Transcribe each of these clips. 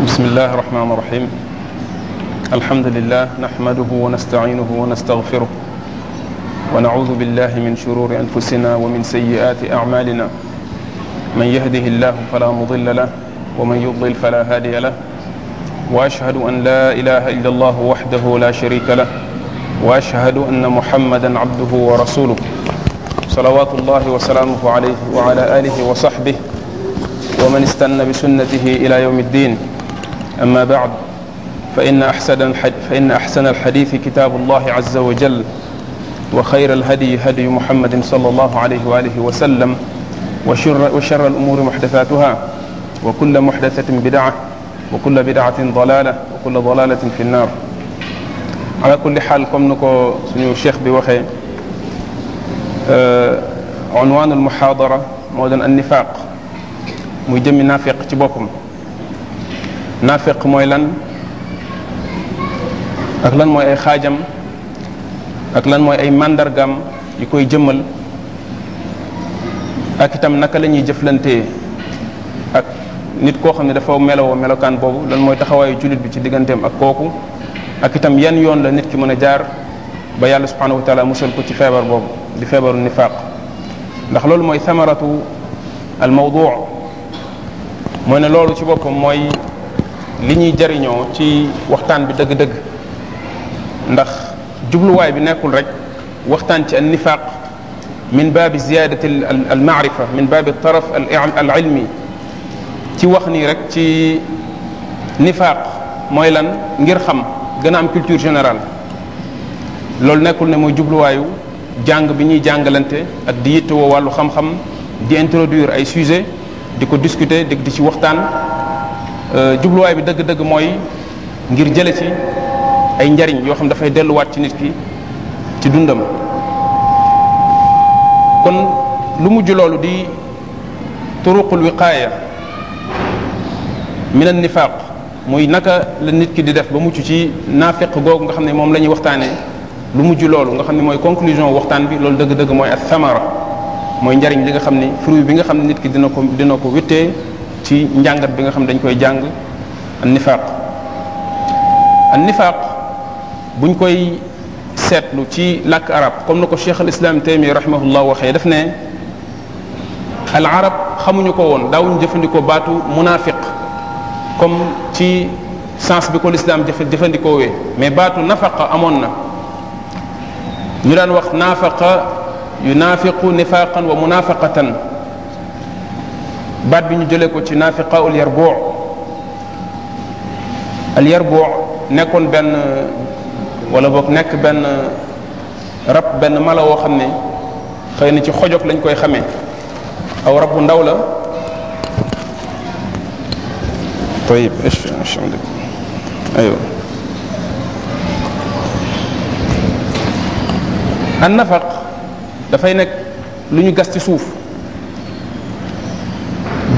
bismillahi irrahmani irrahim alhamdulilah naxmaduhu wa nastaciinuhu wa nastagfiruh wa nacuudu billahi min shururi anfusina wa min sayi'aati acmaalina man yahdihi llahu fala mudilla lah wa man yudlil fala haadiya lah wa ashhadu an la ilaha illa allah waxdahu la sharika lah wa ashhadu anna muhammadan cabduhu wa rasuluh salawaatu llah wa salaamuhu alayhi wa ala alihi wa saxbih wa man istanna bi sunnatihi ila yawmi ddin أما بعد فإن أحسن فإن أحسن الحديث كتاب الله عز وجل وخير الهدي هدي محمد صلى الله عليه وآله وسلم وشر وشر الأمور محدثاتها وكل محدثة بدعة وكل بدعة ضلالة وكل ضلالة في النار على كل حال comme ni ko suñu cheikh bi waxee unwaan al muhaadara moo doon an nifaaq muy jëmmi naafiq ci boppam naafeq mooy lan ak lan mooy ay xaajam ak lan mooy ay màndargaam yi koy jëmmal ak itam naka lañuy jëflante ak nit koo xam ne dafa melowoo melokaan boobu lan mooy taxawaayu jullit bi ci digganteem ak kooku ak itam yan yoon la nit ki mën a jaar ba yàlla subhanahu wa taala musal ko ci feebar boobu di feebaru nifaaq ndax loolu mooy samaratu al mooy ne loolu ci boppam mooy li ñuy jariñoo ci waxtaan bi dëgg-dëgg ndax jubluwaay bi nekkul rek waxtaan ci an nifaq min baabi ziyadati al maarifa min baabi taraf al ilmi ci wax nii rek ci nifaaq mooy lan ngir xam gën a am culture générale loolu nekkul ne mooy jubluwaayu jàng bi ñuy jàngalante ak di yittewoo wàllu xam-xam di introduire ay sujet di ko discuter di di ci waxtaan Euh, jubluwaay bi dëgg-dëgg mooy ngir jële ci ay njariñ yoo xam dafay delluwaat ci nit ki ci dundam kon lu mujj loolu di turuqul wiqaaya min an nifaq muy naka la nit ki di def ba mucc ci naafeq googu nga xam ne moom la ñuy waxtaanee lu mujj loolu nga xam ne mooy conclusion waxtaan bi loolu dëgg-dëgg mooy at samara mooy njariñ li nga xam ne fruit bi nga xam ne nit ki dina ko dina ko wittee ci njàngat bi nga xam dañ koy jàng an nifaaq an nifaaq buñ koy seetlu ci làkk arab comme na ko cheikh al islam taymi rahimahullah waxee daf ne al arab xamuñu ko woon daawuñu jëfandikoo baatu munafiq comme ci sens bi ko lislaam jëf mais baatu nafaqa amoon na ñu daan wax naafaqa yu naafiqu nifaaqan wa munafaqatan baat bi ñu jëlee ko ci naafiqa ul yarbu al yarbu nekkoon benn walla boog nekk benn rab benn mala woo xam ne xëy na ci xojog lañ koy xame aw rab bu ndaw la tayib aywa an nafaq dafay nekk lu ñu gas ci suuf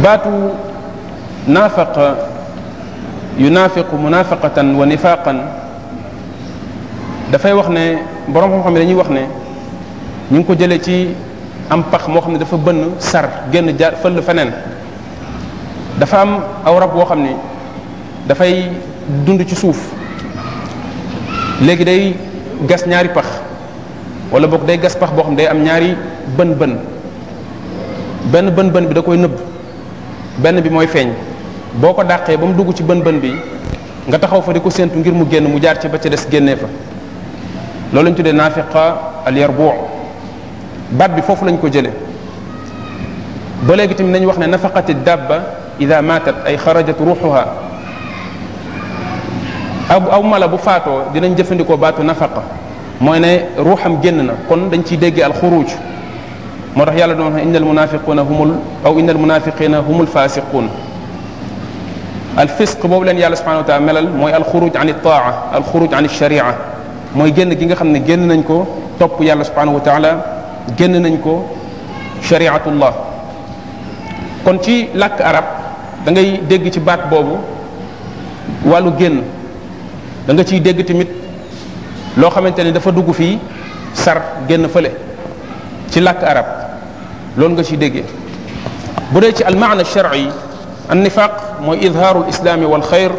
baatu naafaqa yunaafiqu munaafaqatan wa nifaaqan dafay wax ne borom xam-xam dañuy wax ne ñu ngi ko jëlee ci am pax moo xam ne dafa bënn sar génn jaar fël feneen dafa am aw rab boo xam ne dafay dund ci suuf léegi day gas ñaari pax wala boog day gas pax boo xam ne day am ñaari bën bën benn bën bën bi da koy nëbb benn bi mooy feeñ boo ko dàqee ba mu dugg ci bën bën bi nga taxaw fa di ko séentu ngir mu génn mu jaar ci ba ca des génnee fa loolu ñu tuddee naafiqa al yarbu baat bi foofu lañ ko jële ba léegi tamit nañu wax ne nafaqati ba ida maatat ay xarajat ruuxuha aw aw mala bu faatoo dinañ jëfandikoo baatu nafaqa mooy ne ruuxam génn na kon dañ ciy déggee al xuruj moo tax yàlla doon wax innal munafiquna humul aw innal munafiqina humul fasiqun al fisq boobu leen yàlla subhanahu wa taala melal mooy al xuruj an taa al xuruj an sharia mooy génn gi nga xam ne génn nañ ko topp yàlla subhanahu wa taala génn nañ ko shariatullah kon ci làkk arab dangay dégg ci baat boobu wàllu génn danga ciy dégg tamit loo xamante ni dafa dugg fii sar génn fële ci làkk arab loolu nga ci déggee bu dee ci almaana shar'i an nifaq mooy idhaaru lislaami wal xayr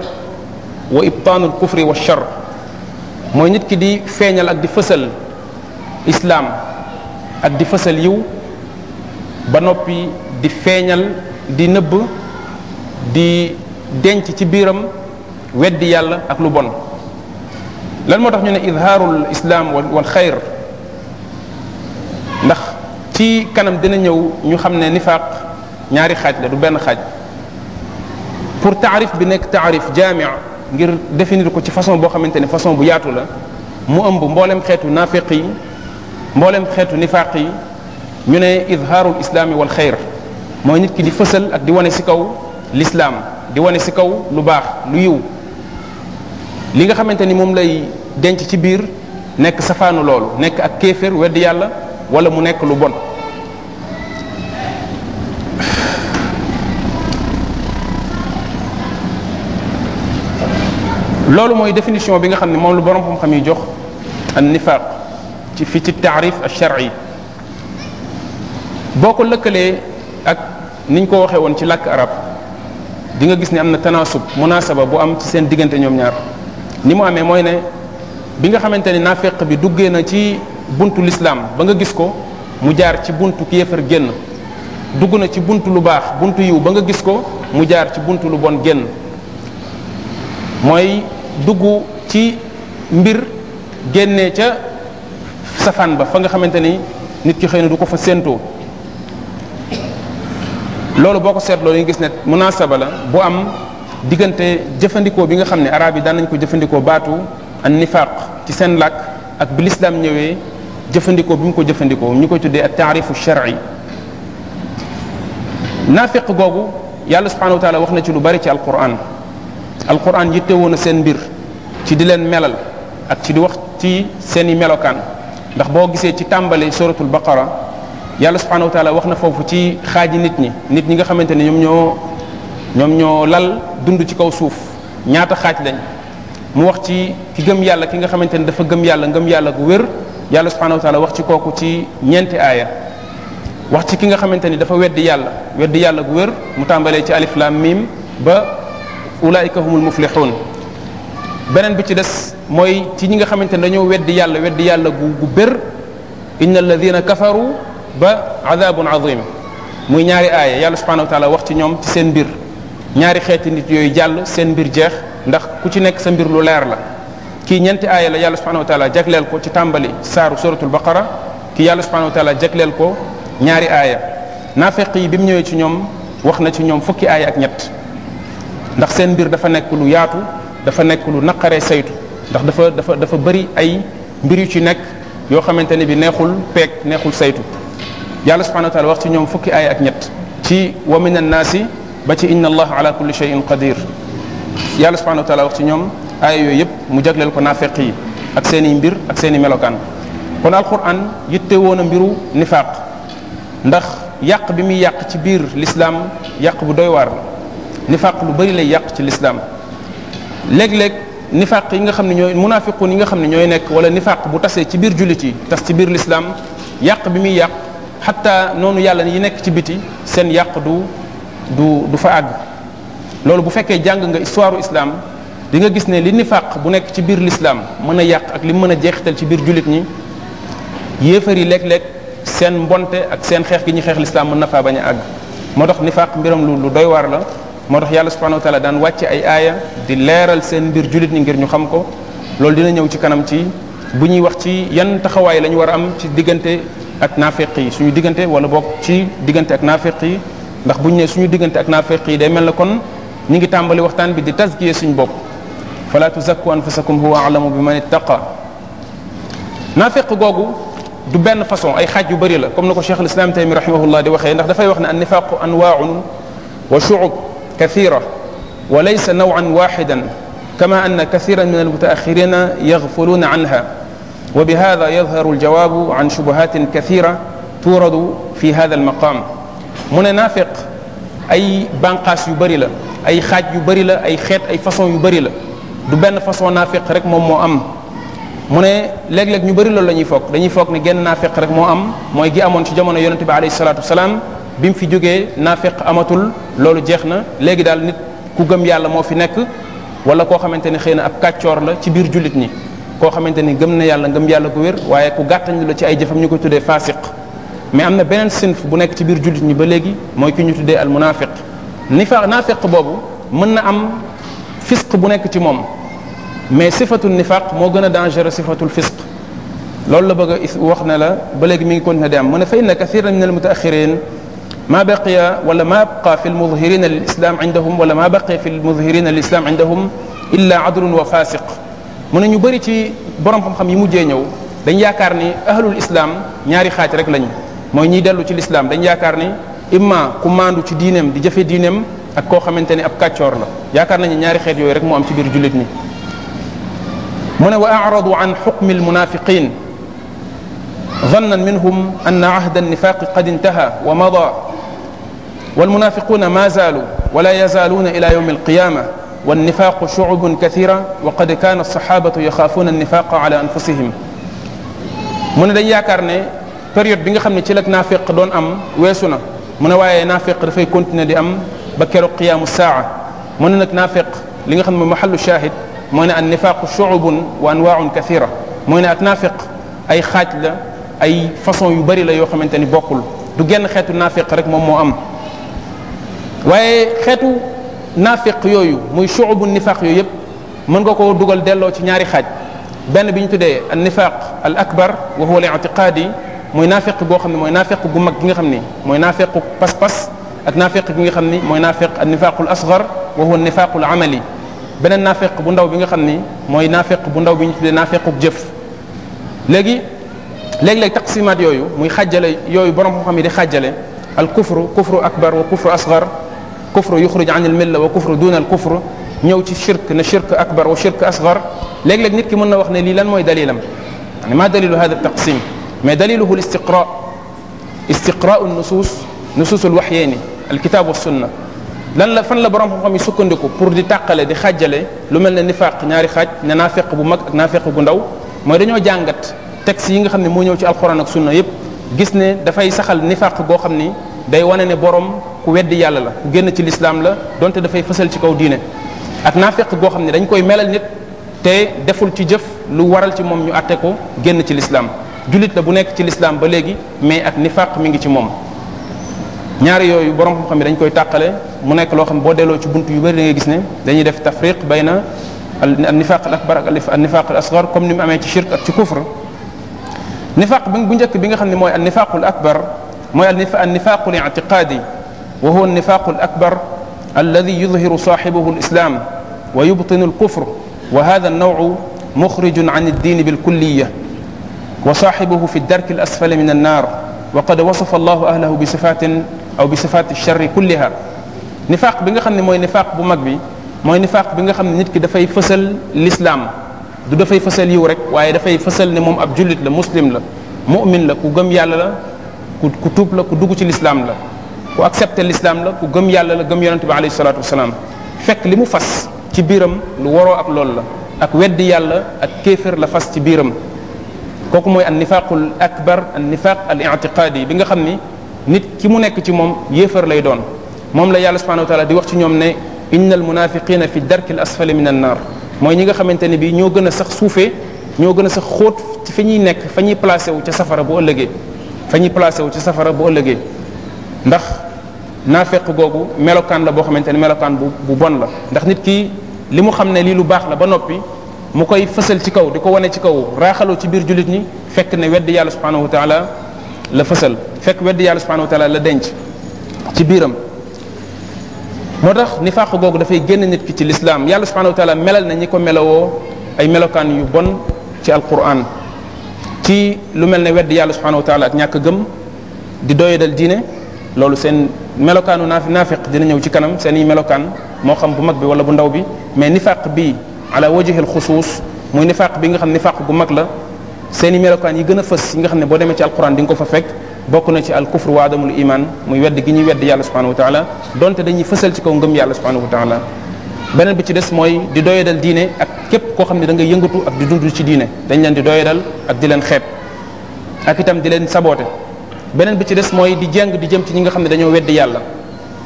wa ibtaanu alkufri wa shar mooy nit ki di feeñal ak di fësal islaam ak di fësal yiw ba noppi di feeñal di nëbb di denc ci biiram weddi yàlla ak lu bon lan moo tax ñu ne idhaaru lislaam wal xayr ndax ci kanam dina ñëw ñu xam ne nifaaq ñaari xaaj la du benn xaaj pour taarif bi nekk taarif jaami ngir définir ko ci façon boo xamante ni façon bu yaatu la mu ëmb mboolem xeetu naafiq yi mboolem xeetu nifaaq yi ñu ne izhaarul islaami wal xayr mooy nit ki di fësal ak di wane ci kaw lislaam di wane ci kaw lu baax lu yiw li nga xamante ni moom lay denc ci biir nekk safaanu loolu nekk ak kéefér weddi yàlla wala mu nekk lu bon loolu mooy définition bi nga xam ne moom lu borom xam-xam yi jox an nifaq ci fi ci taarif al shar'i boo ko lëkkalee ak niñ ko waxee woon ci làkk arab di nga gis ni am na tanaasub munaasaba bu am ci seen diggante ñoom ñaar ni mu amee mooy ne bi nga xamante ni naafeq bi duggee na ci buntu lislaam ba nga gis ko mu jaar ci buntu kéefër génn dugg na ci bunt lu baax buntu yiw ba nga gis ko mu jaar ci buntu lu bon génn mooy dugg ci mbir génnee ca safaan ba fa nga xamante ni nit ki xëy na du ko fa séentoo loolu boo ko seetloo yi gis ne munaasaba la bu am diggante jëfandikoo bi nga xam ne araab yi daan nañ ko jëfandikoo baatu an nifaaq ci seen làkk ak bi lislaam ñëwee jëfandikoo bi mu ko jëfandikoo ñu koy tuddee ak taarifu shar'i naafiq googu yàlla subhanahu wa wax na ci lu bari ci alquran alquran yitte woon a seen mbir ci di leen melal ak ci di wax ci seen i melokaan ndax boo gisee ci tàmbali suratul baqara yàlla subhanahu wa wax na foofu ci xaaj xaaji nit ñi nit ñi nga xamante ne ñoom ñoo ñoom ñoo lal dund ci kaw suuf ñaata xaaj lañ mu wax ci ki gëm yàlla ki nga xamante ne dafa gëm yàlla ngëm yàlla gu wér yàlla subhanahu wa wax ci kooku ci ñeenti aaya wax ci ki nga xamante ni dafa weddi yàlla weddi yàlla gu wér mu tàmbalee ci alif miim ba ulaika humul muflihun beneen bi ci des mooy ci ñi nga xamante ni dañoo weddi yàlla weddi yàlla gu gu bér inna alladina kafaru ba adabun azim muy ñaari aaya yàlla subhanahu wa wax ci ñoom ci seen mbir ñaari xeeti nit yooyu jàll seen mbir jeex ndax ku ci nekk sa mbir lu leer la kii ñeenti aaya la yàlla subhanahu wa taala jagleel ko ci tàmbali saaru suratul baqara kii yàlla subhanahu wa taala jagleel ko ñaari aaya naafeq yi bi mu ñëwee ci ñoom wax na ci ñoom fukki aaya ak ñett ndax seen mbir dafa nekk lu yaatu dafa nekk lu naqaree saytu ndax dafa dafa dafa bëri ay mbir yu ci nekk yoo xamante ne bi neexul peeg neexul saytu yàlla subhanahu wa wax ci ñoom fukki aaya ak ñett ci wa min annaasi ba ci inna allah ala kulli shay'in qadir yàlla subhanahu wa wax ci ñoom aaya yooyu yëpp mu jagleel ko naafeq yi ak seen mbir ak seeni i melokaan kon alquran yitte woon a mbiru nifaaq ndax yàq bi muy yàq ci biir lislaam yàq bu doy waar la nifaaq lu bari lay yàq ci lislaam léeg-léeg nifaaq yi nga xam ne ñooy munaafiquun ni nga xam ne ñooy nekk wala nifaaq bu tasee ci biir jullit yi tas ci biir lislaam yàq bi muy yàq xatta noonu yàlla yi nekk ci biti seen yàq du du du fa àgg loolu bu fekkee jàng nga histoire islam li nga gis ne li nifaq bu nekk ci biir lislaam mën a yàq ak li mën a jeexital ci biir jullit ñi yéefar yi léeg-léeg seen mbonte ak seen xeex gi ñu xeex l'islam mën na faa bañ a àgg moo tax nifaq mbiram lu lu doy waar la moo tax yàlla subhanahu wa taala daan wàcce ay aaya di leeral seen mbir jullit ñi ngir ñu xam ko loolu dina ñëw ci kanam ci bu ñuy wax ci yan taxawaay la ñu war a am ci diggante ak naafeq yi suñu diggante wala bokk ci diggante ak naafeq yi ndax bu ñu suñu diggante ak naafeq yi day mel na kon ñu ngi tàmbali waxtaan bi di tasgiye suñu bopp fala tuzakku anfusakum huwa alamu bi man ittaqa naafiq googu du benn façon ay xaaj yu bëri la comme ni ko cheikh alislam taymi rahimahullah di waxee ndax dafay wax ne an nifaqu anwaaun wa shuub kathira wa laysa nawan waxidan kama anna kathiran min almutaaxirina yagfuluuna anha wa bi hada yadharu aljawaabu an shubuhatin kathira tuuradu fi hada almaqam mu ne naafiq ay banqaas yu bëri la ay xaaj yu bëri la ay xeet ay façon yu bëri la du benn façon naafeq rek moom moo am mu ne léeg-léeg ñu bari loolu la ñuy foog dañuy foog ne genn naafeq rek moo am mooy gi amoon ci jamono yonente bi alayhi salaatu bi mu fi jógee naafeq amatul loolu jeex na léegi daal nit ku gëm yàlla moo fi nekk wala koo xamante ne xëy na ab kàccoor la ci biir jullit ñi koo xamante ni gëm na yàlla ngëm yàlla gu wér waaye ku gàttañ la ci ay jëfam ñu ko tuddee faasiq mais am na beneen sinf bu nekk ci biir jullit ñi ba léegi mooy ki ñu tuddee al munaafiq ni fa boobu fisq bu nekk ci moom mais sifatul nifaq moo gën a dangereux sifatul fisq loolu la bëgg a wax na la ba léegi mi ngi continuer di am mu ne fa inna kathira min al mutaaxirin ma baqiya wala ma abqa fi lmudhirina lilislam indahum wala ma baqiya fi lmudhirina lilislam indahum illa adlun wa fasiq mun ne ñu bëri ci borom xam-xam yi mujjee ñëw dañ yaakaar ni ahlul islam ñaari xaaj rek lañu mooy ñiy dellu ci lislaam dañ yaakaar ni imma ku ci diinem di jafe diineem ak koo xamante ni ab kàccoor la yaakaar nañu ñaari xeet yooyu rek moo am ci biir jullit ñi mu ne wa aradu an xuqmi almunafiqin dannan minhum anna ahda annifaqi qad intaha wa mada walmunafiquna ma zaalu wala yazaaluuna ila yawmi alqiyama والنفاق شعب كثيرة وقد كان الصحابة يخافون النفاق على أنفسهم mu ne dañ yaakaar ne période bi nga xam ne ci la naafeq doon am weesu na mu ne waaye naafeq dafay continuer di am ba keroog qiyaamu saa mu ne nag naafiq li nga xam ne mooy mahallu shahid mooy ne an nifaaqu shu'ubun wa anwaaun kathira mooy ne ak naafiq ay xaaj la ay façon yu bari la yoo xamante ni bokkul du genn xeetu naafiq rek moom moo am waaye xeetu naafiq yooyu muy shu'ubun nifaaq yooyu yëpp mën nga koo dugal delloo ci ñaari xaaj benn bi ñu tuddee an nifaaq al akbar wa huwa al i'tiqaadi mooy naafiq goo xam ne mooy naafiq gu mag gi nga xam ne mooy naafiqu pas-pas ak naafeq bi nga xam ni mooy naafeq an nifaqul asgar wa huwa nifaqul amali beneen naafeq bu ndaw bi nga xam ni mooy naafeq bu ndaw bi ñu tuddee naafequb jëf léegi léeg-léeg taqsimaat yooyu muy xàjjale yooyu borom xam-xam yi di xàjjale al kufru kufru akbar wa kufru asgar kufru yuxruj an al milla wa kufru duna al kufru ñëw ci shirk na shirk akbar wa shirk asgar léeg-léeg nit ki mën na wax ne lii lan mooy dalilam yani ma dalilu hada taqsim mais daliluhu al istiqra istiqra an nusus nusus al waxyeeni alkitaab wa sunna lan la fan la borom xam-xam yi sukkandiku pour di tàqale di xajale lu mel ne nifaq ñaari xaaj ne naafeq bu mag ak naafeq bu ndaw mooy dañoo jàngat texte yi nga xam ne moo ñëw ci alxuraan ak sunna yépp gis ne dafay saxal nifaq goo xam ni day wane ne borom ku weddi yàlla la ku génn ci lislaam la donte dafay fësal ci kaw diine ak naafeq goo xam ne dañ koy melal nit te deful ci jëf lu waral ci moom ñu àtte ko génn ci lislaam jullit la bu nekk ci lislaam ba léegi mais ak nifaq mi ngi ci moom ñaari yooyu borom xam-xam yi dañ koy tàqale mu nekk loo xam boo delloo ci bunt yu bëri da ngay gis ne dañuy def tafriq bayna al nifaq al akbar ak al nifaq al shirk ak ci kufr nifaq bi bu njëkk bi nga xam ne mooy al nifaqul akbar mooy al nifaqul i'tiqadi wa huwa al nifaqul akbar alladi yudhiru saaxibuhu al islam wa yubtinu al kufr wa hada an nawu muxrijun an ad-din bil kulliya wa saaxibuhu fi ad-darki al asfali min an-nar wa qad wasafa allahu ahlahu bi sifatin aw bi sifaati charri kulliha nifaaq bi nga xam ne mooy nifaaq bu mag bi mooy nifaaq bi nga xam ne nit ki dafay fësal lislaam du dafay fësal yiw rek waaye dafay fësal ne moom ab jullit la muslim la mu'min la ku gëm yàlla la ku ku tuub la ku dugg ci lislaam la ku accepté lislaam la ku gëm yàlla la gëm yonente bi alayhi salaatu fekk li mu fas ci biiram lu waroo ak loolu la ak weddi yàlla ak kéefër la fas ci biiram kooku mooy an nifaaqul akbar an al i'tiqaadi bi nga xam ni nit ki mu nekk ci moom yéefar lay doon moom la yàlla subhanahu wa di wax ci ñoom ne inna al munafiqina fi darki l asfali min an naar mooy ñi nga xamante ne bi ñoo gën a sax suufee ñoo gën a sax xóot ci fa ñuy nekk fa ñuy placé wu ca safara bu ëllëgee fa ñuy placé wu ca safara bu ëllëgee ndax naafeq googu melokaan la boo xamante ne melokaan bu bu bon la ndax nit ki li mu xam ne lii lu baax la ba noppi mu koy fësal ci kaw di ko wane ci kaw raaxaloo ci biir jullit ñi fekk yàlla subhanahu wa taala la fësal fekk weddi yàlla subhanahu wa taala la denc ci biiram moo tax nifaaq googu dafay génn nit ki ci lislaam yàlla subhanahu wa taala melal na ñi ko melowoo ay melokaan yu bon ci alquran ci lu mel ne weddi yàlla subhanahu wa taala ak ñàkk gëm di doyadal diine loolu seen melokaanu naaf naafiq dina ñëw ci kanam seeni i melokaan moo xam bu mag bi wala bu ndaw bi mais nifaaq bi ala wajhil xusuus muy nifaaq bi nga xam nifaaq gu mag la seen i melokaan yi gën a fës yi nga xam ne boo demee ci alquran di nga ko fa fekk bokk na ci al kufr wa adamul iman muy wedd gi ñuy wedd yàlla subhanahu wa taala donte dañuy fësal ci kaw ngëm yàlla subhanahu wa beneen bi ci des mooy di doyadal diine ak képp koo xam ne da nga yëngatu ak di dund ci diine dañ leen di doyadal ak di leen xeet ak itam di leen saboote beneen bi ci des mooy di jeng di jëm ci ñi nga xam ne dañoo weddi yàlla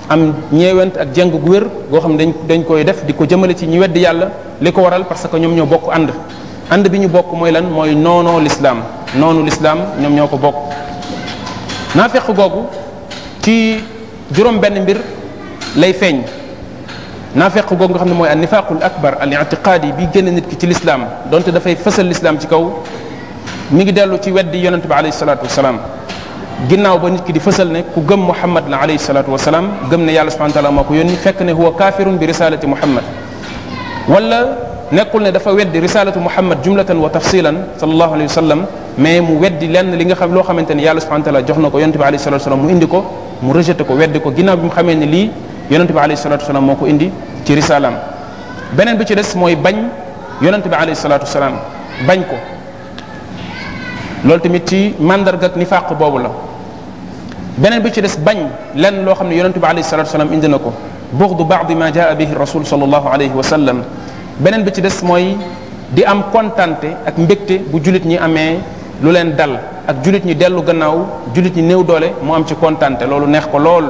am ñeewent ak jeng gu goo xam ne dañ dañ koy def di ko jëmale ci ñi weddi yàlla li ko waral parce que ñoom ñoo bokk ànd and bi ñu bokk mooy lan mooy noonoo lislaam noonu lislaam ñoom ñoo ko bokk naafeq googu ci juróom benn mbir lay feeñ naafeq googu nga xam ne mooy an nifaqul akbar al i'tiqaadi bi génn nit ki ci lislaam donte dafay fësal lislaam ci kaw mi ngi dellu ci weddi yonent bi alayhi salaatu wasalaam ginnaaw ba nit ki di fësal ne ku gëm muhammad la alayhi salaatu wasalaam gëm ne yàlla subhanahu wa taala moo ko yónni fekk ne huwa kaafirun bi risalati muhammad wala nekkul ne dafa weddi risalatu muhammad jumlatan wa tafsilan sallallahu alayhi wa sallam mais mu weddi lenn li nga xam loo xamante ne yàlla subhanahu wa taala jox na ko yonente bi alayhi salatu wasalam mu indi ko mu rejeté ko weddi ko ginnaaw bi mu xamee ne lii yonente bi alayhi salatu wasalam moo ko indi ci risalaam beneen bi ci des mooy bañ yonente bi alayhi salatu salaam bañ ko loolu tamit ci mandarga ak nifaq boobu la beneen bi ci des bañ lenn loo xam ne yonente bi alayhi salatu wasalam indi na ko buxdu baadi ma jaa bihi rasul sallallahu alayhi wa sallam beneen bi ci des mooy di am kontante ak mbégte bu jullit ñi amee lu leen dal ak jullit ñi dellu gannaaw jullit ñi néew doole mu am ci kontante loolu neex ko lool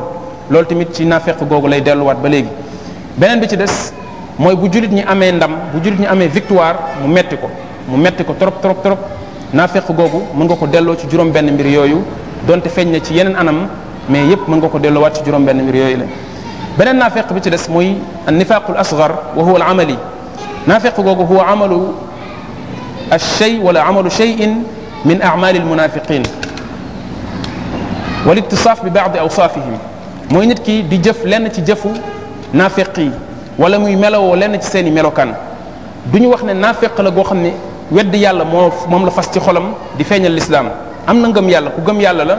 loolu tamit ci naafeq googu lay delluwaat ba léegi beneen bi ci des mooy bu jullit ñi amee ndam bu jullit ñi amee victoire mu metti ko mu metti ko trop trop trop naafeq googu mun nga ko delloo ci juróom benn mbir yooyu donte feeñ na ci yeneen anam mais yépp mën nga ko delluwaat ci juróom benn mbir yooyu la beneen naafeq bi ci des mooy an nifaqul asgar wa huwa amali naafiq googu huwa amalu alshay wala amalu cheyin min amali almunafiqin wal ittisaaf bi baadi awsaafihim mooy nit ki di jëf lenn ci jëfu naafeq yi wala muy melowoo lenn ci seen i melokaan du ñu wax ne naafeq la goo xam ne wedd yàlla moo moom la fas ci xolam di feeñal lislaam am na ngëm yàlla ku gëm yàlla la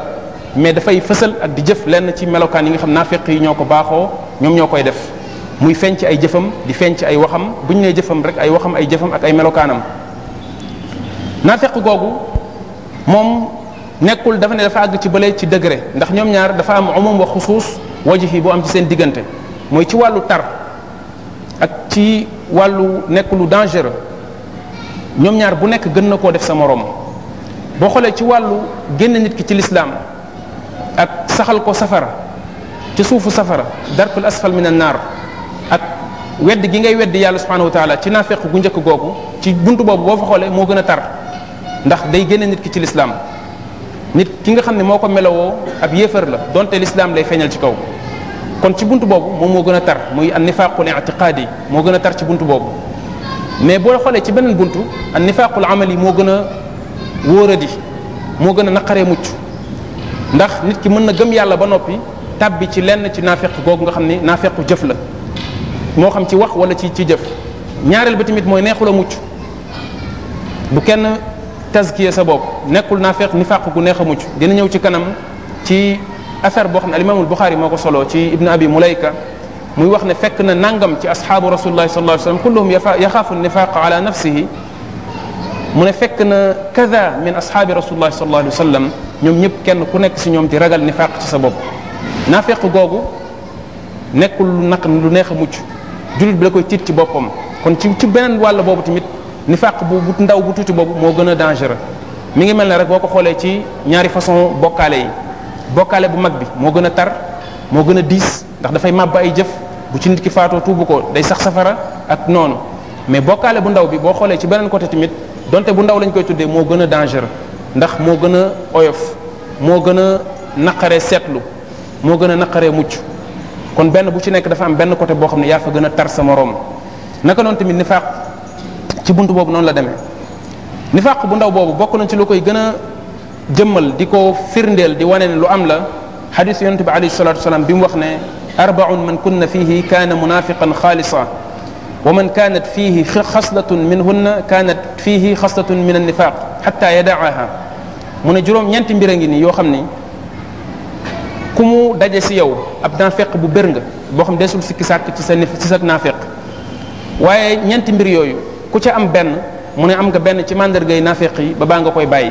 mais dafay fësal ak di jëf lenn ci melokaan yi nga xam naafeq yi ñoo ko baaxoo ñoom ñoo koy def muy feñ ci ay jëfam di feeñ ci ay waxam bu ñu nee jëfam rek ay waxam ay jëfam ak ay melokaanam naafeq googu moom nekkul dafa ne dafa àgg ci bële ci degré ndax ñoom ñaar dafa am umum wa xusuus wajihi bu am ci seen diggante mooy ci wàllu tar ak ci wàllu nekk lu dangereux ñoom ñaar bu nekk gën na koo def sa moroom boo xoolee ci wàllu génn nit ki ci lislaam ak saxal ko safara ci suufu safara darkul asfal min an naar ak wedd gi ngay wedd yàlla subhanahu wa taala ci naafeq gu njëkk googu ci buntu boobu boo fa xoolee moo gën a tar ndax day génne nit ki ci lislaam nit ki nga xam ne moo ko melowoo ab yéefar la donte lislaam lay feeñal ci kaw kon ci bunt boobu moom moo gën a tar muy an nifaqul i'tiqaadi moo gën a tar ci buntu boobu mais boo xoolee ci beneen buntu an nifaqul amali moo gën a wóoradi moo gën a naqaree mucc ndax nit ki mën na gëm yàlla ba noppi tàbbi ci lenn ci naafeq googu nga xam ne naafequ jëf la moo xam ci wax wala ci ci jëf ñaareel ba tamit mooy neexula mucc bu kenn tazkiya sa bopp nekkul naafeq nifaaq gu neex a mucc dina ñëw ci kanam ci affaire boo xam ne alimaamul Buxaari moo ko soloo ci ibnu abi mulayka muy wax ne fekk na nangam ci asxaabu rasulillahi sallallahu alayhi wasallam kulluhum yaxaafu nifaaq ala nafsihi mu ne fekk na kada min asxaabi rasulillahi sallallahu alayhi ñoom ñëpp kenn ku nekk si ñoom di ragal nifaaq ci sa bopp naafeq googu nekkul lu naq lu neex a mucc jullit bi la koy tiit ci boppam kon ci ci beneen wàll boobu tamit nifaq bu bu ndaw bu tuuti boobu moo gën a dangereux mi ngi mel ne rek boo ko xoolee ci ñaari façon bokkaale yi bokkaale bu mag bi moo gën a tar moo gën a diis ndax dafay màbb ay jëf bu ci nit ki faatoo tuubu ko day sax safara ak noonu mais bokkaale bu ndaw bi boo xoolee ci beneen côté tamit donte bu ndaw lañ koy tuddee moo gën a dangereux ndax moo gën a oyof moo gën a naqare seetlu moo gën a naqaree mucc kon benn bu ci nekk dafa am benn côté boo xam ne yaa fa gën a tar sa moroom naka noonu tamit nifaaq ci bunt boobu noonu la demee nifaaq bu ndaw boobu bokk na ci lu koy gën a jëmmal di ko firndeel di wane ne lu am la xadisu yonente bi alayhi salatu wasalaam bi mu wax ne arbaun man kunna fihi kaana munafiqan xaalisa wa man kaanat fihi xaslatun minhunna kaanat fihi xaslatun min annifaq xata yadaaha mu ne juróom ñeenti mbir ngi ni yoo xam ni ku mu daje si yow ab naafeq bu bér nga boo xam desul sikki sàkk ci sa ci sa naafeq waaye ñeenti mbir yooyu ku ci am benn mu ne am nga benn ci màndargay naafeq yi ba baa nga koy bàyyi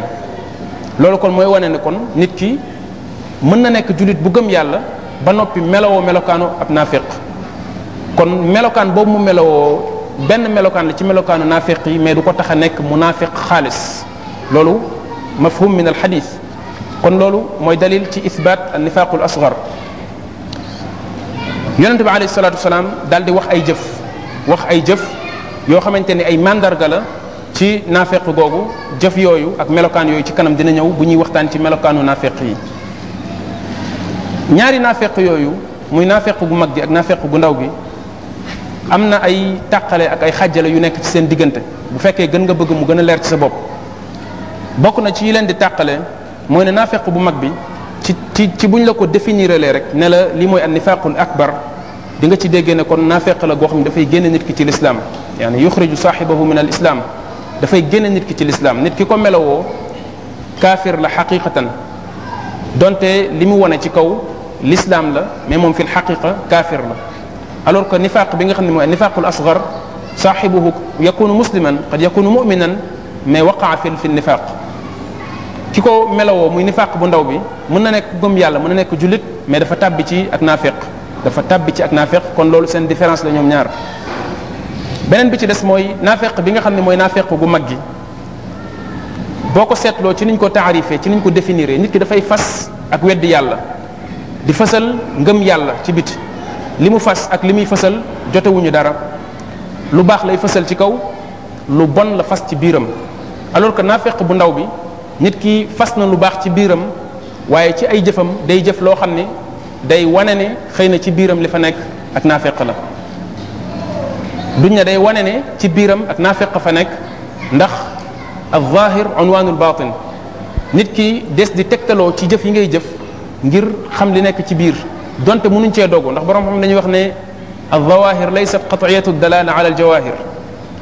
loolu kon mooy wane ne kon nit ki mën na nekk jullit bu gëm yàlla ba noppi melowoo melokaanu ab naafeq kon melokaan boobu mu melowoo benn melokaan la ci melokaanu naafeq yi mais du ko tax a nekk mu naafeq xaalis loolu mafhum min al kon loolu mooy dalil ci isbaat an nifaaqul asgar yonente bi alayhi salatu wasalaam daal di wax ay jëf wax ay jëf yoo xamante ni ay màndarga la ci naafeq googu jëf yooyu ak melokaan yooyu ci kanam dina ñëw bu ñuy waxtaan ci melokaanu naafeq yi ñaari naafeq yooyu muy naafeq gu mag gi ak naafeq gu ndaw gi am na ay tàqale ak ay xàjjale yu nekk ci seen diggante bu fekkee gën nga bëgg mu gën a leer ci sa bopp bokk na ci yi leen di tàqale mooy ne naafeq bu mag bi ci ci ci buñ la ko définiralee rek ne la li mooy an nifaqul akbar di nga ci déggee ne kon naafeq la goo xam ne dafay génne nit ki ci lislaam yaani yuxriju saaxibahu min al islam dafay génne nit ki ci lislaam nit ki ko melowoo kaafir la xaqiqatan donte li mu wane ci kaw lislaam la mais moom fi l xaqiqa kaafir la alors que nifaq bi nga xam ne mooy nifaqul asgar saaxibuhu yakunu musliman qad yakunu muminan mais waqaa fi fi nifaq ki ko melowoo muy nifaq bu ndaw bi mën na nekk gëm yàlla mën na nekk jullit mais dafa tàbbi ci ak naafeq dafa tàbbi ci ak naafeq kon loolu seen différence la ñoom ñaar beneen bi ci des mooy naafeq bi nga xam ne mooy naafeq gu mag gi boo ko seetloo ci niñ ko taarifee ci niñ ko définir nit ki dafay fas ak wedd yàlla di fësal ngëm yàlla ci biti li mu fas ak li muy fësal jotewuñu dara lu baax lay fësal ci kaw lu bon la fas ci biiram alors que bu ndaw bi nit ki fas na lu baax ci biiram waaye ci ay jëfam day jëf loo xam ne day wane ne xëy na ci biiram li fa nekk ak feq la duñ ne day wane ne ci biiram ak naafeq fa nekk ndax al-zahir unwaanul baatin nit ki des di tegtaloo ci jëf yi ngay jëf ngir xam li nekk ci biir donte mënuñ cee dogu ndax borom xam wax ne al-zawahir laysat qat'iyatu dalala ala al-jawahir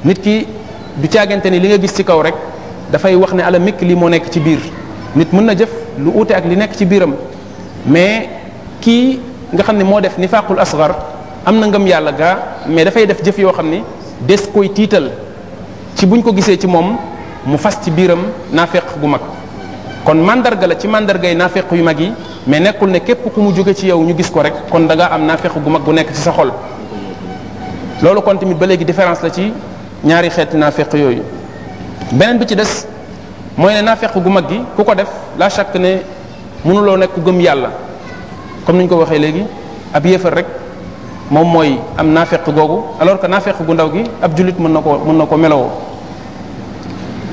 nit ki du caagante ni li nga gis ci kaw rek dafay wax ne ala mekk lii moo nekk ci biir nit mën na jëf lu uute ak li nekk ci biiram mais kii nga xam ne moo def ni fàqul asgar am na ngëm yàlla gaa mais dafay def jëf yoo xam ne des koy tiital ci buñ ko gisee ci moom mu fas ci biiram naafeq gu mag kon màndarga la ci mandargay naafeq yu mag yi mais nekkul ne képp ku mu jóge ci yow ñu gis ko rek kon dangaa ngaa am naafeq gu mag gu nekk ci sa xol loolu kon tamit ba léegi différence la ci ñaari xeeti naafeq yooyu beneen bi ci des mooy ne naafeq gu mag gi ku ko def la chaque ne mënuloo nekk ku gëm yàlla comme ni ko waxee léegi ab yéefar rek moom mooy am naafeq googu alors que naafeq gu ndaw gi ab jullit mën na ko mën na ko melowoo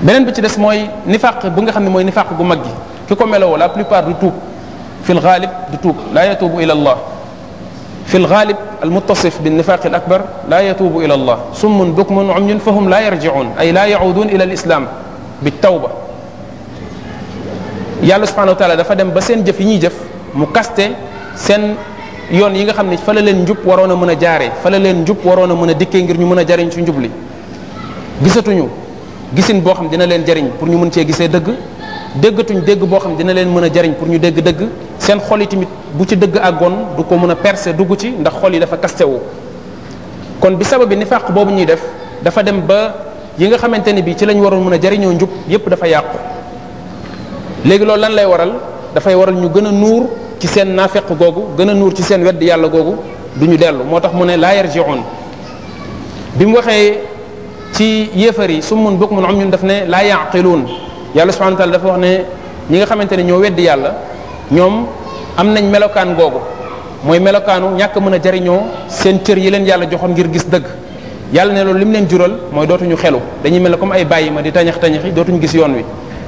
beneen bi ci des mooy nifaq bu nga xam ne mooy nifaq gu mag gi ki ko melowoo la plupart du tuub fil ghalib du tuub la yatubu ila allah fi lgaalib almuttasif binnifaaqi al akbar laa yatuubu ila allah summun bukmun umyun fahum laa yarjiun ay laa yacuuduun ila al islam bi tawba yàlla subhanahu wa dafa dem ba seen jëf yi ñuy jëf mu kaste seen yoon yi nga xam ne fa la leen njub waroon a mën a jaaree fa la leen njub waroon a mën a dikkee ngir ñu mën a jariñ ci njub li gisatuñu gisin boo xam dina leen jariñ pour ñu mën cee gisee dëgg déggatuñ dégg boo xam dina leen mën a jariñ pour ñu dégg dëgg seen xol yi tamit bu ci dëgg ak àggoon du ko mën a percer dugg ci ndax xol yi dafa kastewu kon bi sabab bi ni fàq boobu ñuy def dafa dem ba yi nga xamante ni bi ci lañ waroon mën a jariñoo njub yépp dafa yàqu léegi loolu lan lay waral dafay waral ñu gën a nuur ci seen naafeq googu gën a nuur ci seen wedd yàlla googu du ñu dellu moo tax mu ne laa yarji'un bi mu waxee ci yéefar yi summun bukmun umyun daf ne laa yaqiluun yàlla subhanahu wa dafa wax ne ñi nga xamante ne ñoo wedd yàlla ñoom am nañ melokaan googu mooy melokaanu ñàkk mën a jariñoo seen cër yi leen yàlla joxoon ngir gis dëgg yàlla ne loolu lim leen jural mooy dootuñu xelu dañuy mel ne comme ay bàyyi ma di tañax tañaxi dootuñu gis yoon wi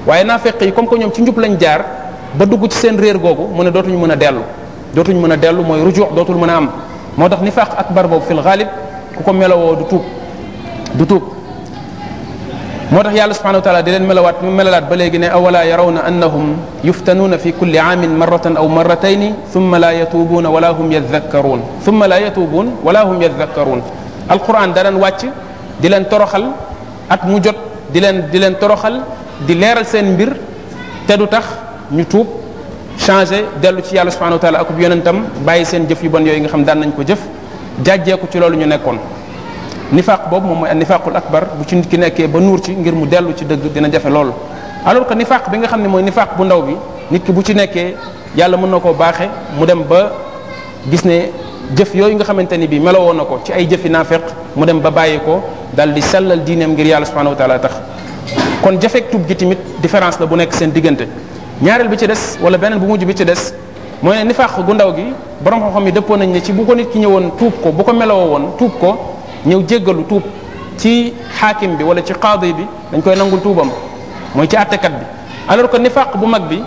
waaye naa fekk yi comme que ñoom ci njub lañ jaar ba dugg ci seen réer googu mu ne dootuñu mën a dellu dootuñu mën a dellu mooy rujuux dootul mën a am moo tax nifaq akbar boobu fil xaalib ku ko melowoo du tuub du tuub moo tax yàlla subhanahu wa taala di leen melawaat mu melalaat ba léegi ne awala yarawna annahum yuftanuuna fi kulli aamin marratan aw marratayni thumma la yatuubuuna wala hum yadhakkaruun thumma la yatuubuun wala hum yadhakkaruun alquran da daan wàcc di leen toroxal at mu jot di leen di leen toroxal di leeral seen mbir te du tax ñu tuub changer dellu ci yàlla subhanahu wa taala akub yonentam bàyyi seen jëf yu bon yooyu nga xam daan nañ ko jëf jàjjeeku ci loolu ñu nekkoon nifaaq boobu moom mooy ak nifaaqul akbar bu ci nit ki nekkee ba nuur ci ngir mu dellu ci dëgg dina jafe loolu alors que nifaaq bi nga xam ne mooy nifaaq bu ndaw bi nit ki bu ci nekkee yàlla mën na koo baaxe mu dem ba gis ne jëf yooyu nga xamante ni bi melowoo na ko ci ay jëfi mu dem ba bàyyi ko dal di sellal diineem ngir yàlla subhanahu wa taala kon jafeeg tub gi tamit différence la bu nekk seen diggante ñaareel bi ci des wala beneen bu mujj bi ci des mooy ne nifaaq gu ndaw gi borom xam-xam yi dëppoo nañ ne ci bu ko nit ki ñëwoon tuub ko bu ko melowoo woon tuub ko ñëw jéggalu tuub ci xaakim bi wala ci qaadi bi dañ koy nangul tuubam mooy ci attekat bi alors que nifaq bu mag bi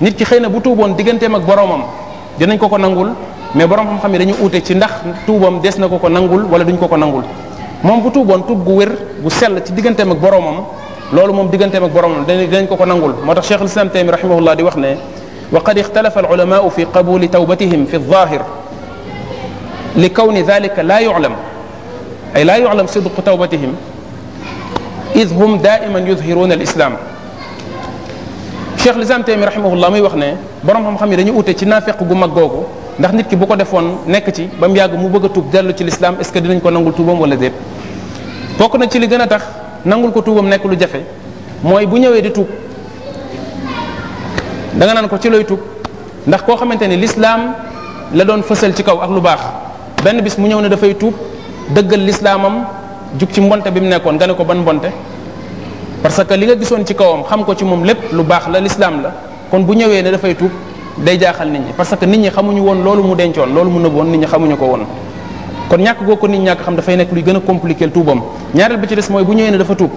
nit ki xëy na bu tuuboon digganteem ak boromam dinañ ko ko nangul mais borom xam-xam yi dañu uute ci ndax tuubam des na ko ko nangul wala duñ ko ko nangul moom bu tuuboon tuub gu wér bu sell ci digganteem ak boromam loolu moom digganteem ak boromam dinañ ko ko nangul moo tax Cheikh al-Islam Taymi rahimahullah di wax ne wa qad ixtalafa al-ulamaa'u fi qabuli tawbatihim fi adh-dhaahir li kawni dhalika la yu'lam ay laa yu'lam sidqu tawbatihim id hum daiman yudhiruna al islam cheikh lislam taymi rahimahullah muy wax ne borom xam-xam yi dañu ute ci naafeq gu mag googu ndax nit ki bu ko defoon nekk ci ba mu yàgg mu bëgg a tuub ci l'islam est ce que dinañ ko nangul tuubam wala déet bokk na ci li gën a tax nangul ko tuubam nekk lu jafe mooy bu ñëwee di tuub da naan ko ci looy tuub ndax koo xamante ni l'islam la doon fësal ci kaw ak lu baax benn bis mu ñëw ne dafay tuub dëggal lislaamam jug ci mbonte bi mu nekkoon nga ne ko ban mbonte parce que li nga gisoon ci kawam xam ko ci moom lépp lu baax la lislaam la kon bu ñëwee ne dafay tuub day jaaxal nit ñi parce que nit ñi xamuñu woon loolu mu dencoon loolu mu nëbboon nit ñi xamuñu ko woon kon ñàkk goo ko nit ñàkk xam dafay nekk luy gën a compliquer tuubam ñaareel ba ci des mooy bu ñëwee ne dafa tuub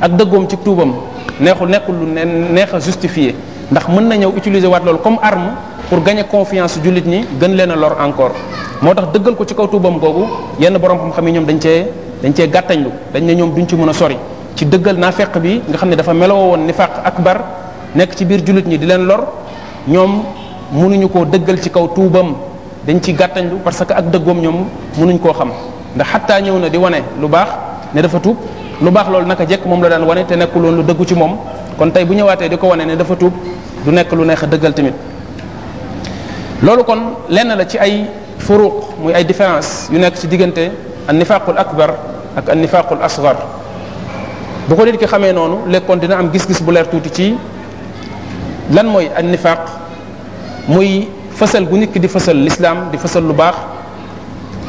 ak dëggoom ci tuubam neexul nekkul lu neex a justifié ndax mën na ñëw waat loolu comme arme pour gagner confiance jullit ñi gën leen a lor encore moo tax dëggal ko ci kaw tuubam googu yenn borom xam-xam yi ñoom dañ cee dañ cee gàttañlu dañ ne ñoom duñ ci mën a sori ci dëggal naafeq bi nga xam ne dafa meloo woon nifaq akbar nekk ci biir jullit ñi di leen lor ñoom mënuñu koo dëggal ci kaw tuubam dañ ci gàttañlu parce que ak dëggoom ñoom mënuñ koo xam ndax xattaa ñëw na di wane lu baax ne dafa tuub lu baax loolu naka jekk moom la daan wane te nekkuloon lu dëggu ci moom kon tey bu ñëwaatee di ko wane ne dafa tuub du nekk lu neex a dëggal tamit loolu kon lenn la ci ay furuq muy ay différence yu nekk ci diggante an nifaqul akbar ak an nifaqul asgar bu ko nit ki xamee noonu lekkoon dina am gis-gis bu leer tuuti ci lan mooy an nifaq muy fasal gu nit ki di fasal l'islam di fasal lu baax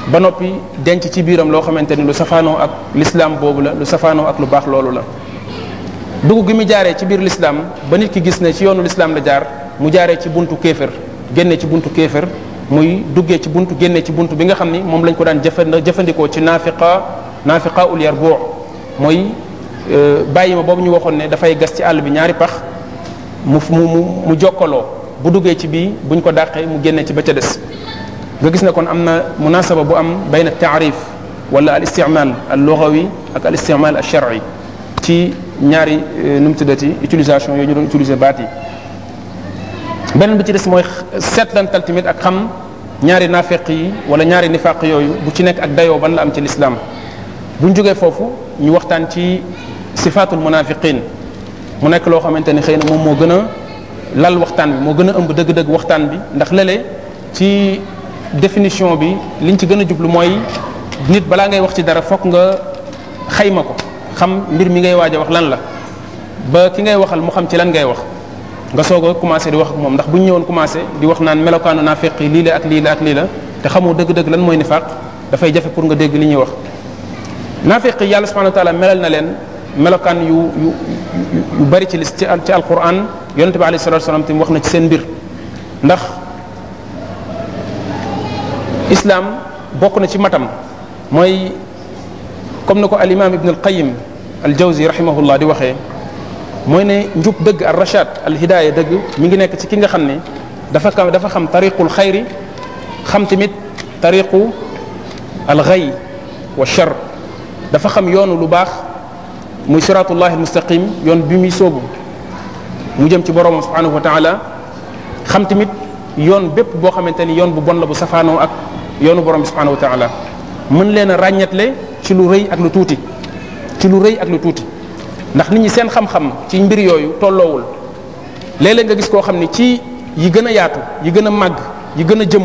ba noppi denc ci biiram loo xamante ni lu safaanoo ak l'islam boobu la lu safaanoo ak lu baax loolu la dugg gi mu jaaree ci biir l'islam ba nit ki gis ne ci yoonu l'islam la jaar mu jaaree ci buntu kéefër génne ci buntu kéefër muy duggee ci buntu génne ci buntu bi nga xam ni moom lañ ko daan jëfandikoo ci naafiqa naafiqa ul yarbu mooy euh, bàyyi ma boobu ñu waxoon ne dafay gas ci àll bi ñaari pax mu mu mu jokkaloo bu duggee ci bii buñ ko dàqee mu génne ci ba ca des nga gis ne kon am na munasaba bu am bayna taarif wala al istimal al lugawi ak al istimal al shar'i ci ñaari euh, nu mu tuddati utilisation yooyu ñu doon utiliser baat yi beneen bi ci des mooy seetlantal tamit ak xam ñaari naafeq yi wala ñaari nifaq yooyu bu ci nekk ak dayoo ban la am ci lislaam buñ jógee foofu ñu waxtaan ci sifaatul munafiqin mu nekk loo xamante ni xëy na moom moo gën a lal waxtaan bi moo gën a ëmb dëgg-dëgg waxtaan bi ndax lële ci définition bi liñ ci gën a jublu mooy nit balaa ngay wax ci dara fokk nga xayma ko xam mbir mi ngay waaj a wax lan la ba ki ngay waxal mu xam ci lan ngay wax nga soog a commencé di wax ak moom ndax bu ñu ñëwoon commencé di wax naan melokaanu naafeq yi lii la ak lii la ak lii la te xamoo dëgg-dëgg lan mooy nifaaq dafay jafe pour nga dégg li ñuy wax naafeq yàlla subhanahu wa taala melal na leen melokaan yu yu yu bari ci lis ci ci alquran yonente bi alayhi salatu wasalam tamit wax na ci seen mbir ndax islam bokk na ci matam mooy comme ni ko al imam ibn al qayyim al jawzi rahimahullah di waxee mooy ne njub dëgg al rachad al hidaaya dëgg mi ngi nekk ci ki nga xam ne dafa ka dafa xam tariqul xayri xam tamit tariqu al xay wa char dafa xam yoonu lu baax muy siratullahi almustaqim yoon bi muy sóobu mu jëm ci boroomam subhanahu wa taala xam tamit yoon bépp boo xamante ni yoon bu bon la bu safaanoo ak yoonu borom bi subhanahu wa mën leen a ràññatle ci lu rëy ak lu tuuti ci lu rëy ak lu tuuti ndax nit ñi seen xam-xam ci mbir yooyu tolloowul léeg-léeg nga gis koo xam ne ci yi gën a yaatu yi gën a màgg yi gën a jëmm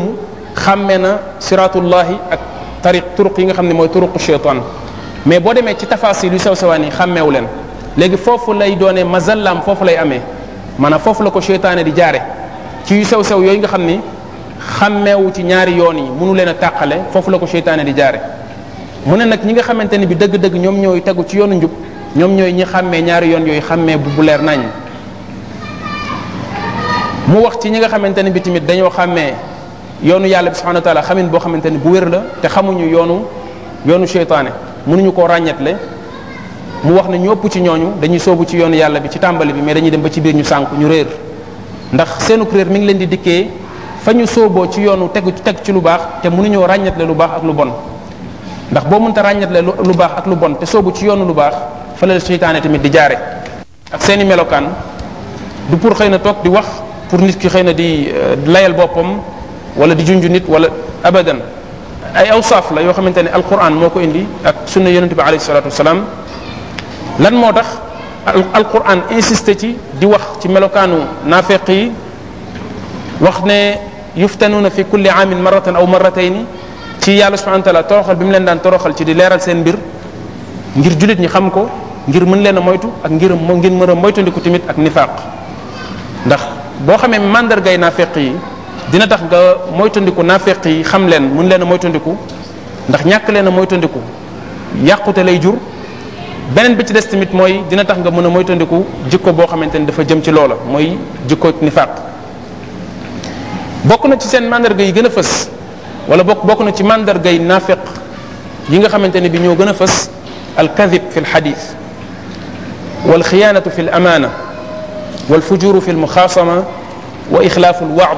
xàmmee na siratullahi ak tariq turuq yi nga xam ne mooy turuqu shaytan mais boo demee ci tafasil yu sew sewaan yi xàmmeewu leen léegi foofu lay doonee mazallaam foofu lay amee maanaam foofu la ko sheytaane di jaare ci yu sew sew yooyu nga xam ni xàmmeewu ci ñaari yoon yi mënu leen a tàqale foofu la ko sheytaane di jaare mu ne nag ñi nga xamante ni bi dëgg-dëgg ñoom ñooy tegu ci yoonu njub ñoom ñooy ñi xàmmee ñaari yoon yooyu xàmmee bu bu leer nañ mu wax ci ñi nga xamante ne bi tamit dañoo xàmmee yoonu yàlla bi subhanahu wa taala xamin boo xamante ne bu wér la te xamuñu yoonu yoonu seytaane mënuñu ko ràññetle mu wax ne ñu ëpp ci ñooñu dañuy soobu ci yoonu yàlla bi ci tàmbali bi mais dañuy dem ba ci biir ñu sànq ñu réer ndax seenu réer mi ngi leen di dikkee fa ñu sooboo ci yoonu tegu teg ci lu baax te mënuñoo ràññetle lu baax ak lu bon ndax boo mënta ràññetle lu baax ak lu bon te ci yoonu lu baax fa la seytaane tamit di jaare ak seeni melokaan du pour xëy na toog di wax pour nit ki xëy na di euh, layal boppam wala di junju nit wala abadan ay awsaaf la yoo xamante ni ne alquran moo ko indi ak sunna yonente bi alayhi salatu lan moo tax alquran insisté ci di wax ci melokaanu naafeq yi wax ne yuftanuuna fi kulli aamin maratan aw maratayni ci yàlla subhanahu wa taala toroxal bi mu leen daan toroxal ci di leeral seen mbir ngir jullit ñi xam ko ngir mën leen a moytu ak ngir moo ngir mën a moytandiku tamit ak nifaaq ndax boo xamee mandargay naafeq yi dina tax nga moytandiku naafeq yi xam leen mën leen a moytandiku ndax ñàkk leen a moytandiku yàqute lay jur beneen bi ci des tamit mooy dina tax nga mën a moytandiku jikko boo xamante ni dafa jëm ci loola mooy jikko nifaaq bokk na ci seen mandarga yi gën a fës wala bokk bokk na ci mandarga yi naafeq yi nga xamante ne bi ñoo gën a fës al kadib fi l fi والخيانة في الأمانة والفجور في المخاصمة وإخلاف الوعد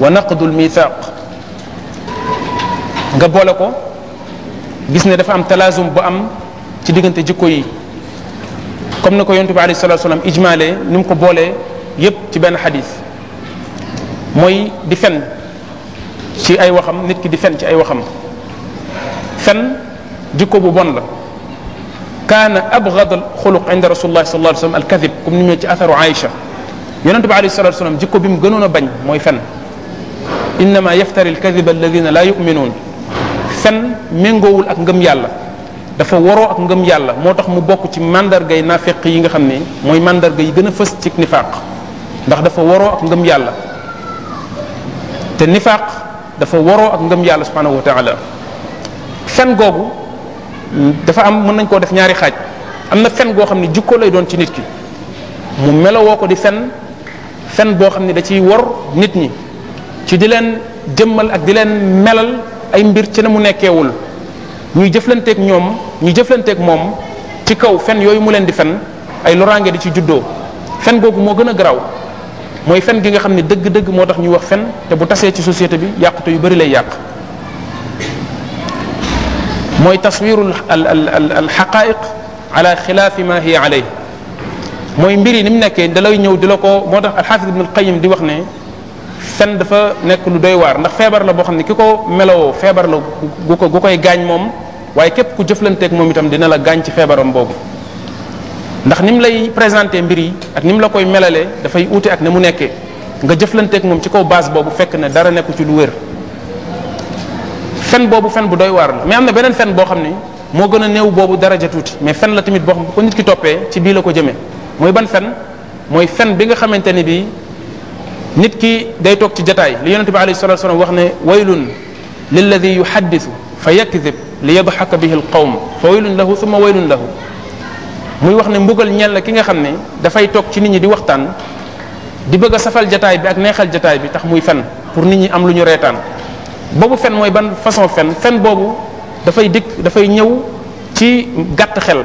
ونقد الميثاق nga boole ko gis ne dafa am talaasum bu am ci diggante jikko yi comme ne ko yontu bi alayhi salatu salaam ijmaale ni mu ko boolee yépp ci benn xadis mooy di fen ci ay waxam nit ki di fen ci ay waxam fen jikko bu bon la kaana abgad al xuluq inda rasulillahi sallallahu alayhi wa sallam al kadib comme ni ñëwee ci atharu Aïcha yonente bi alayhi salatu wasalam jikko bi mu gënoon a bañ mooy fen innama yaftari al kadiba alladina laa yuminuun fen méngoowul ak ngëm yàlla dafa waroo ak ngëm yàlla moo tax mu bokk ci mandargay naafeq yi nga xam ne mooy mandarga yi gën a fës ci nifaaq ndax dafa waroo ngëm yàlla te nifaaq dafa waroo ak ngëm yàlla subhanahu wa taala fen googu dafa am mën nañ koo def ñaari xaaj am na fen goo xam ne jikko lay doon ci nit ki mu melowoo ko di fen fen boo xam ne da ciy wor nit ñi ci di leen jëmmal ak di leen melal ay mbir ci ne mu nekkeewul ñuy jëflanteek ñoom ñu jëflanteeg moom ci kaw fen yooyu mu leen di fen ay loraange di ci juddoo fen googu moo gën a garaaw mooy fen gi nga xam ne dëgg-dëgg moo tax ñuy wax fen te bu tasee ci société bi yàqute yu bari lay yàq mooy taswiru alxaqaiq al xilaafi ma hiya alayhi mooy mbir yi ni mu nekkee dalay ñëw di la ko moo tax alxaafis ibn alqayim di wax ne fen dafa nekk lu doy waar ndax feebar la boo xam ne ki ko melowoo feebar la gu ko gu koy gaañ moom waaye képp ku jëflanteek moom itam dina la gaañ ci feebaram boobu ndax ni mu lay présenté mbir yi ak ni mu la koy melalee dafay uute ak ne mu nekkee nga jëflanteek moom ci kaw baas boobu fekk ne dara nekku ci lu wér fen boobu fen bu doy waar la mais am na beneen fen boo xam ne moo gën a néew boobu daraja tuuti mais fen la tamit boo xam ko nit ki toppee ci bii la ko jëmee mooy ban fen mooy fen bi nga xamante ni bii nit ki day toog ci jataay li yonente bi alayhi salatu wax ne waylun lilladi yuhaddisu fa yakdib li yadxaka bihi alqawm fa waylun lahu summa waylun lahu muy wax ne mbugal ñel ki nga xam ne dafay toog ci nit ñi di waxtaan di bëgg a safal jataay bi ak neexal jataay bi tax muy fen pour nit ñi am lu ñu reetaan boobu fen mooy ban façon fen fen boobu dafay dikk dafay ñëw ci gàtt xel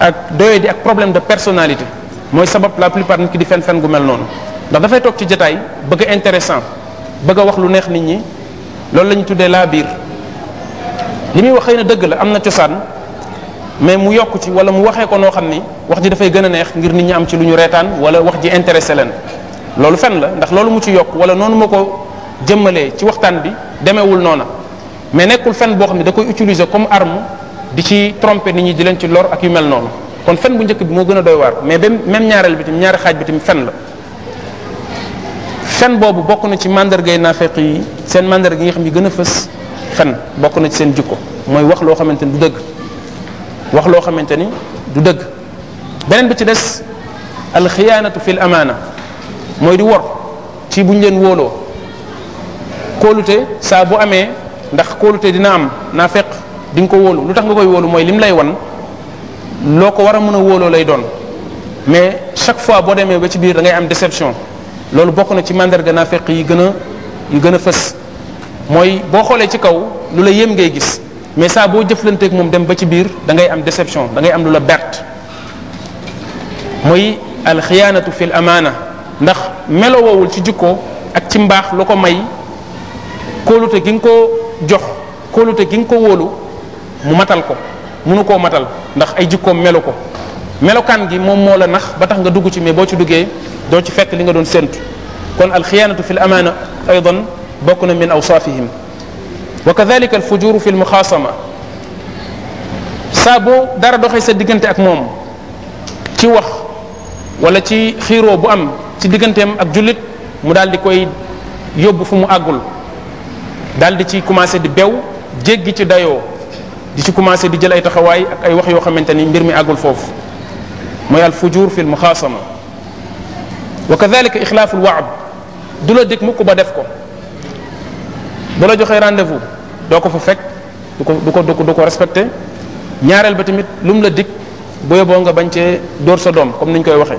ak doye di ak problème de personnalité mooy sabab la plupart nit ki di fen fen gu mel noonu ndax dafay toog ci jotaay bëgg intéressant bëgg a wax lu neex nit ñi loolu lañu tuddee laa biir li muy wax xëy na dëgg la am na cosaan mais mu yokk ci wala mu waxee ko noo xam ni wax ji dafay gën a neex ngir nit ñi am ci lu ñu reetaan wala wax ji intéressé leen loolu fen la ndax loolu mu ci yokk wala noonu ma ko jëmmalee ci waxtaan bi demewul noona mais nekkul fen boo xam ne da koy utiliser comme arme di ci tromper ni ñi di leen ci lor ak yu mel noonu kon fen bu njëkk bi moo gën a doy waar mais ba même ñaareel bi tamit ñaari xaaj bi tamit fen la fen boobu bokk na ci mandargay naafeq yi seen mandarga yi xam ne gën a fës fen bokk na ci seen jikko mooy wax loo xamante ni du dëgg wax loo xamante ni du dëgg beneen bi ci des alxiyaanatu fi amaana mooy di wor ci buñ leen wóoloo kóolute saa bu amee ndax kóolute dina am naa fekk di nga ko wóolu lu tax nga koy wóolu mooy lim lay wan loo ko war a mën a wóoloo lay doon mais chaque fois boo demee ba ci biir da ngay am déception loolu bokk na ci mandarga naa fekk yi gën a gën a fës mooy boo xoolee ci kaw lu la yéem ngay gis mais saa boo jëflanteeg moom dem ba ci biir da am déception da ngay am lu la bert mooy alxiyaanatu fil amaana ndax melo ci jikko ak ci mbaax lu ko may kóolute gi nga ko jox kóolute gi nga ko wóolu mu matal ko munu koo matal ndax ay jikkoom melu ko melokaan gi moom moo la nax ba tax nga dugg ci mais boo ci duggee doo ci fekk li nga doon séntu kon alxiyaanatu fi l amaana aydan bokk na min awsaafihim wa kadalika alfujuru fi lmuxaasama saa boo dara doxee sa diggante ak moom ci wax wala ci xiiroo bu am ci digganteem ak jullit mu daal di koy yóbbu fu mu àggul daal di ci commencé di bew jéggi ci dayoo di ci commencé di jël ay taxawaay ak ay wax yoo xamante ni mbir mi àggul foofu mooy al fujur fi l muxaasama wa kadalika ixlaafu l waab du la dégg mukk ba def ko bu la joxee rendez-vous doo ko fa fekk du ko du ko du ko respecté ñaareel ba tamit lu mu la dikk bu yeboo nga bañ cee dóor sa doom comme ni ñu koy waxee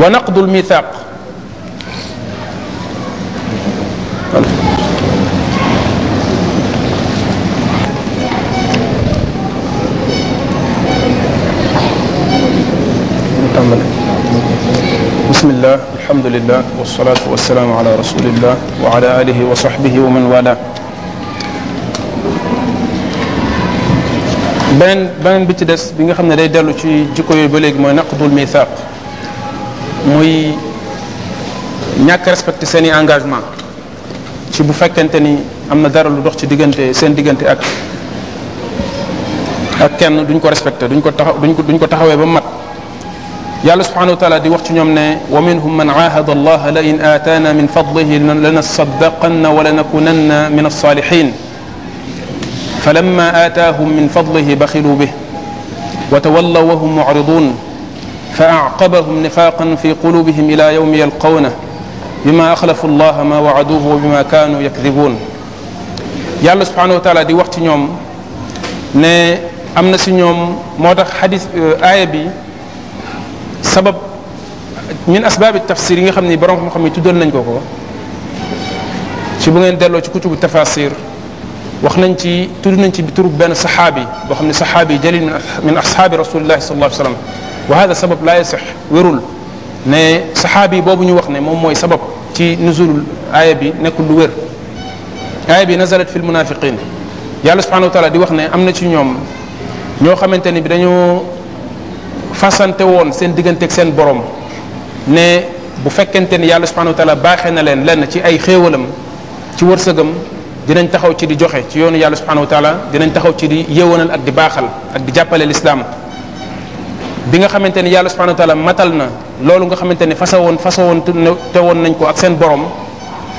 wa naqdul mithaq defal bismillah alhamdulillah wasalaatu wasalaamu ala rasulillah wa ala alihi wa sahbihi wa man wala beneen beneen bi ci des bi nga xam ne day dellu ci jikko yooyu ba léegi mooy naqdul mithaq muy ñàkk respecté seen i engagement ci bu fekkente ni am na dara lu dox ci diggante seen diggante ak ak kenn duñ ko respecté duñ ko taxaw duñ ko duñ ko taxawee ba mat yàlla subhanahu wa taala di wax ci ñoom ne wa minhum man aahada allah la in aataana min fadlihi lanasaddaqanna wa lanakunanna min alsalihin falamma aataahum min fadlihi baxilu bih wa tawallaw wa hum mucridun fa acqabahum nifaqan fi qulubihim ila yawmi yalqawna bima axlafu llaha ma waaduhu wa bima kaanu yakdibuun yàlla subhanahu wa taala di wax ci ñoom ne am na si ñoom moo tax xadis euh, aaya bi sabab min asbaabi tafsir yi nga xam ni borom xam-xam yi tuddoon nañ ko ko ci bu ngeen delloo ci kutubu tafasir wax nañ ci tudd nañ ci turu benn saxaabi boo xam ne saxaabi jalil min ashaabi rasulillahi sallallahu alayhi wa sallam wa hada sabab laa yasix wérul ne saxaabi boobu ñu wax ne moom mooy sabab ci nuzul aaya bi nekkul lu wér aaya bi nazalat fi lmunafiqin yàlla subhanahu wa taala di wax ne am na ci ñoom ñoo xamante ni bi dañoo fasante woon seen diggante ak seen borom ne bu fekkente ni yàlla subhanahu wa taala na leen lenn ci ay xéewalam ci wërsëgam dinañ taxaw ci di joxe ci yoonu yàlla subhanahu wa dinañ taxaw ci di yéwanal ak di baaxal ak di jàppale lislaam bi nga xamante ni yàlla subhanahu matal na loolu nga xamante ni fasa woon fasa woon te woon nañ ko ak seen borom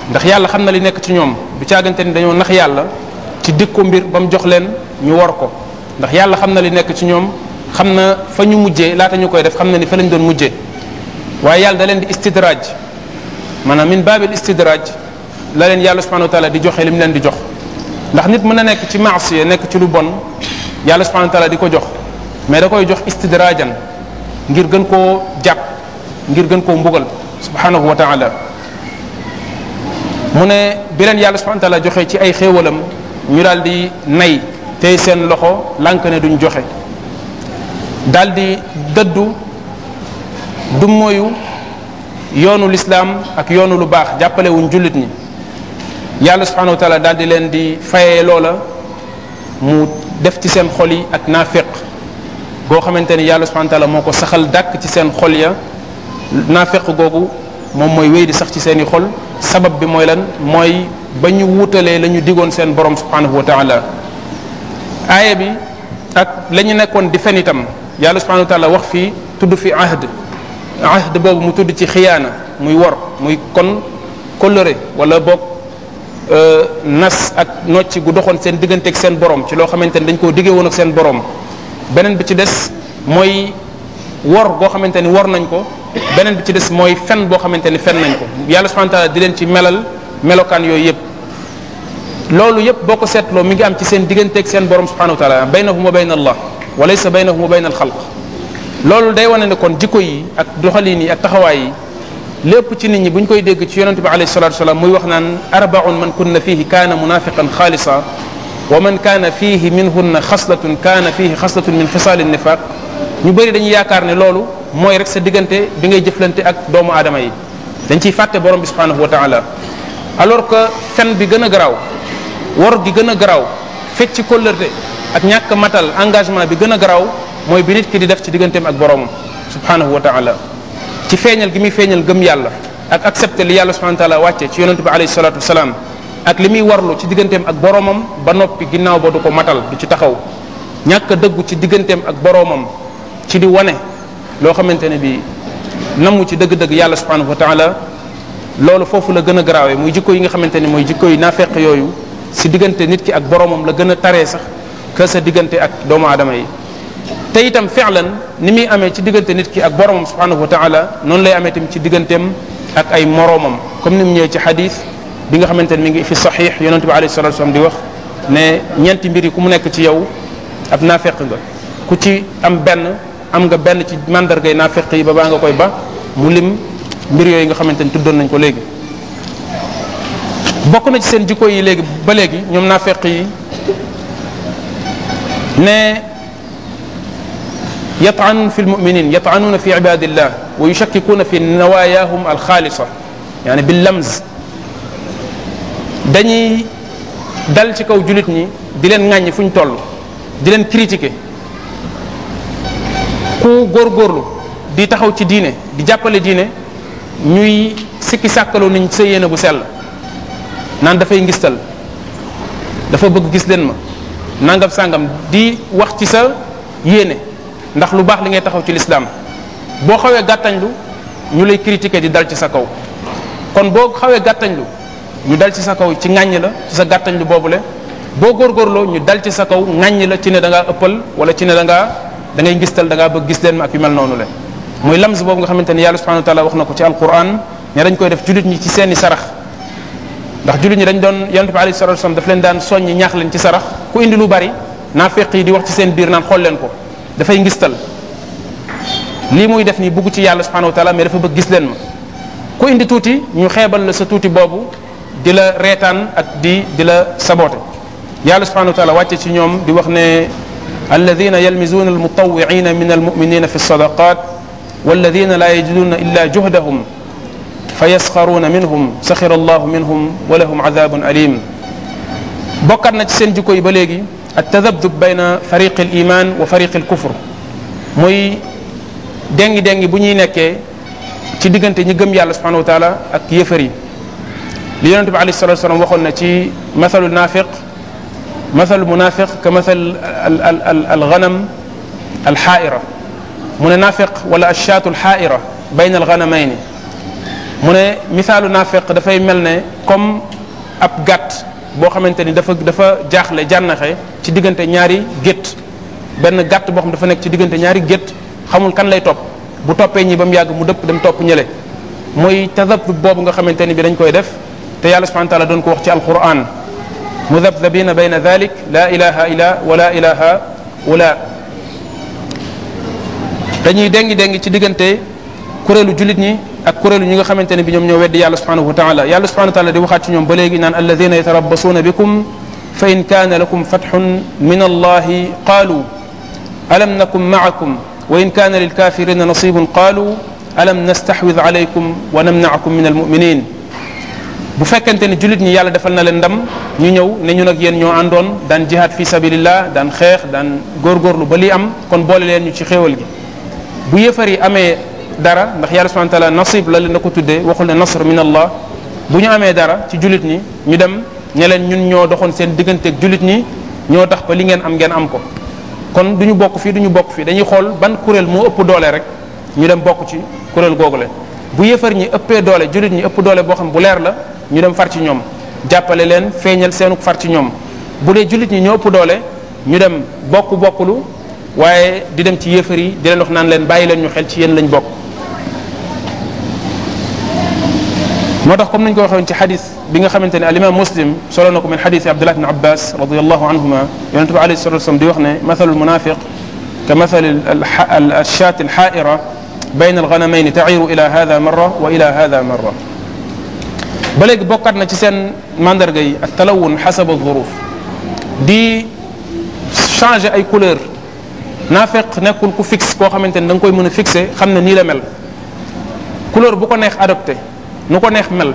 ndax yàlla xam na li nekk ci ñoom bu caagante ni dañoo nax yàlla ci dikko mbir ba mu jox leen ñu war ko ndax yàlla xam na li nekk ci ñoom xam na fa ñu mujjee laata ñu koy def xam na ni fa lañ doon mujjee waaye yàlla da leen di istidraaj maanaam min baabil istidraaj la leen yàlla subhanahu wa taala di joxe li mu leen di jox ndax nit mën a nekk ci maasiya nekk ci lu bon yàlla subhanahu di ko jox mais da koy jox istidraajan ngir gën koo jàpp ngir gën koo mbugal subhanahu wa taala mu ne bi leen yàlla subhanahu wa joxe ci ay xéewalam ñu daal di nay tey seen loxo lànk ne duñ joxe daldi di dëddu du yoonu lislaam ak yoonu lu baax jàppale wuñ jullit ñi yàlla subhanahu wa taala daal di leen di fayee loola mu def ci seen xol yi ak naaféq goo xamante ne yàlla subhanahu wa moo ko saxal dàkk ci seen xol ya naafeq googu moom mooy wéy di sax ci seeni xol sabab bi mooy lan mooy ba ñu wuutalee lañu diggoon seen borom subhanahu wa taala aaya bi ak la nekkoon di fen itam yàlla subhanahu wax fii tudd fi ahd ahd boobu mu tudd ci xiyaana muy wor muy kon coloré wala boog euh, nas ak nocc gu doxoon seen diggante ak seen borom ci loo xamante ni dañ koo diggee woon ak seen borom beneen bi ci des mooy wor goo xamante ni wor nañ ko beneen bi ci des mooy fen boo xamante ni fen nañ ko yàlla subhanahu taala di leen ci melal melokaan yooyu yëpp loolu yëpp boo ko seetloo mi ngi am ci seen digganteeg seen borom subhanahu wa taala baynahum wa bayna allah wa laysa baynahum wa bayna alxalq loolu day wane ne kon jikko yi ak doxalin yi ak taxawaay yi lépp ci ni ñi bu ñu koy dégg ci yonente bi alayhi salatu wasalam muy wax naan arbaun man kunna fihi kaana munafiqan xaalisa wa man kaana fihi minhunna xaslatun kaana fihi xaslatun min xisaali nifaq ñu bëri dañuy yaakaar ne loolu mooy rek sa diggante bi ngay jëflante ak doomu aadama yi dañ ciy fàtte borom bi subhanahu wa taala alors que fen bi gën a garaaw wor gi gën a garaaw fecc kóllërte ak ñàkk matal engagement bi gën a garaaw mooy bi nit ki di def ci digganteem ak boromam subhanahu wa taala ci feeñal gi muy feeñal gëm yàlla ak accepter li yàlla subhanahu wa taala wàcce ci yonente bi alayhi salatu wasalaam ak li muy warlu ci digganteem ak boromam ba noppi ginnaaw ba ko matal du ci taxaw ñàkk dëggu ci digganteem ak boromam ci di wane loo xamante ne bi namu ci dëgg-dëgg yàlla subhanahu wa taala loolu foofu la gën a garaawee muy jikko yi nga xamante ne mooy jikko yi naafeq yooyu si diggante nit ki ak boromam la gën a taree sax que sa diggante ak doomu aadama yi te itam fexlan ni muy amee ci diggante nit ki ak boromam subhanahu wa taala noonu lay amee tamit ci digganteem ak ay moroomam comme ni mu ñëwee ci xadis bi nga xamante ne mi ngi fi saxiix yonente bi alayhi salatu wasallam di wax ne ñeenti mbir yi ku mu nekk ci yow ab naafeq nga ku ci am benn am nga benn ci mandargay naafeq yi ba baa nga koy ba mu lim mbir yooyu nga xamante ni tuddoon nañ ko léegi bokk na ci seen jikko yi léegi ba léegi ñoom naafeq yi ne yatanuun fi lmuminin yatanuuna fi ibadillah wa yushakkikuuna fi nawaayahum alxaalisa yaani bi lams dañuy dal ci kaw jullit ñi di leen ŋàññi fu ñu toll di leen critiquer ku góorlu di taxaw ci diine di jàppale diine ñuy sikki sàkkaloo nañ sa yéene bu sell naan dafay ngistal dafa bëgg gis leen ma nangam sàngam di wax ci sa yéene ndax lu baax li ngay taxaw ci lislaam boo xawee gàttañlu ñu lay critiquer di dal ci sa kaw kon boo xawee gàttañlu ñu dal ci sa kaw ci ŋàññ la ci sa boobu boobule boo góorgóorloo ñu dal ci sa kaw ŋàññ la ci ne da ëppal wala ci ne da da ngay gistal da bëgg gis leen ma ak yu mel noonu le muy lamz boobu nga xamante ni yàlla subhanahu wa taala wax na ko ci alquran ne dañ koy def jullit ñi ci seeni sarax ndax jullit ñi dañ doon yonent bi alayhi salatu wasallam daf leen daan soññi ñaax leen ci sarax ku indi lu bari naafeq yi di wax ci seen biir naan xool leen ko dafay ngistal lii muy def nii bugg ci yàlla subhanahu wa taala mais dafa bëgg gis leen ma ku indi tuuti ñu xeebal la sa tuuti boobu di la reetaan ak di di la saboote yàlla subhanahu wa taala wàcce ci ñoom di wax ne الذين يلمزون المطوعين من المؤمنين في الصدقات والذين لا يجدون إلا جهدهم فيسخرون منهم سخر الله منهم ولهم عذاب أليم bokkat na ci seen jikko yi ba léegi at-tadabdub bayna fariq al-iman wa fariq al-kufr muy dengi dengi bu ñuy nekkee ci diggante ñi gëm yàlla subhanahu wa taala ak yëfër yi li yonente bi alayhi salatu wasalam waxoon na ci mathalu naafiq masalu munafiq ka masal al al al al ganam al xaaira mu ne nafiq wala ashaatul xaaira bayna al ganamayni mu ne misaalu nafiq dafay mel ne comme ab gàtt boo xamante ni dafa dafa jaaxle jànnaxe ci diggante ñaari gétt benn gàtt boo xam dafa nekk ci diggante ñaari gétt xamul kan lay topp bu toppee ñi ba mu yàgg mu dëpp dem topp ñële mooy tazab boobu nga xamante ni bi dañ koy def te yàlla subhanahu wa doon ko wax ci alquran mudabdabina bayna dalik la ilaha illa wala ilaha wala dañuy déngi-déngi ci diggante kuréelu jullit ñi ak kuréelu ñi nga xamante ne bi ñoom ñoo weddi yàlla subhanahu wa taala yàlla subhanahu wa taala di waxaat ci ñoom ba léegi naan alladina yatarabbasuuna bikum fa in kaana lakum fatxun min allahi qaalu alam nakum maakum wa in kaana lilkafirina nasibun qaalu alam nastaxwid alaykum wa namnaakum min almuminin bu fekkente ne jullit ñi yàlla defal na leen ndam ñu ñëw ne ñun ak yéen ñoo àndoon daan jihaad fi sabilillah daan xeex daan góorgóorlu ba li am kon boole leen ñu ci xéewal gi bu yéefar yi amee dara ndax yàlla subhanahu wa taala nasib la leen na ko tuddee waxul ne nasr min allah bu ñu amee dara ci jullit ñi ñu dem ne leen ñun ñoo doxoon seen digganteeg jullit ñi ñoo tax ba li ngeen am ngeen am ko kon du ñu bokk fii du ñu bokk fii dañuy xool ban kuréel moo ëpp doole rek ñu dem bokk ci kuréel googu le bu yéefar ñi doole jullit ñi ëpp doole boo xam bu leer la ñu dem far ci ñoom jàppale leen feeñal seenu far ci ñoom bu dee jullit ñi ñoo ëpp doole ñu dem bokk bokkulu waaye di dem ci yéefar yi di leen wax naan leen bàyyi leen ñu xel ci yéen lañ bokk moo tax comme nañu ko waxewoon ci xadis bi nga xamante ne alimam muslim solo na ko min xadis abdullah ibn abbas radiallahu anhuma yonente bi alayhi salatu wasalam di wax ne mathalu lmunafiq ka mathali alshaat alxaaira bayna alganamayn taciru ila hada marra wa ila hada marra ba léegi bokkat na ci seen mandarga yi ak talawun xasaba zuruf di changer ay couleur naafeq nekkul ku fixe koo xamante ni da koy mën a fixé xam ne nii la mel couleur bu ko neex adopté nu ko neex mel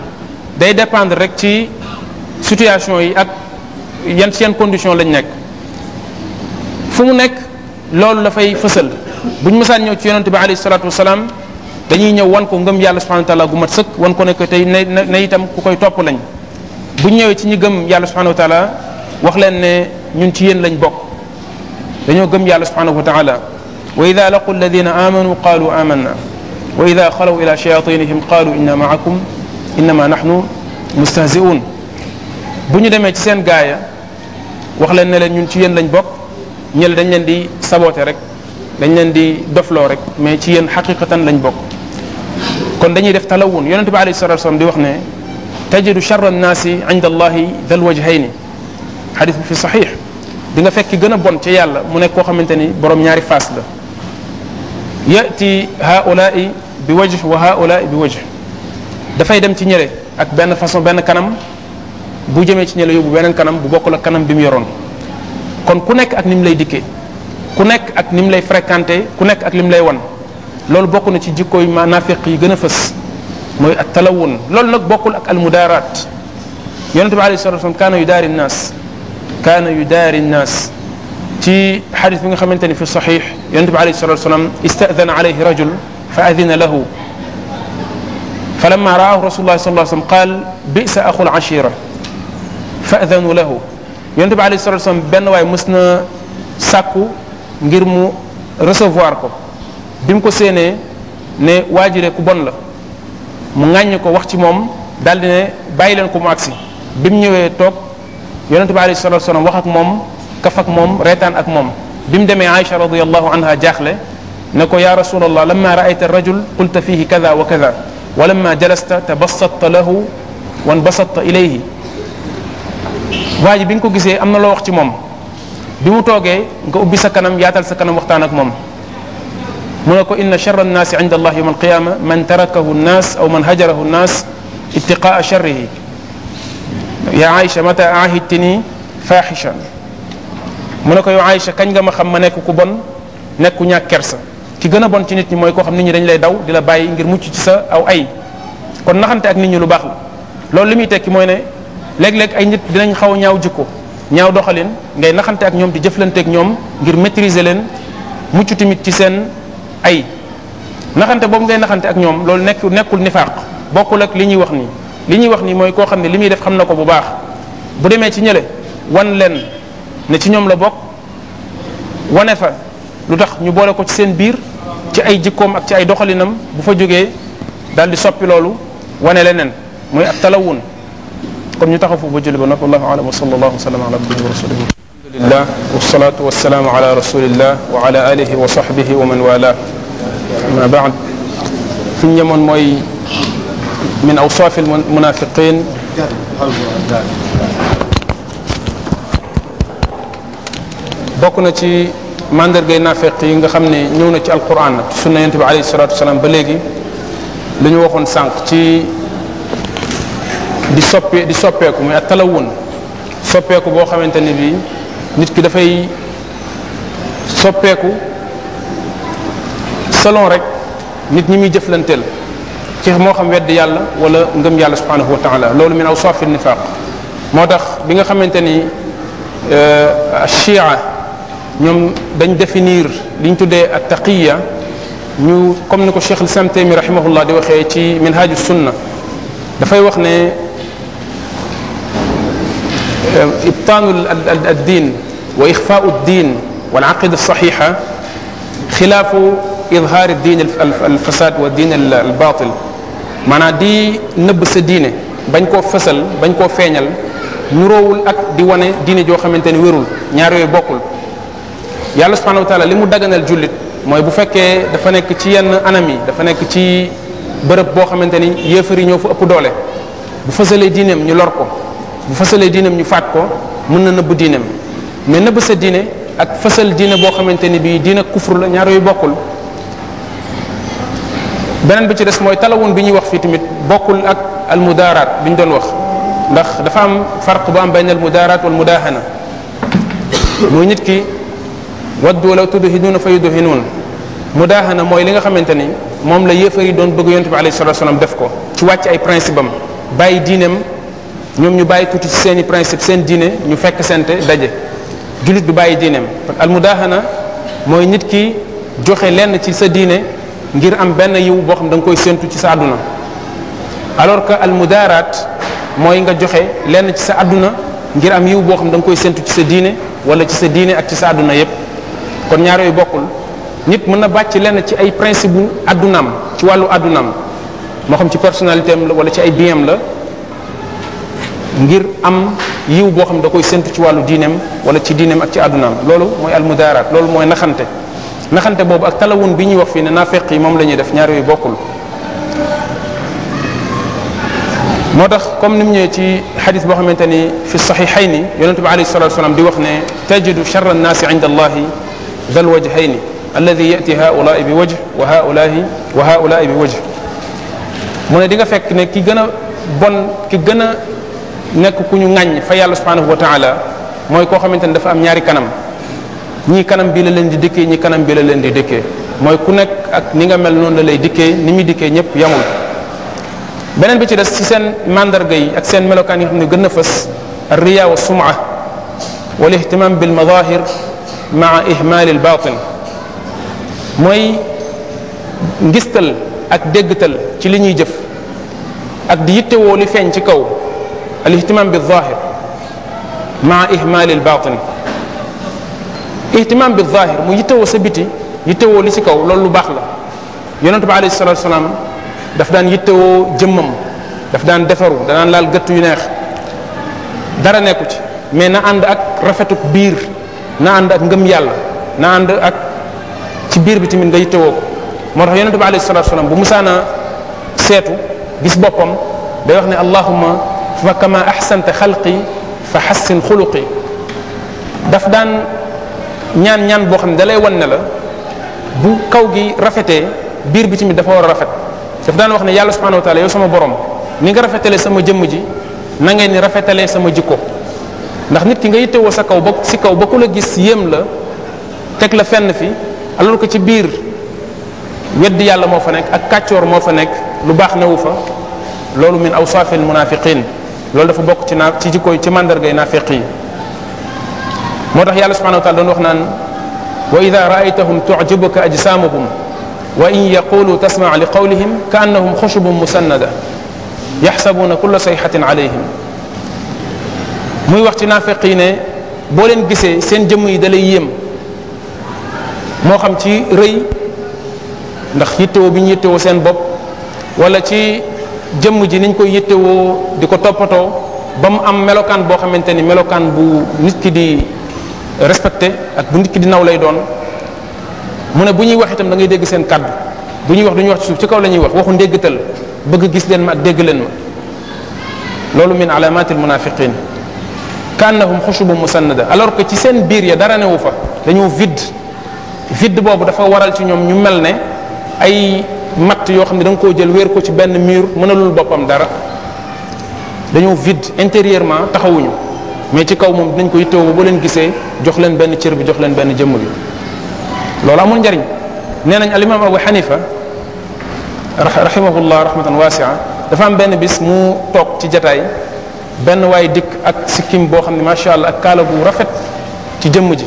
day dépendre rek ci situation yi ak yan ci yan condition lañ nekk fu mu nekk loolu dafay fay fësal bu ñu mësaan ñëw ci yonente bi alayhi salatu wasalaam dañuy ñëw wan ko ngëm yàlla subhanahu wa taala sëkk wan ko ne ko tey na na itam ku koy topp lañ bu ñu ñëwee ci ñi gëm yàlla subhanahu wa taala wax leen ne ñun ci yéen lañ bokk dañoo gëm yàlla subhanahu wa taala wa ida laqu alladina amanu qalu amanna wa ida xalaw ila shayatinihim qalu inna maakum innama nahnu mustahziun bu ñu demee ci seen gaaya wax leen ne leen ñun ci yéen lañ bokk ñële dañ leen di saboté rek dañ leen di dofloo rek mais ci yéen xaqiqatan lañ bokk kon dañuy def talawun yonente bi alayhi salatu wasalam di wax ne tajidu charra annaasi inda allahi dal wajhayni xadis bi fi saxiix di nga fekk gën a bon ci yàlla mu nekk koo xamante ni borom ñaari faas la yati haulaai bi wajh wa haulaai bi wajh dafay dem ci ñële ak benn façon benn kanam bu jëmee ci ñële yóbbu beneen kanam bu bokkul ak kanam bi mu yoroon kon ku nekk ak ni mu lay dikkee ku nekk ak ni mu lay fréquenté ku nekk ak li mu lay wan loolu bokk na ci jikko yu naafiq yi gën a fës mooy at talawun loolu nag bokkul ak almudaaraat yonente bi alayhi salatu wasallam kaana yudaari nnaas kaana yudaari nnaas ci xadis bi nga xamante ni fi saxiix yonente bi alayhi salatu wasalam istadana alayhi rajul fa adina lahu fa lama raahu rasulullah sallallahu alayhi wasallam qaal bisa axul ashira fa adanu lahu yonente bi alayhi salatu wasalam benn waay mës na sàkku ngir mu recevoir ko bi mu ko séenee ne waajure ku bon la mu ŋàññ ko wax ci moom daldi ne bàyyi leen ko mu agsi bi mu ñëwee toog yonente bi alayhi salatu wasalam wax ak moom kaf moom reetaan ak moom bi mu demee aïcha radiallahu anha jaaxle ne ko ya rasulallah lamma raayta rajul qulta fihi kada wa kada wa lamma jalasta tabasatta lahu wan basatta ilayhi waa ji bi nga ko gisee am na loo wax ci moom bi mu toogee nga ubbi sa kanam yaatal sa kanam waxtaan ak moom mun ne ko inna charra annaasi inda allah yowma alqiyama man tarakahu nnaas aw man hajarahu nnaas ittiqaa charrihi yaa Aïcha mata ahidtini faaxichan mu ne ko yow Aïcha kañ nga ma xam ma nekk ku bon nekk ku ñàkk kersa ki gën a bon ci nit ñi mooy koo xam nit ñi dañ lay daw di la bàyyi ngir mucc ci sa aw ay kon naxante ak nit ñi lu baax la loolu li muy tekki mooy ne léeg-léeg ay nit dinañ xaw a ñaaw jikko ñaaw doxalin ngay naxante ak ñoom di jëflante ak ñoom ngir maîtriser leen mucc tamit ci seen ay naxante boobu ngay naxante ak ñoom loolu nekk nekkul nifaaq bokkul ak li ñuy wax nii li ñuy wax nii mooy koo xam ne li muy def xam na ko bu baax bu demee ci ñële wan leen ne ci ñoom la bokk wane fa lu tax ñu boole ko ci seen biir ci ay jikkoom ak ci ay doxalinam bu fa jógee daal di soppi loolu wane leneen mooy ak talawun kon ñu taxaw foofu ba julli ba noppi wallahu alam wa sallallahu wasallam ala abdihi wa rasulih alhamdulillah wassalatu wassalamu ala wa ala wa sahbihi wa man wala ma baad fi ñu ñëmoon mooy min awsaaf al munafiqin bokk na ci mandargay naafeq yi nga xam ne ñëw na ci alquran ak sunna yonent bi alayhi ba léegi li waxoon sànq ci di soppee di soppeeku muy ak talawun soppeeku boo xamante ni bi nit ki dafay soppeeku selon rek nit ñi muy jëflanteel ci moo xam wedd yàlla wala ngëm yàlla subhanahu wa taala loolu min awsaafi nifaq moo tax bi nga xamante ni chia euh, ñoom dañ définir li ñu tuddee at taqiya ñu comme ni ko cheikh lislam taymi rahimahullah di waxee ci minhaju sunna dafay wax ne euh, ibtaanu ad din wa ixfaau ad din wal izhaar diin al fasad wa diin al batil maanaa di nëbb sa diine bañ koo fësal bañ koo feeñal nuroowul ak di wane diine joo xamante ni wérul ñaar yooyu bokkul yàlla subhanahu wa li mu daganal jullit mooy bu fekkee dafa nekk ci yenn anam yi dafa nekk ci bërëb boo xamante ni yéefar ñoo fa ëpp doole bu fësalee diineem ñu lor ko bu fësalee diineem ñu faat ko mën na nëbb diineem mais nëbb sa diine ak fësal diine boo xamante ni bii diine kufur la ñaar bokkul beneen bi ci des mooy talawun bi ñuy wax fii tamit bokkul ak almudaaraat bi ñu doon wax ndax dafa am farq bu am bayn almudaaraat wal mudaahana muy nit ki waddu law tudhinuuna fa yudhinuun mudaahana mooy li nga xamante ni moom la yéefar yi doon bëgg yonte bi alayhi salatu def ko ci wàcc ay principe am bàyyi diineem ñoom ñu bàyyi tuuti ci seen i principe seen diine ñu fekk sente daje jullit bi bàyyi diineem almudaahana mooy nit ki joxe lenn ci sa diine ngir am benn yiw boo xam da nga koy séntu ci sa àdduna alors que al mudaaraat mooy nga joxe lenn ci sa àdduna ngir am yiw boo xam da nga koy séntu ci sa diine wala ci sa diine ak ci sa àdduna yépp kon ñaar yooyu bokkul nit mën na bàcc lenn ci ay principe bu àddunaam ci wàllu àddunaam moo xam ci personnalité am la wala ci ay bienam la ngir am yiw boo xam da koy séntu ci wàllu diineem wala ci diineem ak ci àddunaam loolu mooy al mudaaraat loolu mooy naxante naxante boobu ak talawun bi ñuy wax fii ne naafeq yi moom la ñuy def ñaar yooyu bokkul moo tax comme ni mu ci xadis boo xamante ni fi saxiixayni yonente bi alayhi salatu wasalam di wax ne tajidu charra annaasi inda allahi dal wajhayni alladi yati haulai bi wajh wa wa haulai bi wajh mu di nga fekk ne ki gën a bon ki gën a nekk ku ñu fa yàlla subhanahu wa taala mooy koo xamante ne dafa am ñaari kanam ñii kanam bi la leen di dikkee ñi kanam bi la leen di dikkee mooy ku nekk ak ni nga mel noonu la lay dikkee ni muy dikkee ñëpp yamul beneen bi ci des ci seen mandarga yi ak seen melokaan yi xam ne gën a fës arriya wa suma wal ihtimam bil madahir maa al batin mooy ngistal ak déggtal ci li ñuy jëf ak di woo li feeñ ci kaw al ihtimam bil zahir maa al batin ihtimam bi zahir mu yittewoo sa biti yittewoo li ci kaw loolu lu baax la yonente bi alayhi salatu salaam daf daan yittewoo jëmmam daf daan defaru danaan laal gëtt yu neex dara nekku ci mais na ànd ak rafetuk biir na ànd ak ngëm yàlla na ànd ak ci biir bi tamit nga yittewoo ko moo tax yonente bi alayhi salatu salaam bu musaana seetu gis boppam day wax ne allahuma fa kama ahsanta xalqi fa xassin xuluqi ñaan ñaan boo xam ne dalay wan ne la bu kaw gi rafetee biir bi mit dafa war a rafet daf daan wax ne yàlla subhanahu wa yow sama borom ni nga rafetalee sama jëmm ji na ngeen ni rafetalee sama jikko ndax nit ki nga yittewoo sa kaw ba si kaw ba ku la gis yéem la teg la fenn fi alors que ci biir weddi yàlla moo fa nekk ak kàccoor moo fa nekk lu baax newu fa loolu min awsaafil munaafiqin loolu dafa bokk ci naa ci jikko yi ci mandargay naafeq yi moo tax yàlla subhanahu wa taala doon wax naan wa ida raaytahum tujibuka ajsamuhum wa in yaqulu tasmaa li qawlihim ka annahum xushubun musannada yaxsabuuna kulla sayxatin alayhim muy wax ci naafeq yi ne boo leen gisee seen jëmm yi da lay moo xam ci rëy ndax yittewoo bi ñu yittewoo seen bopp walla ci jëmm ji niñ koy yittewoo di ko toppatoo ba am melokaan boo xamante ni melokaan bu nit ki di respecte ak bu nit di naw lay doon mu ne bu ñuy wax itam dangay dégg seen kàddu bu ñuy wax du ñuy wax ci suuf ci kaw la ñuy wax waxu ndéggatal bëgg gis leen ma ak dégg leen ma loolu min alamatil munafiqin kannahum xushubun musannada alors que ci seen biir ya dara newu fa dañoo vide vide boobu dafa waral ci ñoom ñu mel ne ay matt yoo xam ne da nga koo jël wéer ko ci benn mur mënalul boppam dara dañoo vide intérieurement taxawuñu mais ci kaw moom dinañ ko yittewoo boo leen gisee jox leen benn cër bi jox leen benn jëmm bi loolu amul njariñ nee nañ alimam abu xanifa rahimahullah rahmatan wasia dafa am benn bis mu toog ci jataay benn waay dikk ak sikkim boo xam ne macha allah ak kaala bu rafet ci jëmm ji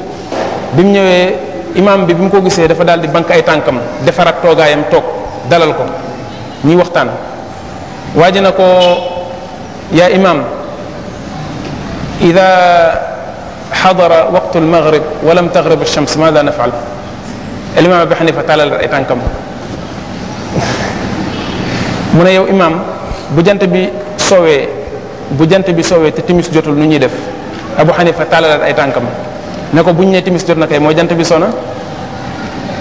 bi mu ñëwee imam bi bi mu ko gisee dafa daal di bank ay tànkam defaraat toogaayam toog dalal ko ñuy waxtaan waa ji na ko yaa imam إذا حضر وقت المغرب ولم تغرب الشمس ماذا نفعل الإمام أبي حنيفة tàllal ay tànkam mu ne yow imaam bu jant bi soowee bu jant bi soowee te timis jotul nu ñuy def Abu Xanifa tàllalaat ay tànkam ne ko bu ñu nee timis jot na kay mooy jant bi sona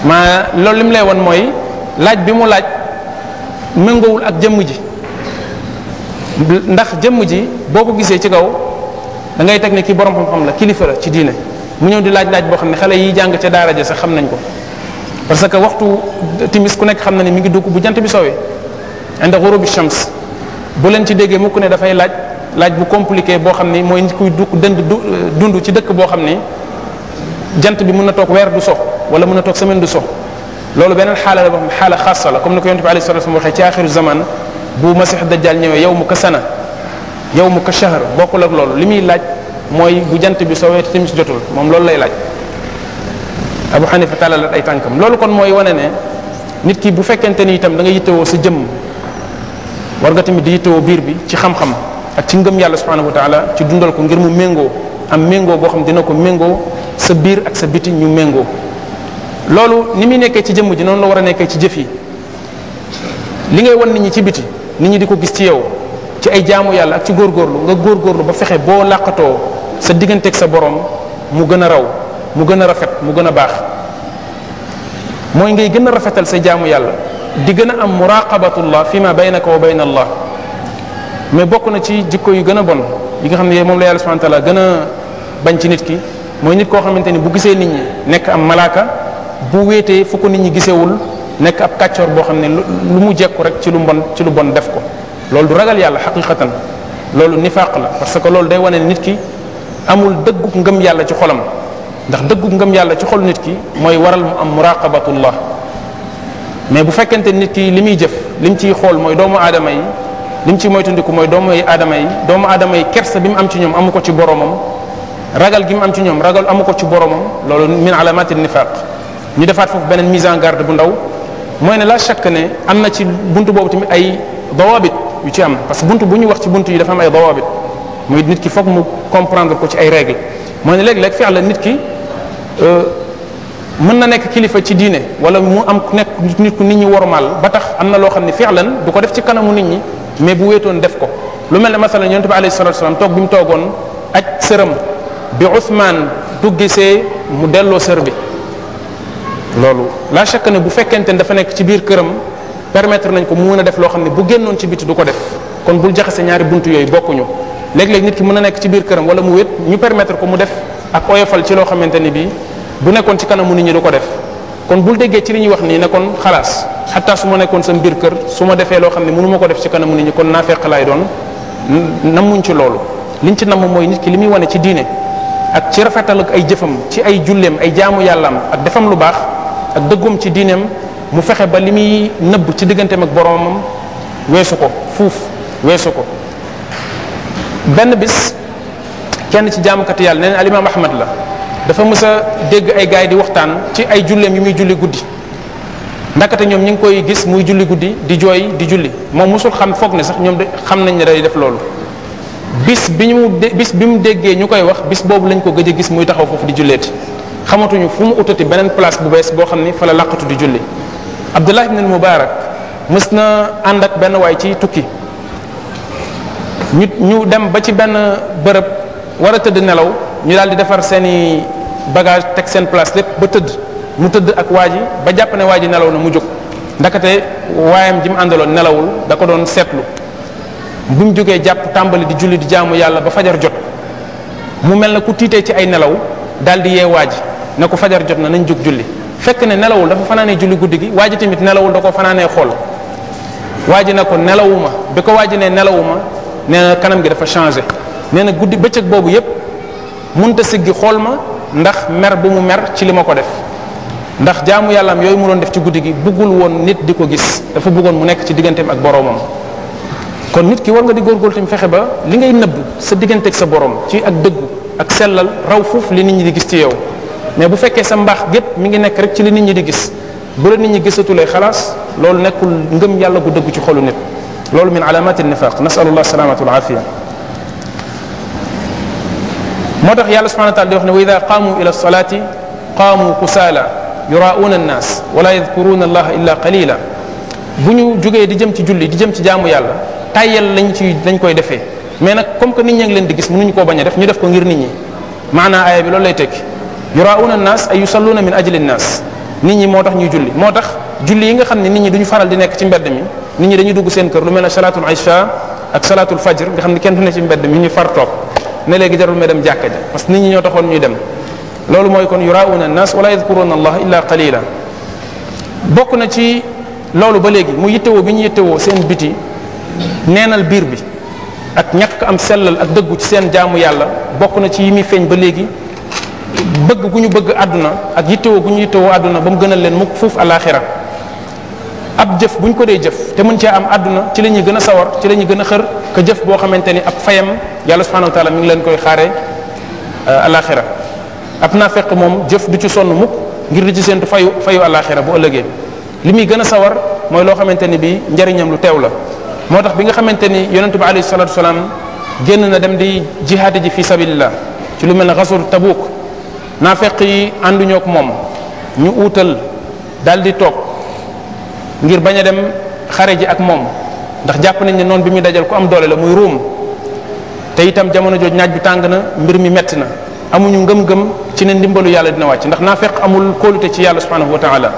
ma loolu lim lay won mooy laaj bi mu laaj méngoowul ak jëmm ji ndax jëmm ji boo ko gisee ci kaw da ngay teg ne ki borom xam-xam la kilifa la ci diine mu ñëw di laaj-laaj boo xam ne xale yi jàng ca daara sax xam nañ ko parce que waxtu timis ku nekk xam na ne mi ngi dugg bu jant bi soowee inda ghurubi shams bu leen ci déggee mukk ne dafay laaj laaj bu compliqué boo xam ni mooy kuy dugg dënd dund ci dëkk boo xam ni jant bi mën na toog weer du so wala mën na toog semaine du so loolu beneen xaala la boo xam comme ni ko yonent bi alayhi salatu wasallam waxee ci axiru zaman bu masix dajjal ñëwee yow mu kasana yow mu ko shahr bokkul ak loolu li muy laaj mooy bu jant bi soowee te timis jotul moom loolu lay laaj abu xanifa tàllalat ay tànkam loolu kon mooy wane ne nit ki bu fekkente ni itam dangay nga yittewoo sa jëmm war nga tamit di yittewoo biir bi ci xam-xam ak ci ngëm yàlla subhanahu wa taala ci dundal ko ngir mu méngoo am méngoo boo xam dina ko méngoo sa biir ak sa biti ñu méngoo loolu ni muy nekkee ci jëmm ji noonu la war a nekkee ci jëf yi li ngay wan nit ci biti nit ñi di ko gis ci yow ci ay jaamu yàlla ak ci góor góorlu nga góorgóorlu ba fexe boo làqatoo sa digganteeg sa boroom mu gën a raw mu gën a rafet mu gën a baax mooy ngay gën a rafetal sa jaamu yàlla di gën a am muraqabatullah fi ma baynaka wa bayna allah mais bokk na ci jikko yu gën a bon yi nga xam ne moom la yàlla subhanahu wa gën a bañ ci nit ki mooy nit koo xamante ni bu gisee nit ñi nekk am malaaka bu wéetee fu ko nit ñi gisewul nekk ab kàccoor boo xam ne lu mu jekku rek ci lu mbon ci lu bon def ko loolu du ragal yàlla xaqiqatan loolu nifaaq la parce que loolu day wane nit ki amul dëggug ngëm yàlla ci xolam ndax dëggug ngëm yàlla ci xol nit ki mooy waral mu am muraqabatullah mais bu fekkente nit ki li muy jëf li mu ciy xool mooy doomu aadama yi li mu ciy moytandiku mooy doomu aadama yi doomu aadama yi kersa bi mu am ci ñoom amu ko ci boromam ragal gi mu am ci ñoom ragal amu ko ci boromam loolu min alamati nifaaq ñu defaat foofu beneen mise en garde bu ndaw mooy ne la chaque ne am na ci buntu boobu tamit ay dawabit yu ci am parce bunt bu ñu wax ci bunt yi dafa am ay dawaabit muy nit ki foog mu comprendre ko ci ay règle mooy ne léeg-léeg fex la nit ki euh, mën na nekk kilifa ci diine wala mu am nekk nit ku nit ñi wormaal ba tax am na loo xam ne fi'lan du ko def ci kanamu nit ñi mais bu wéetoon def ko lu mel ne masalan yonent bi alayhi salatu wasalam toog bi mu toogoon aj sëram bi Ousmane duggisee mu delloo sër bi loolu laa shakk ne bu fekkente ne dafa nekk ci biir këram permettre nañ ko mu mën a def loo xam ne bu génnoon ci biti du ko def kon bul jaxase ñaari bunt yooyu bokkuñu léeg-léeg nit ki mën a nekk ci biir këram wala mu wét ñu permettre ko mu def ak oyofal ci loo xamante ni bii bu nekkoon ci kanamu nit ñi du ko def kon bul déggee ci li ñuy wax nii ne kon xalaas xataa su ma nekkoon sa mbir kër su ma defee xam ne mënu ko def ci kanamu nit ñi kon naa fekk laay doon namuñ ci loolu liñ ci namm mooy nit ki li muy wane ci diine ak ci rafetal ak ay jëfam ci ay julleem ay jaamu yàllaam ak defam lu baax ak dëggum ci diineem mu fexe ba li muy nëbb ci digganteem ak boroomam weesu ko fuuf weesu ko benn bis kenn ci jaamukati yàlla ne na alimaam ahmad la dafa mës a dégg ay gaay di waxtaan ci ay julleem yi muy julli guddi ndakate ñoom ñu ngi koy gis muy julli guddi di jooy di julli moom mosul xam foog ne sax ñoom de xam nañ ne day def loolu bis bi ñu bis bi mu déggee ñu koy wax bis boobu lañ ko gëj a gis muy taxaw foofu di julleeti xamatuñu fu mu utati beneen place bu bees boo xam ni fa làqatu di julli abdullah ibn mubarak mës na ànd ak benn waay ci tukki ñu ñu dem ba ci benn bërëb war tëdd nelaw ñu daal di defar seeni bagage teg seen place lépp ba tëdd mu tëdd ak waa ji ba jàpp ne waa ji nelaw na mu jóg ndakate waayam jim mu àndaloon nelawul da ko doon seetlu bi mu jógee jàpp tàmbali di julli di jaamu yàlla ba fajar jot mu mel na ku tiitee ci ay nelaw daal di yee waa ji ne ko fajar jot na nañ jóg julli fekk ne nelawul dafa fanaanee julli guddi gi waaj ji tamit nelawul da ko fanaanee xool waa na ne ko nelawuma bi ko waa ne nelawuma nee na kanam gi dafa changé nee na guddi bëccëg boobu yépp munta siggi xool ma ndax mer bu mu mer ci li ma ko def ndax jaamu yàllaam yooyu mu doon def ci guddi gi buggul woon nit di ko gis dafa bëggoon mu nekk ci digganteem ak boroomam kon nit ki war nga di góor góortim fexe ba li ngay nëbb sa digganteeg sa borom ci ak dëggu ak sellal raw fuuf li nit ñi di gis ci yow mais bu fekkee sa mbaax gépp mi ngi nekk rek ci li nit ñi di gis bu la nit ñi gisatulee xalaas loolu nekkul ngëm yàlla gu dëgg ci xolu nit loolu min alaamati nifaq nasalullah salamatu wal afiya moo tax yàlla subhanahu wa taala di wax ne wa ida qaamu ila salaati qaamu kusaala yuraa'uuna annaas wala yadkuruuna allaha illa qalila bu ñu jógee di jëm ci julli di jëm ci jaamu yàlla tàyyal lañ ci lañ koy defee mais nag comme que nit ñi ngi leen di gis mënuñu ko bañ a def ñu def ko ngir nit ñi maanaa aaya bi loolu lay tekki yuraawuna an-nas ay yusalluna min ajli an-nas nit ñi moo tax ñuy julli moo tax julli yi nga xam ne nit ñi duñu faral di nekk ci mbedd mi nit ñi dañuy dugg seen kër lu mel ne salatul isha ak salatul fajr nga xam ne kenn du ne ci mbedd mi ñu far toog ne léegi jarul may dem jàkka ja que ñoo taxoon ñuy dem loolu mooy kon yuraawuna an-nas wala yadhkuruna allah illa qalila bokk na ci loolu ba léegi mu yittewoo bi ñu yittewoo seen biti neenal biir bi ak ñàkk am sellal ak dëggu ci seen jaamu yàlla bokk na ci yi muy feeñ ba léegi bëgg gu ñu bëgg àdduna ak yittewoo gu ñu yittewoo àdduna ba mu gënal leen mukk fuuf alaxira ab jëf bu ñu ko dee jëf te mën cee am àdduna ci la ñuy gën a sawar ci la ñuy gën a xër ka jëf boo xamante ni ab fayam yàlla subhanahu wa taala leen koy xaare euh, alaxira ab naa fekk moom jëf du ci sonn mukk ngir di ci seentu fayu fayu alaxira bu ëllëgee li muy gën a sawar mooy loo xamante ni bi njariñam lu teew la moo tax bi nga xamante ni yonentu bi alayhi salatu wasalaam génn na dem di jihaad ji fi sabilillah ci lu mel ne xasur tabuuk naafeq yi ànduñoo ak moom ñu uutal daal di toog ngir bañ dem xare ji ak moom ndax jàpp nañ ne noonu bi muy dajal ku am doole la muy ruum te itam jamono jooju naaj bi tàng na mbir mi metti na amuñu ngëm-ngëm ci ne ndimbalu yàlla dina wàcc ndax naafeq amul kóolute ci yàlla subhanahu wa taala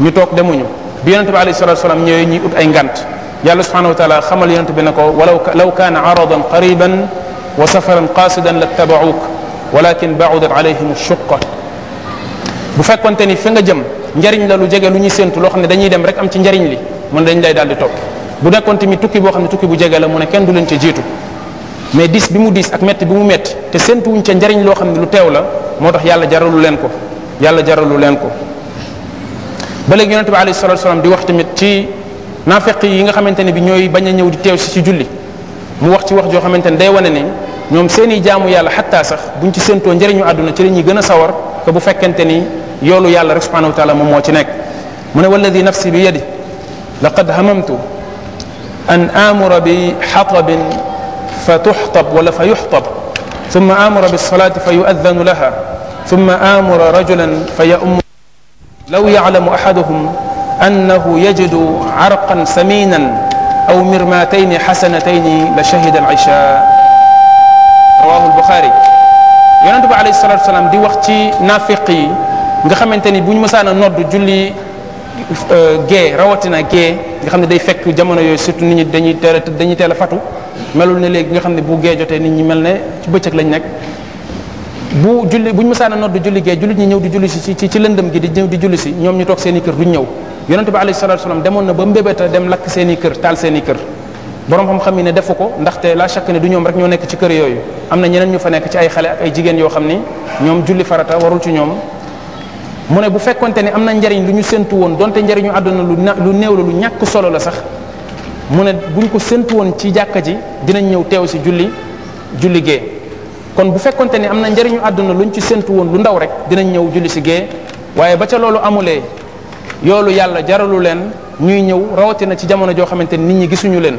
ñu toog demuñu bi yonente bi alayhi salatu wasalam ñëwee ñuy ut ay ngant yàlla subhanahu wa taala xamal yonente bi ne ko walaw law kaana aradan qariban wa safaran qasidan la tabauk walakin baudat alayhim shuqqa bu fekkonte ni fi nga jëm njariñ la lu jege lu ñuy séntu loo xam ne dañuy dem rek am ci njariñ li mu ne dañ lay daal di topp bu nekkoon tamit tukki boo xam ne tukki bu jege la mu ne kenn du leen ca jiitu mais dis bi mu dis ak métti bi mu métti te séntuwuñ ca njariñ loo xam ne lu teew la moo tax yàlla jaralu leen ko yàlla jaralu leen ko ba léegi yonente bi alayhi salatu wax tamit ci naafeq yi nga xamante ne bi ñooy bañ a ñëw di teew si ci julli mu wax ci wax joo xamante ne day wane ne ñoom seen i jaamu yàlla xattaa sax buñ ci séentoo njëriñu àdduna ci la ñuy gën a sawar que bu fekkente ni yoolu yàlla rek subhanahu wa taala moom moo ci nekk mu ne walladi nafsi bi yadi laqad hamamtu an amura bi xatabin fa tuxtab wala fa yuxtab ثم آمر بالصلاة فيؤذن لها ثم آمر رجلا فيؤم لو يعلم أحدهم أنه يجد عرقا سمينا أو مرماتين حسنتين لشهد العشاء Bukhari yonent bi alayhi salatu salaam di wax ci nafiq yi nga xamante ni bu ñu mësaan a nodd julli euh, gée rawatina gée nga xam ne day fekk jamono yooyu surtout nit ñi dañuy teel a dañuy teel a fatu melul ne léegi nga xam ne bu gée jotee nit ñi mel ne ci bëccëg lañ nekk bu julli bu ñu mësaan a nodd julli gée jullit ñi ñëw di julli si ci ci gi di ñëw di julli si ñoom ñu toog seeni i kër duñ ñëw yonent bi alayhi salatu salaam demoon na ba mbébéta dem lakk seen i kër taal seen i borom xam-xam yi ne defu ko ndaxte la chaque ne du ñoom rek ñoo nekk ci kër yooyu am na ñeneen ñu fa nekk ci ay xale ak ay jigéen yoo xam ni ñoom julli farata warul ci ñoom mu ne bu fekkonte ne am na njariñ lu ñu séntu woon donte njariñu àdduna lu na lu néew la lu ñàkk solo la sax mu ne buñ ko séntu woon ci jàkka ji dinañ ñëw teew si julli julli kon bu fekkonte ne am na njariñu àdduna luñ ci séntu woon lu ndaw rek dinañ ñëw julli si gee waaye ba ca loolu amulee yoolu yàlla jaralu leen ñuy ñëw rawatina ci jamono joo xamante nit ñi gisuñu leen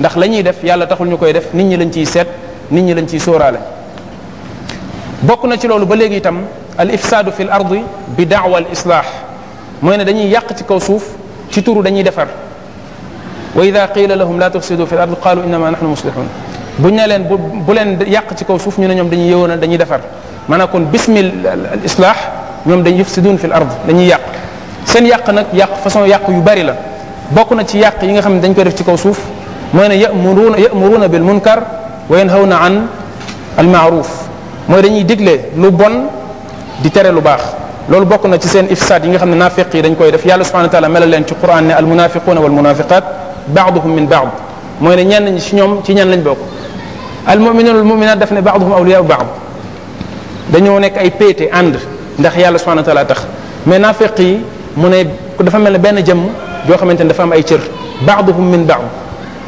ndax lañuy def yàlla taxul ñu koy def nit ñi lañ ciy seet nit ñi lañ ciy sóoraale bokk na ci loolu ba léegi itam al ifsaadu fi l bi daawa al islaax mooy ne dañuy yàq ci kaw suuf ci turu dañuy defar wa ida qila lahum la tufsidu fi l ardi qalu innama nahnu muslihun ne leen bu bu leen yàq ci kaw suuf ñu ne ñoom dañuy yëwoonal dañuy defar maanaam kon bismil al islaax ñoom dañuy yufsidun fi l dañuy yàq seen yàq nag yàq façon yàq yu bari la bokk na ci yàq yi nga xam ne dañ koy def ci kaw suuf mooy ne yamuruna yamuruuna bil munkar wa yanhawna an al maaruf mooy dañuy digle lu bon di tere lu baax loolu bokk na ci seen ifsaad yi nga xam ne naafeq yi dañ koy def yàlla subhanahu wa taala melal leen ci quran ne al munafiquuna wal munafiqat baaduhum min baad mooy ne ñenn ñi ci ñoom ci ñenn lañ bokk al muminuun al muminat daf ne baaduhum awliyaa baad dañoo nekk ay péete ànd ndax yàlla subhanahu wa taala tax mais naafeq yi mu ne dafa mel ne benn jëmm joo xamante ne dafa am ay cër baaduhum min baad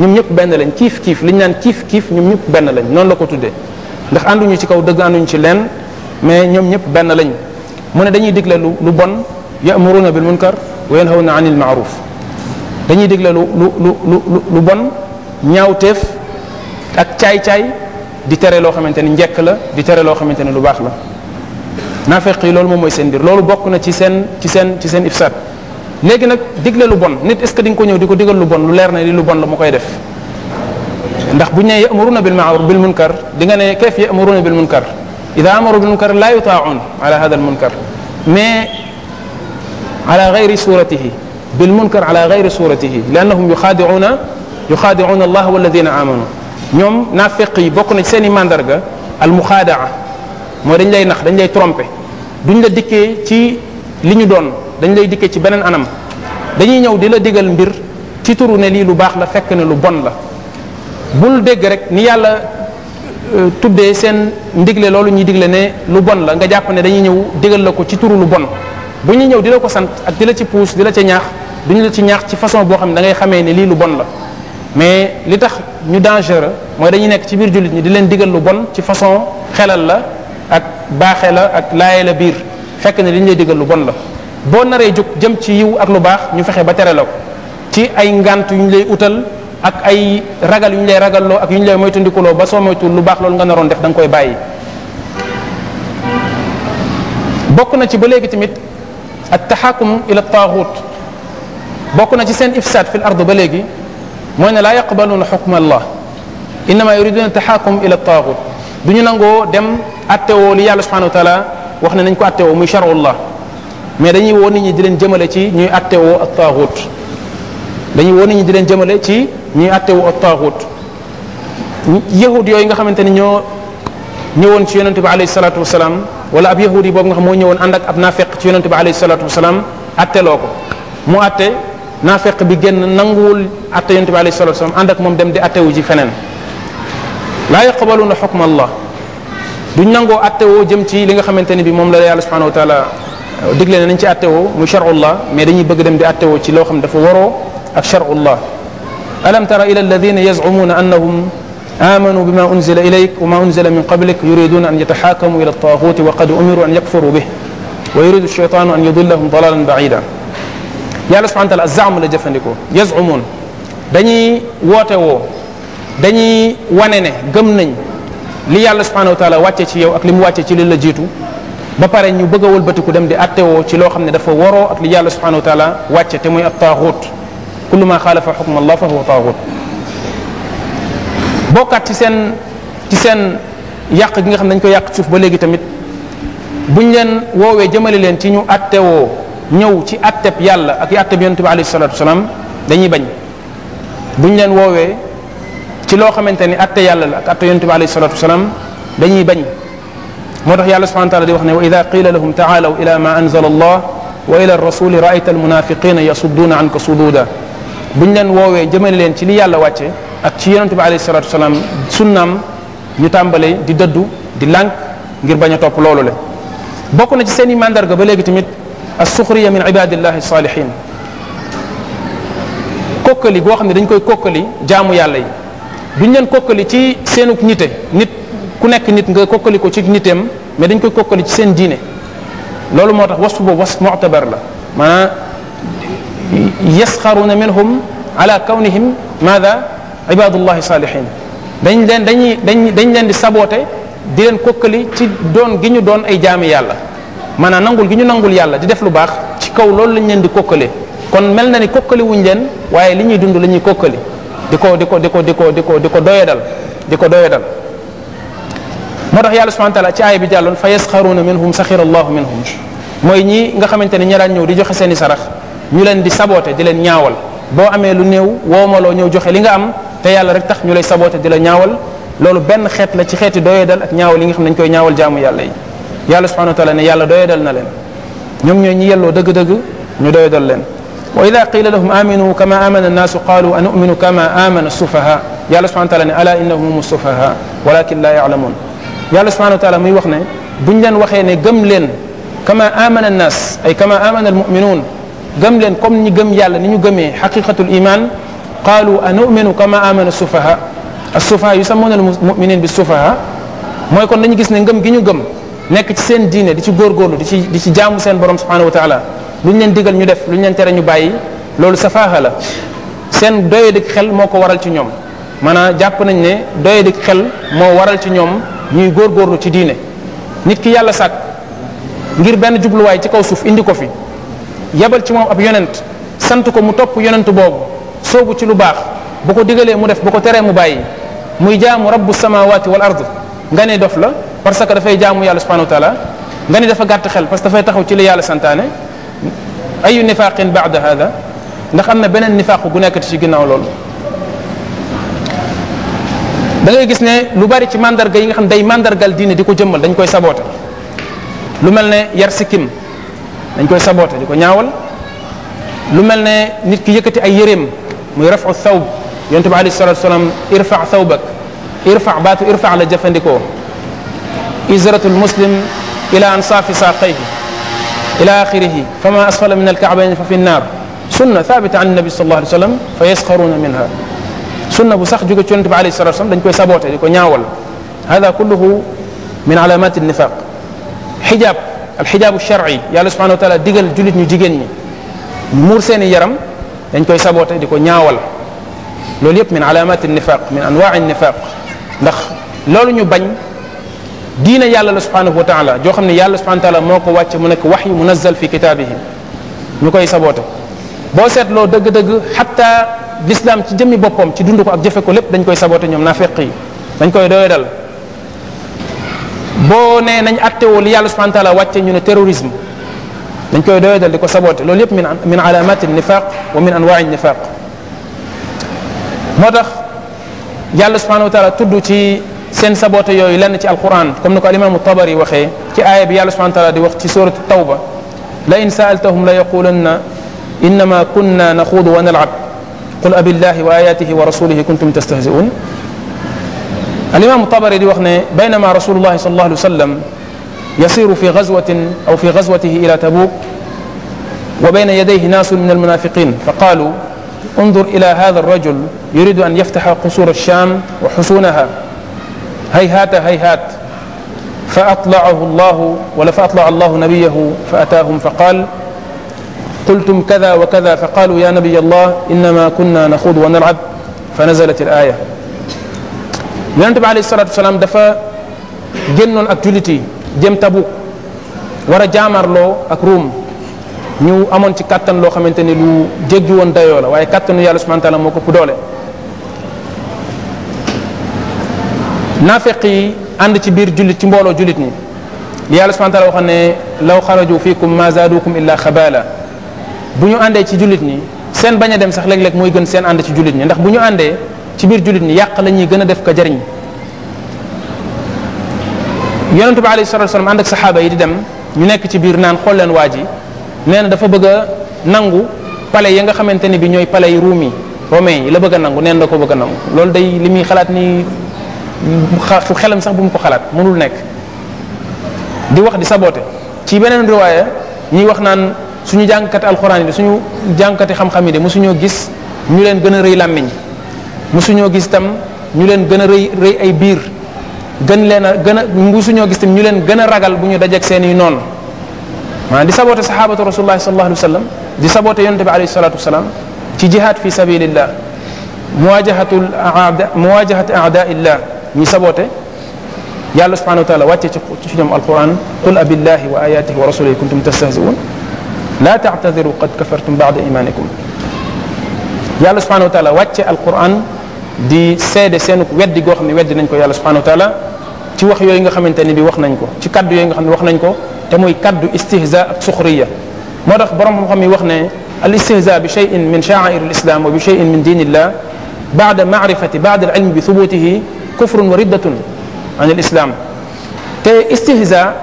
ñoom ñëpp benn lañ kiif kiif li ñu naan kiif kiif ñoom ñëpp benn lañ noonu la ko tuddee ndax ànduñu ci kaw dëgg ànduñu ci leen mais ñoom ñëpp benn lañ mu ne dañuy digle lu lu bon ya'muruna bil munkar wa yanhawna anil ma'ruf dañuy digle lu lu lu bon ñaawteef ak caay-caay di tere loo xamante ni njekk la di tere loo xamante ni lu baax la naafeq yi loolu moom mooy seen biir loolu bokk na ci seen ci seen ci seen léegi nag digle lu bon nit est-ce que di nga ko ñëw di ko digal lu bon lu leer na li lu bon la mu koy def ndax bu ñu nee ya'muruna bil ma'ruf bil munkar di nga ne kayf ya'muruna bil munkar idha amaru bil munkar la yuta'un ala hadha al munkar mais ala ghayri suratihi bil munkar ala ghayri suratihi li'annahum yukhadi'una yukhadi'una Allah walladhina amanu ñoom naafeq yi bokk na ci seen i mandarga al mukhada'a mooy dañ lay nax dañ lay tromper duñ la dikkee ci li ñu doon dañu lay dikkee ci beneen anam dañuy ñëw di la digal mbir ci turu ne lii lu baax la fekk ne lu bon la bul dégg rek ni yàlla euh, tuddee seen ndigle loolu ñuy digle ne lu bon la nga jàpp ne dañuy ñëw digal la ko ci turu lu bon bu ñuy ñëw di la ko sant ak di la ci puus di la ca ñaax duñu la ci ñaax ci façon boo xam ne da ngay xamee ne lii lu bon la mais li tax ñu dangereux mooy dañuy nekk ci biir jullit ñi di leen digal lu bon ci façon xelal la ak baaxe la ak laaye biir fekk ne li ñu lay digal lu bon la boo naree jóg jëm ci yiw ak lu baax ñu fexe ba tere la ko ci ay ngant yu ñu lay utal ak ay ragal yu ñu lay ragalloo ak yu ñu lay moytundikuloo ba soo moytu lu baax loolu nga naroon def da nga koy bàyyi. bokk na ci ba léegi tamit at taxakum ila taaxut bokk na ci seen ifsaad fil ard ba léegi mooy ne laa yaqbaluuna xukma allah innama yuriduna taxakum ila taaxut du wax ne nañ ko attewoo muy charullah mais dañuy woo nit ñi di leen jëmale ci ñuy attewoo ak taaxut dañuy woo nit di leen jëmale ci ñuy attewoo ak taaxut yahud yooyu nga xamante ni ñoo ñëwoon ci yonente bi alayhi salatu wasalaam wala ab yahud yi boobu nga xam moo ñëwoon ànd ak ab naafeq ci yonente bi alayhi salatu wasalaam atteloo ko mu atte naafeq bi génn nanguwul atte yonente bi alayhi salatu wasalaam ànd ak moom dem di attewu ci feneen laa yaqbaluuna xukma allah duñ nangoo attewoo jëm ci li nga xamante ni bi moom la yàlla subhanahu wa taala digle nañ ci attewoo muy charullah mais dañuy bëgg dem di attewoo ci loo xam dafa waroo ak charullah alam tara ila alladina yazcumuuna annahum amanu bima unzila ilayk wa ma unzila min qablik yuriduna an yataxakamu ila altaaguti wa qad umiru an yakfuru bih wa yuridu alcheytaanu an yudillahum dalalan baida yàlla subhanahu wa taala azam dañuy woote woo dañuy wane ne gëm nañ li yàlla subhanahu wa taala wàcce ci yow ak li mu wàcce ci li la jiitu ba pare ñu bëgg a wëlbatiku dem di attewoo ci loo xam ne dafa waroo ak li yàlla subhanahu wa taala wàcce te muy ab taaxut kullu ma xaalafa xukma allah fa huwa taaxut bokkaat ci seen ci seen yàq gi nga xam ne dañ ko yàq suuf ba léegi tamit buñ leen woowee jëmale leen ci ñu attewoo ñëw ci atteb yàlla ak atteb yonente bi alayhi salatu wasalaam dañuy bañ leen woowee ci loo xamante ni atte yàlla la ak atte yonent bi alayhi salatu wasalaam dañuy bañ moo tax yàlla subhana taala di wax ne wa ida qila lahum taalaw ila ma anzala allah wa ila rasuli raayta almunafiqina yasudduuna anka sududa buñ leen woowee jëmale leen ci li yàlla wàcce ak ci yonent bi alayhi salatu wasalaam sunnaam ñu tàmbale di dëddu di lànk ngir bañ a topp loolu la bokk na ci seen i mandarga ba léegi tamit assuxriya min ibadillahi salihin kokkali goo xam ne dañ koy kokkali jaamu yàlla yi duñ leen kokkali ci seenuk nite nit ku nekk nit nga kokkali ko ci niteem mais dañ koy kokkali ci seen diine loolu moo tax wasfu boobu wasf mu'tabar la maanaam yasxaruna minhum ala kawnihim maada ibadullahi salihin dañ leen dañuy dañ dañ leen di saboote di leen kokkali ci doon gi ñu doon ay jaami yàlla maanaam nangul gi ñu nangul yàlla di def lu baax ci kaw loolu lañ leen di kokkale kon mel na ni kokkali wuñ leen waaye li ñuy dund la ñuy kokkali di ko di ko di ko di ko di ko di ko doyadal di ko doyadal moo tax yàlla subhanahu wa taala ci aay bi jàlloon fa yasxaruuna minhum saxira allahu minhum mooy ñi nga xamante ne ñi ñëw di joxe seen i sarax ñu leen di saboté di leen ñaawal boo amee lu néew woomaloo ñëw joxe li nga am te yàlla rek tax ñu lay saboté di la ñaawal loolu benn xeet la ci xeeti doyadal ak ñaawal yi nga xam ne koy ñaawal jaamu yàlla yi yàlla subhanahu wa taala ne yàlla doyadal na leen ñoom ñooy ñi yelloo dëgg-dëgg ñu doyadal leen وإذا قيل لهم آمنوا كما آمن الناس قالوا أنؤمن كما آمن السفهاء yàlla subhanahu wa taala ne ala innahum hum sufaha walakin la yaalamuun yàlla subhanahu wa taala muy wax ne buñ leen waxee ne gëm leen kama amana annas ay kama amana almuminuun gëm leen comme ñi gëm yàlla ni ñu gëmee xaqiqatul iman qaalu anu'minu kama amana sufaha assufaha yusammuuna almuminin bi sufaha mooy kon dañu gis ne ngëm gi ñu gëm nekk ci seen diine di ci góorgóorlu di ci di ci jaamu seen borom subhanahu wa taala lu ñu leen digal ñu def lu ñu leen tere ñu bàyyi loolu safaaxa la seen doyadik xel moo ko waral ci ñoom maanaam jàpp nañ ne doyadik xel moo waral ci ñoom ñuy góor góorlu ci diine nit ki yàlla sàkk ngir benn jubluwaay ci kaw suuf indi ko fi yebal ci moom ab yonent sant ko mu topp yonent boobu soobu ci lu baax bu ko digalee mu def bu ko teree mu bàyyi muy jaamu rabbu samawati wal ard nga ne dof la parce que dafay jaamu yàlla subhanahu wa taala nga ne dafa gàtt xel parce que dafay taxaw ci li yàlla santaane ayu nifaqin baada hada ndax am na beneen nifaq bu nekkati ci ginnaaw loolu da ngay gis ne lu bari ci mandarga yi nga xam day mandargal diine di ko jëmmal dañ koy saboote lu mel ne yar sikkim dañ koy saboote di ko ñaawal lu mel ne nit ki yëkkati ay yëreem muy rafu thawb yontu bi alayhi salatu wasalam irfa thawbak irfa baatu irfa la jëfandikoo izratul muslim ila ansaafi saaqayhi ila axirihi fama asfala min alkaabayn fa fi nnaar sunna thabita an nabi sallallahu alayhi wa sallam fa yasxaruuna minha sunna bu sax jóge ci yonente bi alayhi salatu wasallam dañ koy saboté di ko ñaawal hada kulluhu min alamati nifaq xijaab alxijaabu sharci yàlla subhanahu wa taala digal jullit ñu jigéen ñi muur seeni yaram dañ koy saboté di ko ñaawal loolu yëpp min alamati nifaq min anwaai nifaq ndax loolu ñu bañ diine yàlla la subhanahu wa taala joo moo ko wàcc mu nekk waxyu munazzal fi kitaabihi ñu koy saboote boo seet loo dëgg-dëgg xatta l'islam ci jëmmi boppam ci dund ko ak jefe ko lépp dañ koy saboote ñoom naafeq yi dañ koy doye dal boo nee nañ attewoo li yàlla subhanahu wa taala ñu ne terrorisme dañ koy doye dal di ko saboote loolu yépp min min alaamati nifaq wa min anwaai moo tax yàlla subhanahu wa taala ci seen saboote yooyu lenn ci alquran comme ni ko alimaamu tabari waxee ci aaya bi yàlla subhana taala di wax ci suratu tawba la in saaltahum la yaqulanna innama kunna naxuudu wa nalab qul abillahi wa ayatihi wa rasulihi kuntum tastahziun alimaamu tabari di wax ne baynama rasulullahi sallallahu alayhi wa sallam yasiru fi gazwatin aw fi gazwatihi ila tabuk wa bayna yadayhi naasun min almunafiqin fa qaalu undur ila hada arrajul yuridu an yaftaxa qusura alsham wa xusunaha hayhaata hayhaat fa atlaahu llahu wala fa atlaa allahu nabiyahu fa ataahum fa qaal qultum kada wa kada fa qaalu ya nabiy allah innama kunna naxuud wa nalab fa nazalat il aaya yonente bi alayhi salatu wasalaam dafa génnoon ak jullit yi jëm Tabuk war a jaamarloo ak Ruum ñu amoon ci kattan loo xamante ni lu jéggi woon dayoo la waaye kattanu yàlla subhanahu wa taala moo ko ëpp doole naafeq yi ànd ci biir jullit ci mbooloo jullit ñi li yàlla subhanahu wa taala waxoon ne law xaraju fikum ma zaadukum illa xabaala bu ñu àndee ci jullit ñi seen baña dem sax léeg-léeg mooy gën seen ànd ci jullit ñi ndax bu ñu àndee ci biir jullit ñi yàq la ñuy gën a def ko jariñ yonentu bi alayhi salatu wasallam ànd yi di dem ñu nekk ci biir naan xool leen waa ji nee na dafa bëgg nangu pale yi nga xamante ni bi ñooy pale yi ruumi romain yi la bëgg nangu neen da ko bëgg a xelam sax bu mu ko xalaat mënul nekk di wax di saboote ci beneen riwaaya ñiy wax naan suñu jàngkati alxuraan yi de suñu jàngkati xam-xam yi de mosuñoo gis ñu leen gën a rëy làmmiñ mosuñoo gis tam ñu leen gën a rëy rëy ay biir gën leen gën a mosuñoo gis itam ñu leen gën a ragal bu ñu dajeeg seen i noonu maanaam di saboté sahabatu rasulullah sallallahu alayhi wa sallam di saboté yonente bi alayhi salatu wasalaam ci jihaad fi sabilillah muwajahatul muwajahati aadaillah ñuy saboote yàlla subhanahu wa taala wàccee ci ci ñoom alquran qul abillahi wa ayatihi wa rasulihi kuntum tastahzi'un la ta'tadiru qad kafartum ba'da imanikum yàlla subhanahu wa taala wàcce alquran di seede seenu weddi goo xam ne weddi nañ ko yàlla subhanahu wa taala ci wax yooyu nga xamante ni bi wax nañ ko ci kaddu yooyu nga xam ne wax nañ ko te muy kaddu istihza ak suxriya moo tax borom xam-xam yi wax ne al istihza bi cheyin min chaair al islam wa bi cheyin min diin illah baada maarifati baada al ilm bi thubutihi kufrun wa riddatun an te istihza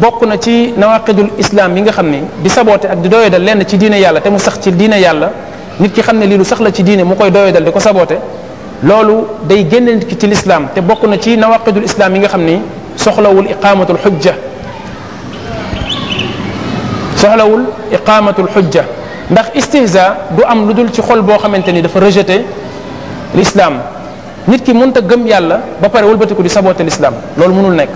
bokk na ci nawaqidul islam yi nga xam ni di saboote ak di doyodal lenn ci diine yàlla te mu sax ci diine yàlla nit ki xam ne lii lu sax la ci diine mu koy doyodal di ko saboote loolu day génne nit ki ci lislaam te bokk na ci nawaqidul islam yi nga xam ni soxlawul iqaamatul xujja soxlawul iqaamatul xujja ndax istihza du am lu dul ci xol boo xamante ni dafa rejeté l'islam nit ki mënta gëm yàlla ba pare wëlbatiku di saboter l'islam loolu mënul nekk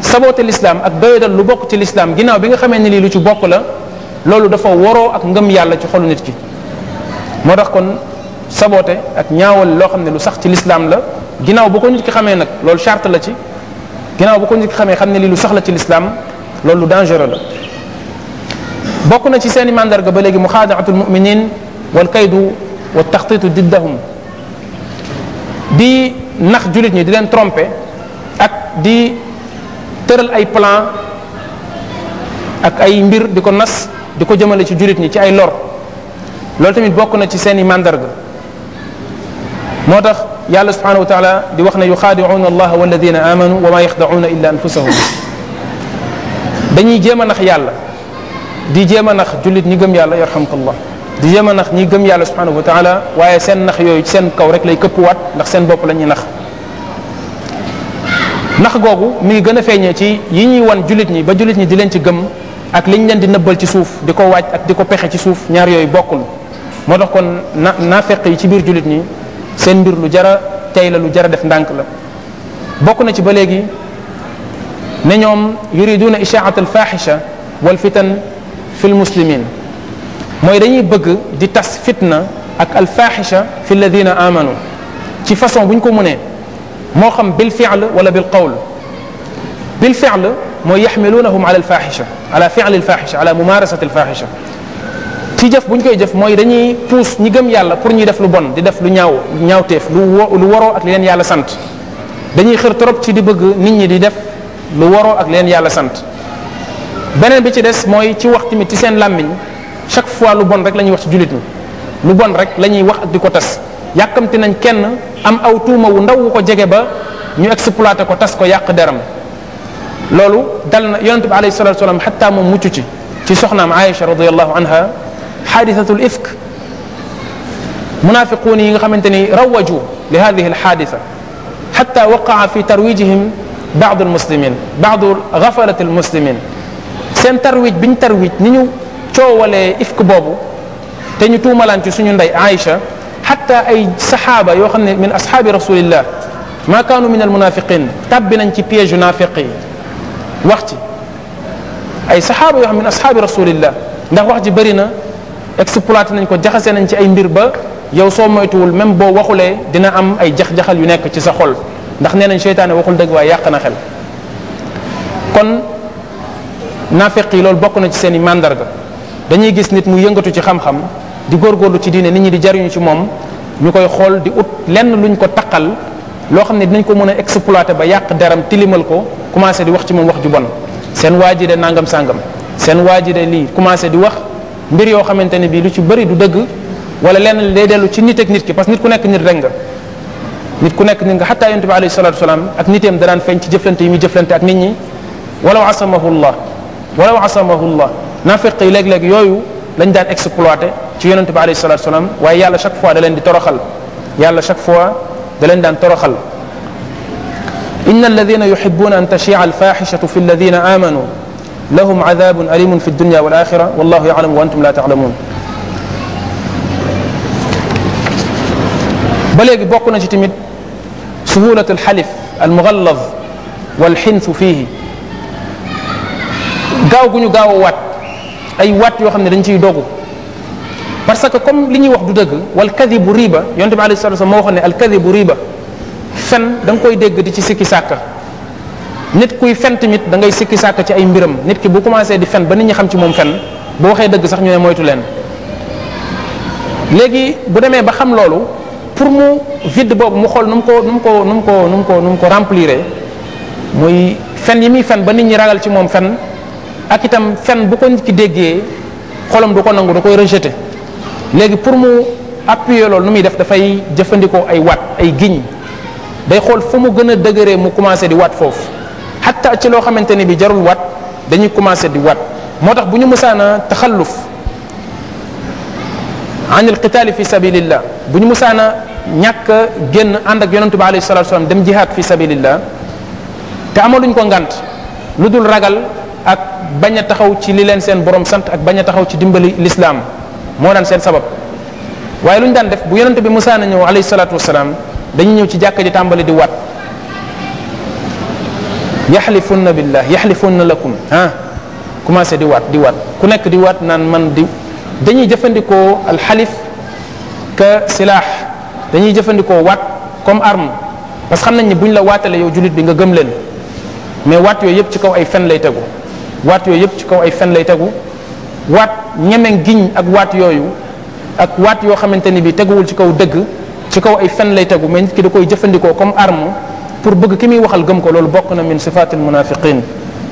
saboter l'islam ak doyadal lu bokk ci l'islam ginnaaw bi nga xamee ni lii lu ci bokk la loolu dafa waroo ak ngëm yàlla ci xolu nit ki moo tax kon saboote ak ñaawal loo xam ne lu sax ci l'islam la ginnaaw bu ko nit xamee nag loolu charte la ci ginnaaw bu ko nit xamee xam ne lii lu sax la ci l'islam loolu lu bokk na ci seeni mandarga ba léegi muxaadaatul muminin wal kaydu wa taxtitu diddahum di nax jullit ñi di leen trompe ak di tëral ay plan ak ay mbir di ko nas di ko jëmale ci jullit ñi ci ay lor loolu tamit bokk na ci seeni i mandarga moo tax yàlla subhanahu wa taala di wax ne yuxaadicuuna allaha walladina amanu wa ma yaxdacuuna illa anfusahum dañuy jéem a nax yàlla di jéem a nax jullit ñi gëm yàlla yarhamkallah di jéem a nax ñi gëm yàlla subhanahu wa taala waaye seen nax yooyu seen kaw rek lay këpp këppuwaat ndax seen bopp la ñuy nax nax googu mi ngi gën a feeñee ci yi ñuy wan jullit ñi ba jullit ñi di leen ci gëm ak liñ leen di nëbbal ci suuf di ko waaj ak di ko pexe ci suuf ñaar yooyu bokkul moo tax kon na naafeq yi ci biir jullit ñi seen mbir lu jara tey la lu jara def ndànk la bokk na ci ba léegi ne ñoom yuriduna ishaat alfaxisha walfitan fi lmuslimin mooy dañuy bëgg di tas fitna ak alfaxisha fi alladina amanu ci façon bu ñu ko mënee moo xam bil fi'l wala bil qawl bil fi'l mooy yaxmilunahum ala alfaxisha ala fi'l alfaxisha ala mumarasati alfaxisha ci jëf bu ñu koy jëf mooy dañuy puus ñi gëm yàlla pour ñuy def lu bon di def lu ñaaw ñaawteef lu lu waroo ak li leen yàlla sant dañuy xër trop ci di bëgg nit ñi di def lu waroo ak leen yàlla sant beneen bi ci des mooy ci wax tamit ci seen làmmiñ chaque fois lu bon rek la ñuy wax ci jullit lu bon rek la ñuy wax ak di ko tas te nañ kenn am aw tuuma wu ndaw wu ko jege ba ñu exploité ko tas ko yàq deram loolu dal na yonente bi solo salatu wasalam xataa moom mucc ci ci soxnaam Aïcha radiallahu anha xaadisatul ifk munaafiquun yi nga xamante ni rawaju li hadihi alxaadisa xata waqaa fi tarwijihim baadu almuslimin baadu gafalat almuslimin seen tarwij biñ tarwij ni ñu coowalee ifk boobu te ñu tuumalaan ci suñu ndey Aïcha xatta ay saxaaba yoo xam ne min asxaabi rasulillah maa kaanu min almunafiqin tàbbi nañ ci piège yu naafiq wax ci ay saxaaba yoo xam ne min asxaabi rasulillah ndax wax ji bëri na exploité nañ ko jaxase nañ ci ay mbir ba yow soo moytuwul même boo waxulee dina am ay jax-jaxal yu nekk ci sa xol ndax nee nañ seytaane waxul dëgg waaye yàq na xel kon naafiq yi loolu bokk na ci seen i mandarga dañuy gis nit mu yëngatu ci xam-xam di góorgóorlu ci diine nit ñi di jariñu ci moom ñu koy xool di ut lenn luñ ko taqal loo xam ne dañ ko mën a exploité ba yàq deram tilimal ko commencé di wax ci moom wax ju bon seen waa ji de nangam sangam seen waa ji de lii commencé di wax mbir yoo xamante ne bii lu ci bëri du dëgg wala lenn day dellu ci nit ak nit ki parce que nit ku nekk nit rek nga nit ku nekk nit nga xataa yonent bi alayhi ak niteem danaan feeñ ci jëflante yi muy jëflante ak ñi walaw asamahu llah walaw asamahu nafiq yi léeg-léeg yooyu lañ daan exploité ci yonente bi alayhi salatu salaam waaye yàlla chaque fois da leen di toroxal yàlla chaque fois da leen daan toroxal inna alladina yuhibbuuna an tashia alfaxishatu fi alladina amanu lahum adabun alimun fi dunya wal axira wallahu yaalamu wa antum la taalamun ba léegi bokk na ci tamit suhulat alxalif almugallaz walxinsu fiihi gaaw gu ñu gaaw a waat ay waat yoo xam ne dañ ciy dogu parce que comme li ñuy wax du dëgg wal kadibu riba yonte bi alayhi salatu wasallam moo waxoon ne al kadibu riba fen da nga koy dégg di ci sikki sàkka nit kuy fen tamit da ngay sikki sàkka ci ay mbiram nit ki bu commencé di fen ba nit ñi xam ci moom fen boo waxee dëgg sax ñu ne moytu leen léegi bu demee ba xam loolu pour mu vide boobu mu xool nu mu ko nu mu ko nu mu ko nu mu ko nu mu ko remplir muy fen yi muy fen ba nit ñi ragal ci moom fen ak itam fen bu ko nit déggee xolam du ko nangu da koy rejeté léegi pour mu appuyer loolu nu muy def dafay jëfandikoo ay wat ay giñ day xool fu mu gën a dëgëree mu commencé di waat foofu hatta ci loo xamante ni bi jarul wat dañuy commencé di wat moo tax bu ñu musaana taxalluf an al qitaali fi sabilillah bu ñu musaana ñàkk génn ànd ak yonentu bi alayhi salatu wasalam dem jihaad fi sabilillah te amaluñ ko ngant lu dul ragal ak bañ a taxaw ci li leen seen borom sant ak bañ a taxaw ci dimbali lislaam moo daan seen sabab waaye lu ñu daan def bu yonente bi musaa na ñëw alayhi salaatu wasalaam dañu ñëw ci jàkka ji tàmbali di waat yaxlifunna billah yaxlifunna lakum ah commencé di di waat ku nekk di waat naan man di dañuy jëfandikoo alxalif ka dañuy jëfandikoo waat comme arme parce que nañ buñ la waatale yow jullit bi nga gëm leen mais waat yooyu yëpp ci kaw ay fen lay tegu waat yooyu yëpp ci kaw ay fan lay tegu waat ñeme gin ak waat yooyu ak waat yoo xamante ni bi teguwul ci kaw dëgg ci kaw ay fen lay tegu mais ki da koy jëfandikoo comme arme pour bëgg ki muy waxal gëm ko loolu bokk na min sifaatil munafiqin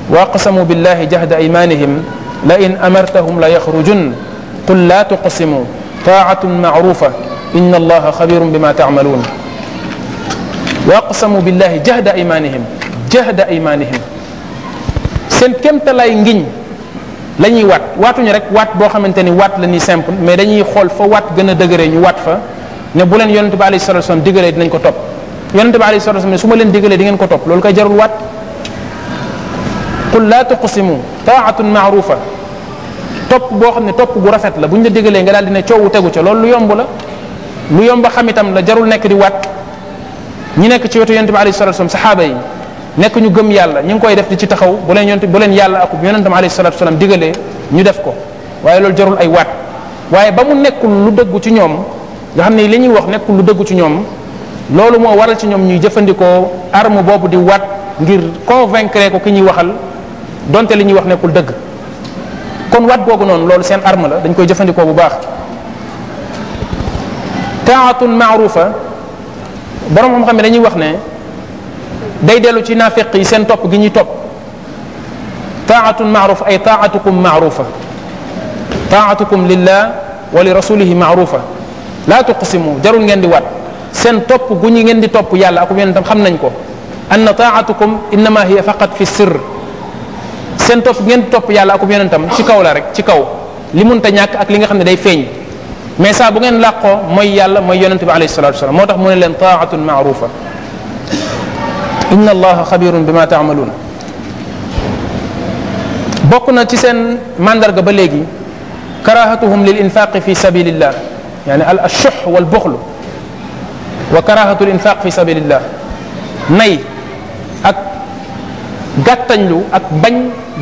wa aqsamu billahi jahda aymanihim la in amartahum la yaxrujun qul la tuqsimu taatun maarufa inna allaha xabirun bima taamaluun wa aqsamu billahi jahda aymanihim jahda aymanihim seen kéemtalaay ngiñ la ñuy waat waatuñu rek wat boo xamante ni waat la ñuy simple mais dañuy xool fa waat gën a dëgëree ñu waat fa ne bu leen yonente bi alayhi salatu wasallam dinañ ko topp yonente bi alayhi salatu wasallam su ma leen digalee di ngeen ko topp loolu koy jarul waat qul laa tuqsimu taatun maarufa topp boo xam ne topp gu rafet la bu la digalee nga daal dina coowu tegu ca loolu lu yomb la lu yomb xam itam la jarul nekk di waat ñi nekk ci wetu yonente bi alayhi salatu wasallam saxaaba yi nekk ñu gëm yàlla ñu ngi koy def di ci taxaw bu leen yonent bu leen yàlla ak yonentam alayhi salatu salaam digalee ñu def ko waaye loolu jarul ay waat waaye ba mu nekkul lu dëggu ci ñoom nga xam ne li ñuy wax nekkul lu dëggu ci ñoom loolu moo waral ci ñoom ñuy jëfandikoo arme boobu di waat ngir convaincre ko ki ñuy waxal donte li ñuy wax nekkul dëgg kon waat googu noonu loolu seen arme la dañ koy jëfandikoo bu baax taatun maarufa borom xam-xam ne dañuy wax ne day dellu ci naafeq yi seen topp gi ñuy topp taatun maaruf ay taatukum maarufa taatukum lillah wa li rasulihi maarufa laa tuqsimu jarul ngeen di wat seen topp gu ñu ngeen di topp yàlla akum yonent tam xam nañ ko an anna taatukum innama hiya faqat fi sirr seen topp ngeen di topp yàlla akum yonent tam ci kaw la rek ci kaw li munta ñàkk ak li nga xam ne day feeñ mais saa bu ngeen làqoo mooy yàlla mooy yonent bi alayhi salatu wasalam moo tax mu ne leen taatun maarufa inna allaha xabirun bima taamaluun bokk na ci seen mandarga ba léegi karahatuhum lil infaqi fi sabilillah yaani al ashuh wal buxlu wa karahatu l infaq fi sabilillah nay ak bañ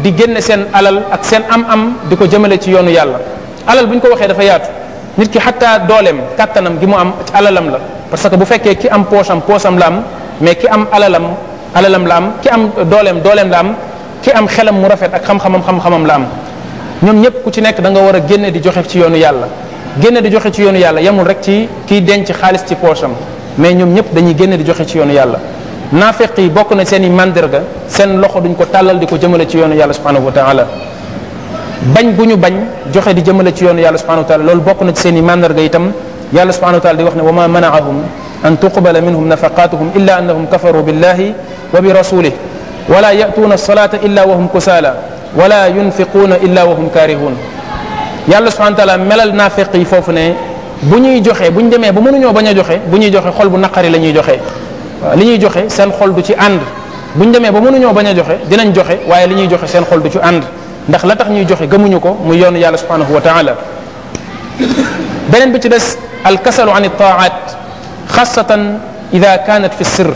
di génne seen alal ak seen am-am di ko jëmale ci yoonu yàlla alal bu ñu ko waxee dafa yaatu nit ki xataa gi mu am alalam la parce que bu fekkee ki am poosam poosam la mais ki am alalam alalam la am ki am dooleem dooleem la am ki am xelam mu rafet ak xam xam-xamam la am ñoom ñëpp ku ci nekk da nga war a génne di joxe ci yoonu yàlla génne di joxe ci yoonu yàlla yemul rek ci kiy denc xaalis ci poosam mais ñoom ñëpp dañuy génne di joxe ci yoonu yàlla naafeq yi bokk na seen i mandarga seen loxo duñ ko tàllal di ko jëmale ci yoonu yàlla subhanahu wa taala bañ bu ñu bañ joxe di jëmale ci yoonu yàlla subhanahu wa loolu bokk na ci seen i mandarga yàlla subhanahu wa di wax ne wa ma manaahum أن تقبل منهم نفقاتهم إلا أنهم كفروا بالله وبرسوله ولا يأتون الصلاة إلا وهم كسالى ولا ينفقون إلا وهم كارهون yàlla subhanahu wa taala melal naafeq yi foofu ne bu ñuy joxe bu ñu demee ba mënuñoo bañ a joxe bu ñuy joxe xol bu naqari la ñuy joxe li ñuy joxe seen xol du ci ànd bu ñu demee ba mënuñoo bañ a joxe dinañ joxe waaye li ñuy joxe seen xol du ci ànd ndax la tax ñuy joxe gëmuñu ko mu yoonu yàlla subhanahu wa taala beneen bi ci des alkasalu an itaat xasatan ida kanat fi sirr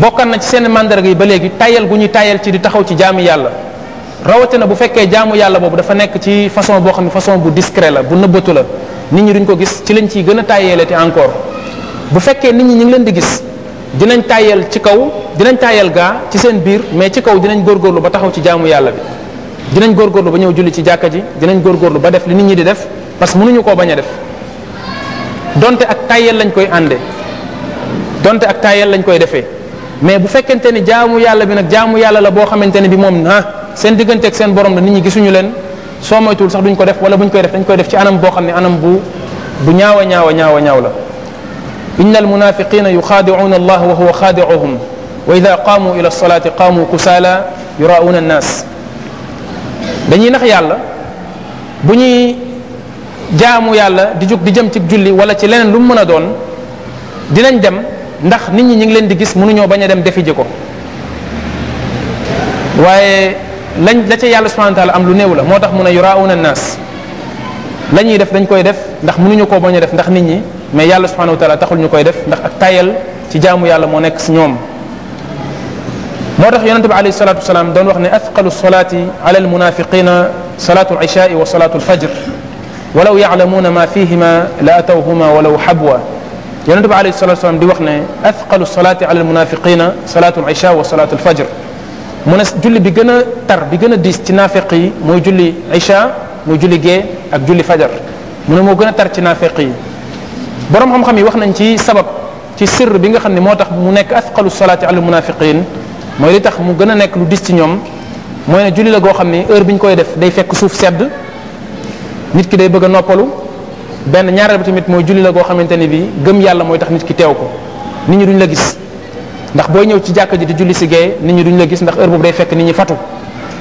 bokkan na ci seen mandarga yi ba léegi tayal gu ñuy tayal ci di taxaw ci jaamu yàlla rawatina bu fekkee jaamu yàlla boobu dafa nekk ci façon boo xam ne façon bu discret la bu nëbbatu la nit ñi duñ ko gis ci lañ ciy gën a tàyyeelati encore bu fekkee nit ñi ñu ngi leen di gis dinañ tàyyeel ci kaw dinañ tàyyeel gaa ci seen biir mais ci kaw dinañ góorgóorlu ba taxaw ci jaamu yàlla bi dinañ góorgóorlu ba ñëw julli ci jàkka ji dinañ góorgóorlu ba def nit ñi di def parce que mënuñu koo bañ a def donte ak tayel lañ koy ànde donte ak tayel lañ koy defee mais bu fekkente ni jaamu yàlla bi nag jaamu yàlla la boo xamante ne bi moom ah seen diggante seen borom la ni ñi gisuñu leen soo moytuwul sax duñ ko def wala buñ koy def dañ koy def ci anam boo xam ne anam bu bu ñaaw a ñaaw a ñaaw a ñaaw la inna almunafiqina yuxaadicuuna allah wa huwa xaadicuhum wa ida qaamu ila alsalaati qaamu kusaala yuraauuna annaas dañuy nax yàlla bu ñuy jaamu yàlla di jóg di jëm ci julli wala ci leneen lu mu mën a doon dinañ dem ndax nit ñi ñu ngi leen di gis mënuñoo bañ a dem defi ji ko waaye lañ la ca yàlla subhanahu wa am lu néew la moo tax mun a yuraawuna naas la ñuy def dañ koy def ndax mënuñu koo ko a def ndax nit ñi mais yàlla subhanahu wa taala taxul ñu koy def ndax ak tayal ci jaamu yàlla moo nekk si ñoom moo tax yonente bi alayhi salatu wasalaam doon wax ne athqalu salaati ala almunafiqina salaatu al ishaai wa salaatu al fajr walaw yaalamuuna ma fihima la atawhuma walaw xabwa yonente bi alayhi salatu salaam di wax ne athqalu salaati ala almunafiqina salaatu lisha wa salaatu alfajr mu ne julli bi gën a tar bi gën a diis ci naafeq yi mooy julli isha mooy julli gee ak julli fajar mu ne moo gën a tar ci naafeq yi borom xam-xam yi wax nañ ci sabab ci sirr bi nga xam ne moo tax mu nekk athqalu salaati ala almunafiqin mooy li tax mu gën a nekk lu diis ci ñoom mooy ne julli la goo xam ne heure bi ñu koy def day fekk suuf sedd nit ki day bëgg a noppalu benn ñaareel ba tamit mooy julli la goo xamante ni bii gëm yàlla mooy tax nit ki teew ko nit ñi duñ la gis ndax booy ñëw ci jàkka ji di julli si gee nit ñi duñ la gis ndax heure boobu day fekk nit ñi fatu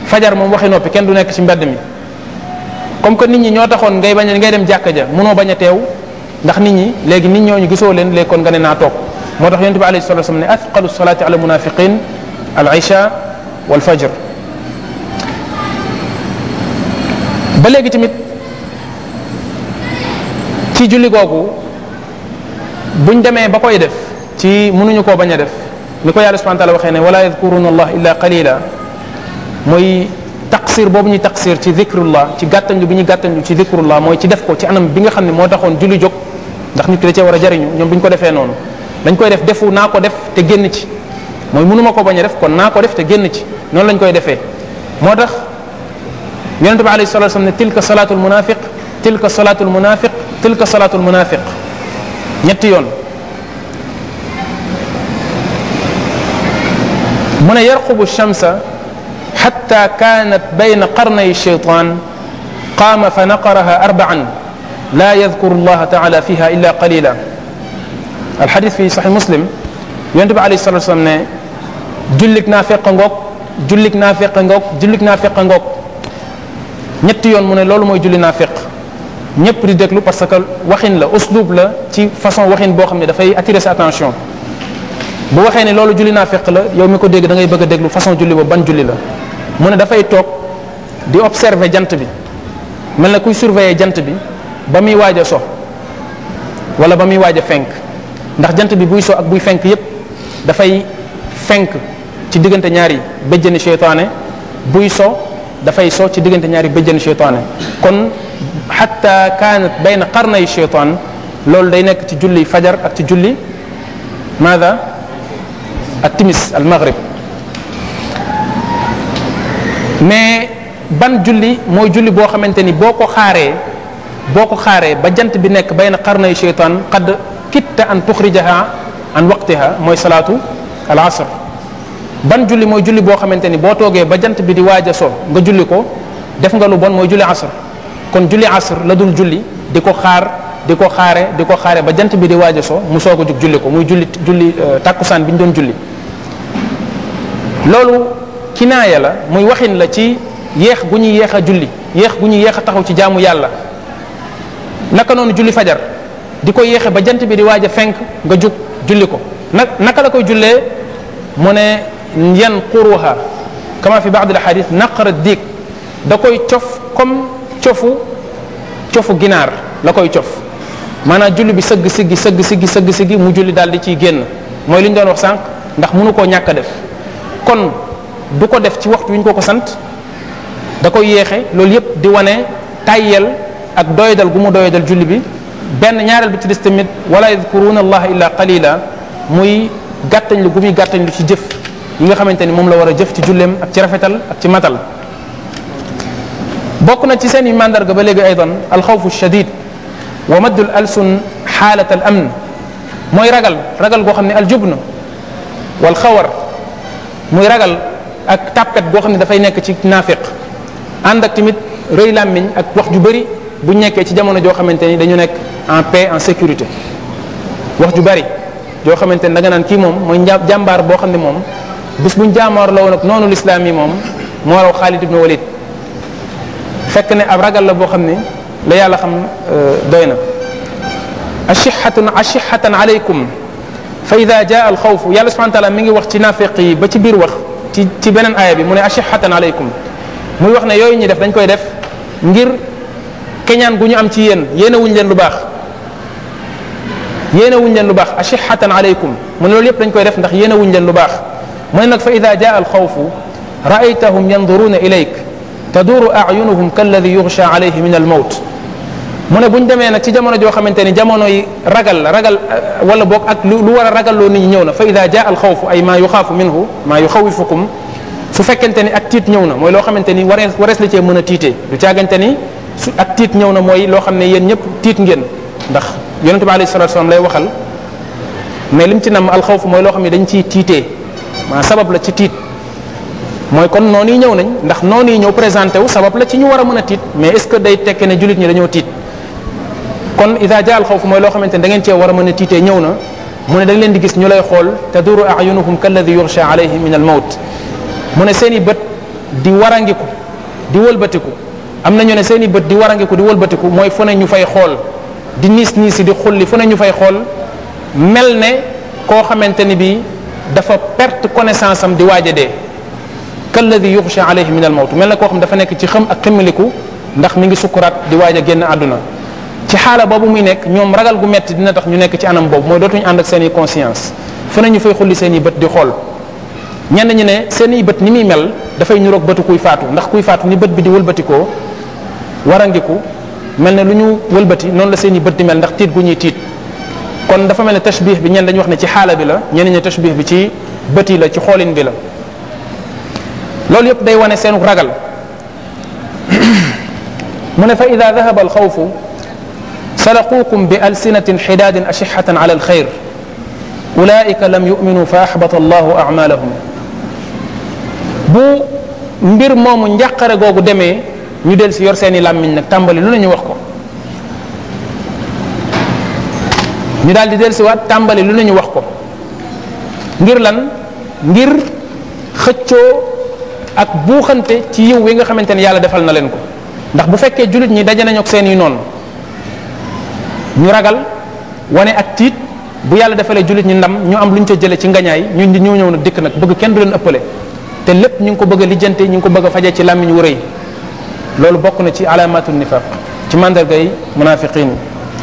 fajar moom waxi noppi kenn du nekk ci mbedd mi comme que nit ñi ñoo taxoon ngay bañ a ngay dem jàkka ja mënoo bañ a teew ndax nit ñi léegi nit ñu gisoo leen lekkoon nga ne naa toog moo tax yonent bi alayhi salatu wasallam ne athqalu salati ala munafiqin al isha wal fajr ba léegi tamit ci julli bu ñu demee ba koy def ci mënuñu koo bañ a def li ko yàlla subhanahu wa taala waxee ne wala yadkuruna allah illa qalila mooy taqsir boobu ñu taqsir ci zikrullah ci gàttañlu bi ñuy gàttañlu ci zikrullah mooy ci def ko ci anam bi nga xam ne moo taxoon julli jóg ndax nit ki da cee war a jariñu ñoom bu ñu ko defee noonu dañ koy def defu naa ko def te génn ci mooy mënuma ko bañ a def kon naa ko def te génn ci noonu lañ koy defee moo tax yonente bi alayhi salatu wasallam ne tilka salatul munafiq tilka salatul munafiq tilka salaatul munaafiq ñetti yoon mu ne yarqubu shamsa xatta kaanat bayna qarnay shaytaan qaama fa naqaraha arbaan laa yadkuru allaha taala fiha illa qalila alxadis fi saxi muslim yonent bi alayhi salatu wasalam ne jullik naa feq ngoog jullik naa feq ngoog jullik naa feq ngoog ñetti yoon mu ne loolu mooy julli naa feq ñëpp di déglu parce que waxin la uslub la ci façon waxin boo xam ne dafay attirer sa attention bu waxee ne loolu julli naa fekk la yow mi ko dégg da ngay bëgg a déglu façon julli ba ban julli la mu ne dafay toog di observer jant bi mel na kuy surveiller jant bi ba muy waaj a so wala ba muy waaj a fenk ndax jant bi buy so ak buy fenk yépp dafay fenk ci diggante ñaari bëjjëni seytaane buy so dafay so ci diggante ñaari bëjjëni seytaane xatta kaanat bayna qarnay shaytaan loolu day nekk ci julli fajar ak ci julli maada ak timis mais ban julli mooy julli boo xamante ni boo ko xaaree boo ko xaaree ba jant bi nekk bayna qarnay shaytaan qad kitta an tuxrijaha an waqtiha mooy salaatu al asr ban julli mooy julli boo xamante ni boo toogee ba jant bi di waaj a so nga julli ko def nga lu bon mooy julli asr kon julli asr la dul julli di ko xaar di ko xaare di ko xaare ba jant bi di waaj a so mu soog a julli ko muy julli julli euh, tàkkusaan bi ñu doon julli loolu kinaaya la muy waxin la ci yéex gu ñuy yéex a julli yéex gu ñuy yéex a taxaw ci jaamu yàlla naka noonu julli fajar di ko yéexe ba jant bi di waaj fenk nga jug julli ko na naka la koy jullee mu ne yan quruha kama fi baad al hadith naqara da koy cof comme cofu cofu ginaar la koy cof maanaam julli bi sëgg siggi sëgg siggi sëgg siggi mu julli daal di ciy génn mooy li ñu doon wax sànq ndax mënu koo ñàkk def kon du ko def ci waxtu wi ñu ko ko sant da koy yéexe loolu yépp di wane tayyel ak doydal gu mu doydal julli bi benn ñaareel bi ci des tamit wala yadkuruna allaha illa qalila muy gàttañ lu gu muy gàttañ lu ci jëf yi nga xamante ni moom la war a jëf ci julleem ak ci rafetal ak ci matal bokk na ci seen i mandarga ba léegi aydan alxawfu shadid wa maddul alsun xaalat al amn mooy ragal ragal goo xam ne aljubn wal xawar muy ragal ak tàppet goo xam ne dafay nekk ci naafiq ànd ak tamit rëy làmmiñ ak wax ju bëri bu nekkee ci jamono joo xamante ni dañu nekk en paix en sécurité wax ju bëri joo xamante ni da nga naan kii moom mooy jàmbaar boo xam ne moom bis buñ jaamaar la woon ak noonu lislaam moom moo raw Xaalid ibnu Walid fekk ne ab ragal la boo xam ne la yàlla xam euh, doy na ashihatan ashihatan aleykum fa ida jaa alxawfu yàlla subhana taala mi ngi wax ci naafeq yi ba ci biir wax ci ci beneen aaya bi mu ne ashihatan aleykum muy wax ne yooyu ñuy def dañ koy def ngir keñaan gu ñu am ci yéen yéenewuñ leen lu baax yéenewuñ leen lu baax ashihatan aleykum mu ne loolu yëpp dañ koy def ndax yéenewuñ leen lu baax mu ne nag fa ida jaa alxawfu raaytahum yanduruuna ilayk taduuru ayunuhum kalladi yuxsha alayhi min al mawt mu ne bu ñu demee nag ci jamono joo xamante ni jamono yi ragal la ragal euh, wala bokk ak lu war a ragal loo nit ñi ñëw na fa ida jaa al xawfu ay maa yuxaafu minhu maa yuxawifukum su fekkente ni ak tiit ñëw na loo xamante ni warees warees la cee mën a tiitee du caagante ni su ak tiit ñëw na mooy loo xam ne yéen ñëpp tiit ngeen ndax yonente bi alayhi salatu salaam lay waxal mais lim ci nam alxawfu mooy loo xam ne dañ ciy tiite maa sabab la ci tiit mooy kon noonu yi ñëw nañ ndax noonu yi ñëw présenté wu sabab la ci ñu war a mën a tiit mais est ce que day tekke ne jullit ñi dañoo tiit kon ida jaal xawf mooy loo xamante ne da ngeen cee war a mën a tiitee ñëw na mu ne dañ leen di gis ñu lay xool taduru ayunuhum kalladi yursha alayhi min al mawt mu ne seeni bët di war a warangiku di wëlbatiku am na ñu ne seen i bët di war ko di wëlbatiku mooy fu ne ñu fay xool di niis niis di xulli fu ne ñu fay xool mel ne koo xamante ni bi dafa perte connaissance am di waaja dee kalladi yuxsha alayhi min al mawt mel na koo xam dafa nekk ci xëm ak xëmmaliku ndax mu ngi sukkuraat di waaj a génn àdduna ci xaala boobu muy nekk ñoom ragal gu metti dina tax ñu nekk ci anam boobu mooy dootuñu ànd ak seen i conscience fu ne ñu fay xulli seen i bët di xool ñenn ñi ne seen i bët ni muy mel dafay ñuroog bëtu kuy faatu ndax kuy faatu ni bët bi di wëlbatikoo warangiku mel ne lu ñu wëlbati noonu la seeni bët di mel ndax tiit gu ñuy tiit kon dafa mel ne tashbih bi ñenn dañuy wax ne ci xaala bi la ñenn ñi tashbih bi ci bët yi la ci xoolin bi loolu yëpp day wane seenu ragal mu ne fa ida dahaba alxawfu salaquukum bi alsinatin xidaadin ashixatan ala alxayr ulaika lam yuminu fa axbata allahu amalahum bu mbir moomu njaqare googu demee ñu del si yor seeni làmmiñ nag tàmbali lu ne wax ko ñu daal di tàmbali lu ne wax ko ngir lan ngir xëccoo ak buuxante ci yiw wi nga xamante ne yàlla defal na leen ko ndax bu fekkee jullit ñi daje nañu seen i noonu ñu ragal wane ak tiit bu yàlla defalee jullit ñi ndam ñu am lu ñu ca jëlee ci ngañaay ñu ñoo ñëw nag dikk nag bëgg kenn du leen ëppale te lépp ñu ngi ko bëgg a lijjante ñu ngi ko bëgg fajee ci làmmiñ wu rëy loolu bokk na ci alaamatul nifaq ci mandarga yi munafiqin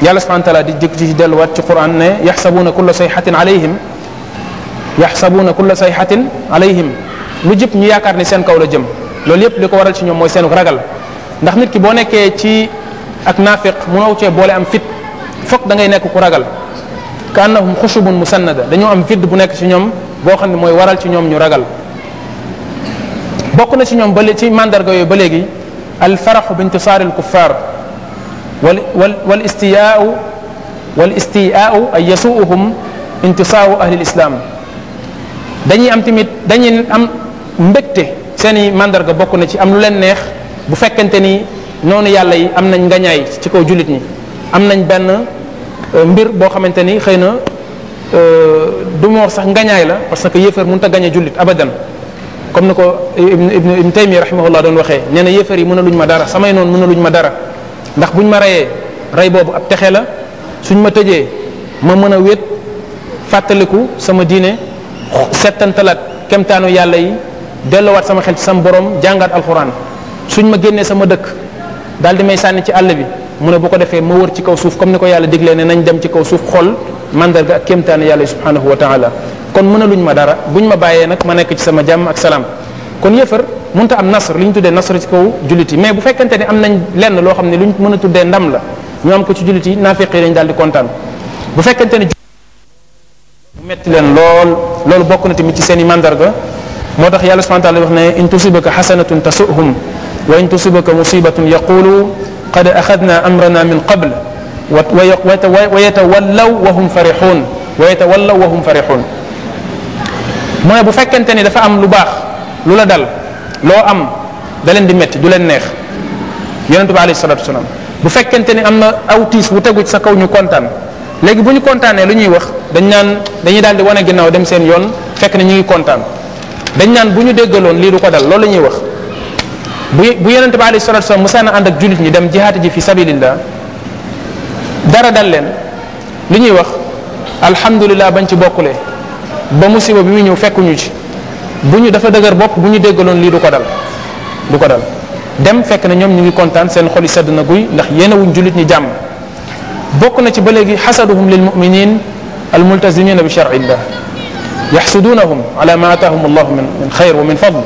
yàlla subhanahu wa taala di jëkk ci delluwaat ci quran ne yaxsabuuna kulla sayxatin alayhim yaxsabuuna kulla sayxatin alayhim lu jub ñu yaakaar ni seen kaw la jëm loolu yépp li ko waral ci ñoom mooy seenu ragal ndax nit ki boo nekkee ci ak mu mënoo cee boole am fit fokk dangay nekk ku ragal ka annahum xushubun musannada dañoo am vidd bu nekk ci ñoom boo xam ne mooy waral ci ñoom ñu ragal bokk na ci ñoom ba ci mandarga yooyu ba léegi al faraxu bi intisaari al kuffaar wal wal wal istiyaau wal istiyaau ay yasuuhum intisaaru ahli l islam am mbégte seen i mandarga bokk na ci am lu leen neex bu fekkente ni noonu yàlla yi am nañ ngañaay ci kaw jullit ñi am nañ benn euh, mbir boo xamante ni xëy na euh, du moor sax ngañaay la parce que yéefar mënut a gañe jullit abadan comme ni ko ibn ibn taymi rahimahullah doon waxee nee na yi mën a luñ ma dara samay noon mën a luñ ma dara ndax buñ ma reyee rey boobu ab texe la suñ ma tëjee ma mën a wét fàttaliku sama diine settantalaat kemtaanu yàlla yi dellowaat sama xel ci sama boroom jàngaat alxuraan suñ ma génnee sama dëkk daal di may sànni ci àll bi mu ne boo ko defee ma wër ci kaw suuf comme ni ko yàlla diglee ne nañ dem ci kaw suuf xool mandarga ak kéemtaan yàlla yi subhanahu wa taala kon mënaluñ ma dara buñ ma bàyyee nag ma nekk ci sama jàmm ak salaam kon yëfar mënta am nasr lu ñu tuddee nasr ci kaw jullit yi mais bu fekkente ne am nañ lenn loo xam ne luñ mën a tuddee ndam la ñu am ko ci jullit yi naafiq yi dañ daal kontaan bu fekkente ne metti leen lool loolu bokk na tamit ci seen i mandarga moo tax yàlla subhana taala wax ne in tusibaka xasanatun tasuhum wa in tusibaka musibatun yaqulu qad axadna amrana min qabl wa yatawallaw wa hum farixuun wa yatawallaw wa hum farixuun mu ne bu fekkente ni dafa am lu baax lu la dal loo am da leen di métti du leen neex yonentu bi alayhi salatu wasalaam bu fekkente ni am na aw tiis wu tegu sa kaw ñu kontaan léegi bu ñu kontaanee lu ñuy wax dañ naan dañuy daal di wane ginnaaw dem seen yoon fekk na ñu ngi kontaan dañ naan bu ñu déggaloon lii du ko dal loolu la ñuy wax bu bu yonente bi alayhi salatu wasallam musaan ànd ak jullit ñi dem jihaati ji fi sabilillah dara dal leen li ñuy wax alhamdulilah bañ ci bokkulee ba musiba bi mu ñëw fekkuñu ci bu ñu dafa dëgër bopp bu ñu déggaloon lii du ko dal du ko dal dem fekk na ñoom ñu ngi kontaan seen xoli sedd na guy ndax yéenewuñ jullit ñi jàmm bokk na ci ba léegi xasaduhum lil muminin al multasimina bi charillah yaxsudunahum ala ma ataahum allahu min min xayr wa min fadl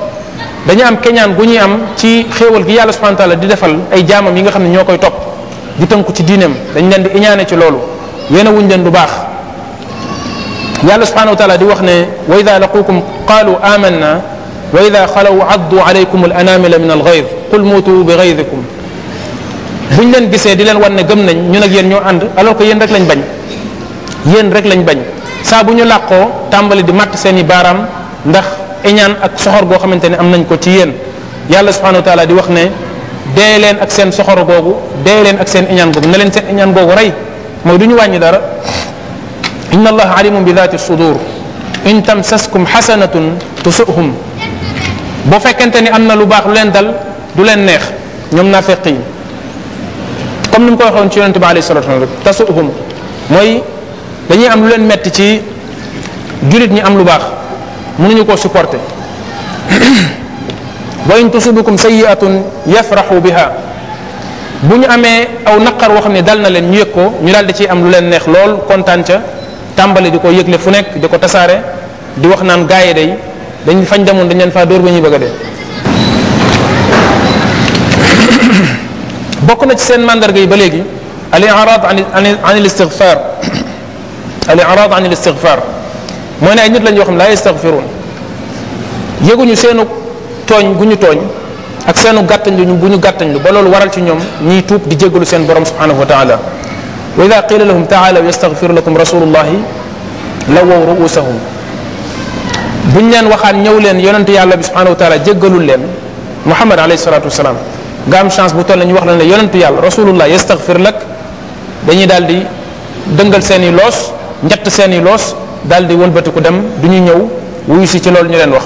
dañu am keñaan gu ñuy am ci xéewal gi yàlla subhanahu di defal ay jaamam yi nga xam ne ñoo koy topp di tënku ci diineem dañ leen di iñaane ci loolu yéena wuñ leen du baax yàlla subhanahu wa taala di wax ne wa ida laqukum qalu amanna wa ida xalaw addu alaykum al anamila min al gayr qul muutu bi gayrikum buñ leen gisee di leen wan ne gëm nañ ñun ak yéen ñoo ànd alors yéen rek lañ bañ yéen rek lañ bañ saa bu ñu làqoo tàmbali di màtt seen i baaraam ndax iñaan ak soxor goo xamante ne am nañ ko ci yéen yàlla subhanahu wa taala di wax ne dee leen ak seen soxor googu dee leen ak seen iñaan googu ne leen seen iñaan googu rey mooy du ñu wàññi dara inna allaha alimun bi dati sudur in tamsaskum xasanatun tusuhum boo fekkente ni am na lu baax lu leen dal du leen neex ñoom naa feq yi comme ni mu ko waxoon ci yonente bi alayhi salatu wasalam rek dañuy am lu leen metti ci jullit ñi am lu baax ko mënuñu koo supporter wa atun tusibukum sayiatun bi biha bu ñu amee aw naqar woo xam ne dal na leen ñu yëg ko ñu daal di ciy am lu leen neex lool kontaan ca tàmbali di ko yëgle fu nekk di ko tasaare di wax naan gaaye day dañ fañ demoon dañ leen faa dóor ba ñuy bëgg a dee bokk na ci seen mandarga yi ba léegi al irad an al al i'rad an al istighfar mooy ne ay nit lañ yoo xam ne laa yastaghfirun seenu tooñ gu ñu tooñ ak seenu gàttañ lu bu ñu gàttañ lu ba loolu waral ci ñoom ñii tuub di jéggalu seen borom subhanahu wa taala wa ida qila lahum taalaw yastaghfir lakum rasulullahi lawaw ruusahum buñ leen waxaan ñëw leen yonente yàlla bi subhanahu wa taala leen muhammad alayhi salatu wasalaam nga am chance bu toll ñu wax la ne yonentu yàlla rasulullah yastaghfir lak dañuy daal di dëngal seen i loos njett seeni loos daal di wëlbatiku dem du ñu ñëw wuyu si ci loolu ñu leen wax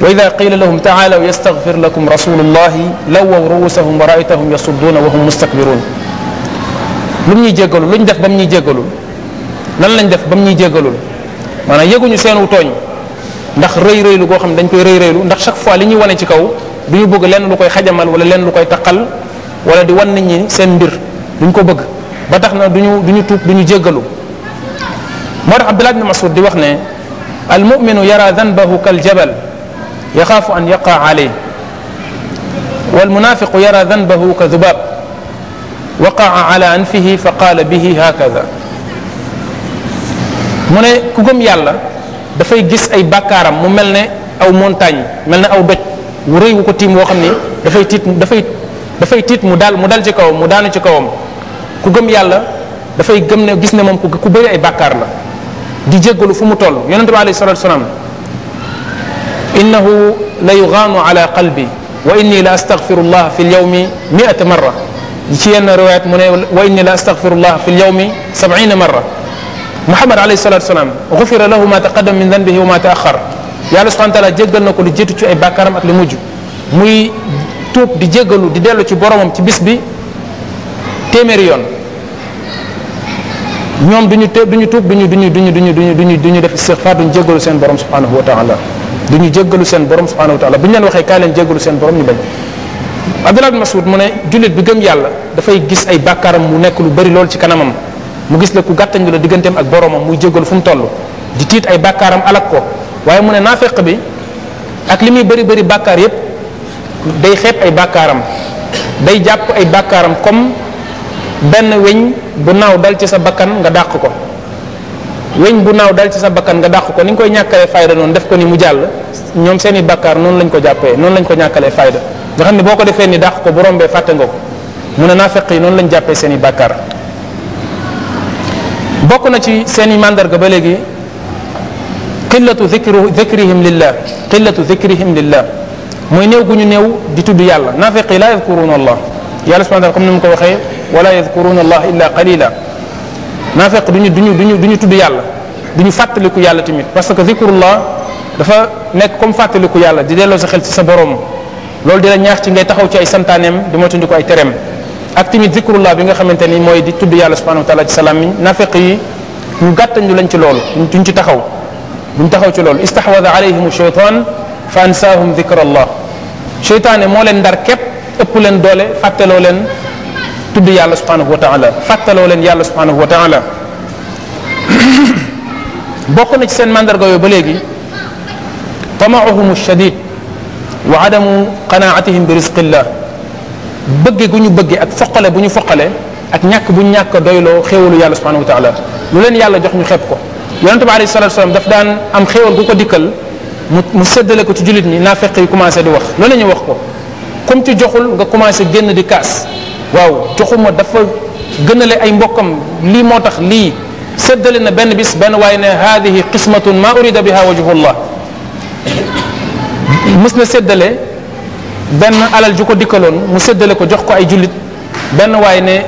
wa ida qila lahum taalaw yastaghfir lakum rasulullahi lawaw ruusahum wax raaytahum yasudduuna wa hum mustakbiruun lu mu ñuy jéggalu lu ñu def ba mu ñuy jéggalul lan lañ def ba mu ñuy jéggalul maanaam yëguñu seenu tooñ ndax rëy rëylu goo xam ne dañ koy rëy rëylu ndax chaque fois li ñuy wane ci kaw du ñu bëgg lenn lu koy xajamal wala lenn lu koy taqal wala di wan nit ñi seen mbir duñ ko bëgg ba tax na duñu duñu tuub ñu jéggalu moo tax Abdullah ibn Mas'ud di wax ne almuminu yara danbahu kaljabal yaxaafu an yaqa alayh walmunafiqu yara danbahu ka dubab waqaa ala anfihi fa qaala bihi hakada mu ne ku gëm yàlla dafay gis ay bàkkaaram mu mel ne aw montagne mel ne aw doj wu rëy wu ko tiim woo xam ni dafay tiit dafay dafay tiit mu dal mu dal ci kawam mu daanu ci kawam ku gëm yàlla dafay gëm ne gis ne moom ku bëri ay bàkkaar la di jéggalu fu mu toll yonente bi alayhi salatu salaam innahu la yugaanu ala qalbi wa inni la astagfirullah fi lyawmi miata marra ci yenn riwaayat mu ne wa inni la astagfirullah fi lyawmi sabina marra muhammad alayhi salatu salaam gufira lahu ma taqaddam min danbihi wa ma taaxar yàlla subhana taala jéggal na ko lu jiitu ci ay bàkkaaram ak lu mujj muy tuub di jéggalu di dellu ci boromam ci bis bi téeméeri yoon ñoom duñu te duñu tuub duñu duñu du ñu duñu duñu duñu def istighfar duñu jéggalu seen borom subhanahu wa taala ñu jéggalu seen borom subhanahu wa taala bu ñu leen waxee kaay leen jéggalu seen borom ñu bañ Abdullah bin Mas'ud mu ne jullit bi gëm yàlla dafay gis ay bàkkaaram mu nekk lu bari lool ci kanamam mu gis la ku gàttañ la digganteem ak boromam muy jéggalu fu mu toll di tiit ay bàkkaaram alak ko waaye mu ne naafeq bi ak li muy bari bari bàkkaar yépp day xeeb ay bàkkaaram day ay bàkkaaram comme benn bu naaw dal ci sa bakkan nga dàq ko weñ bu naaw dal ci sa bakkan nga dàq ko ni nga koy ñàkkalee fayda noonu def ko ni mu jàll ñoom seeni i bakkaar noonu lañ ko jàppee noonu lañ ko ñàkkalee fayda nga xam ne boo ko defee ni dàq ko bu rombee fàtte nga ko mu ne naafeq yi noonu lañ jàppee seeni i bakkaar bokk na ci seeni màndarga ba léegi qillatu dhikru dhikrihim lillah qillatu dhikrihim lillah mooy néew gu ñu néew di tudd yàlla naafeq yi laa yadkuruna allah yàlla subhanahu wa taala comme ni ko waxee wala yadkuruna allah illa qalila naa fekk duñu duñu duñu duñu tudd yàlla duñu fàttaliku yàlla tamit parce que zikrullah dafa nekk comme fàttaliku yàlla di delloo sa xel ci sa borom loolu di la ñaax ci ngay taxaw ci ay santaaneem di moytundi ko ay tereem ak tamit zikrullah bi nga xamante ni mooy di tudd yàlla subhanahu wa taala ci salaam mi nafeq yi ñu gàttañu lañ ci loolu duñ ci taxaw duñ taxaw ci loolu istahwada alayhim shaytan fa ansaahum zikrallah sheytaane moo leen ndar képp ëpp leen doole fàtteloo leen tudd yàlla subhanahu wa taala fàttaloo leen yàlla subhanahu wa taala bokk na ci seen màndarga yooyu ba léegi tamaahum shadid wa adamu qanaatihim bi risqillah bëgge gu ñu bëgge ak foqale bu ñu foqale ak ñàkk bu ñàkk doyloo xéewalu yàlla subhanahu wa taala lu leen yàlla jox ñu xeeb ko yonente bi alayhi salatu salaam daf daan am xéewal gu ko dikkal mu mu séddale ko ci jullit ñi naa fekk yi commencé di wax loolu la ñu wax ko comme ci joxul nga commencé génn di kaas waaw joxuma dafa gënale ay mbokkam lii moo tax lii séddale na benn bis benn waaye ne haadihi qismatun ma urida biha wajhullah mës na séddale benn alal ju ko dikkaloon mu séddale ko jox ko ay jullit benn waaye ne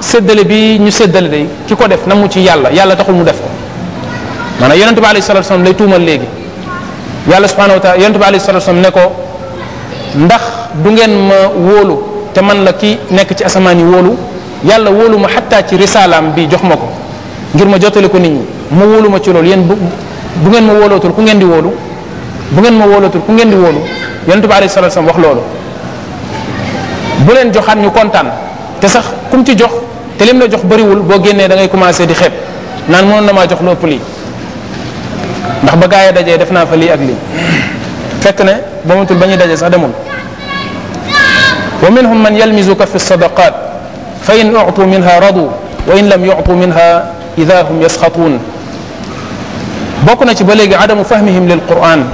séddale bi ñu séddale day ki ko def na mu ci yàlla yàlla taxul mu def ko maanaam yonente bi alayhi salatu wasalam lay tuumal léegi yàlla subhanahu wa taala yonente bi alayhi salatu wasalam ne ko ndax du ngeen ma wóolu te man la ki nekk ci asamaan yi wóolu yàlla wóolu ma xattaa ci risalaam bi jox ma ko ngir ma jottali ko nit ñi mu wóolu ci loolu yéen bu bu ngeen ma wóolootul ku ngeen di wóolu bu ngeen ma wóolootul ku ngeen di wóolu yonent bi alayhi salaatu salaam wax loolu bu leen joxaat ñu kontaan te sax kum ci jox te lim la jox bariwul boo génnee da ngay commencé di xeeb naan mënoon na maa jox lu ëpp lii ndax ba gaa yi dajee def naa fa lii ak lii fekk ne ba matul ba ñuy dajee sax demul ومنهم من يلمزك في الصدقات فإن أعطوا منها رضوا وإن لم يعطوا منها إذا هم يسخطون bokk na ci ba léegi adamu fahmihim lil quran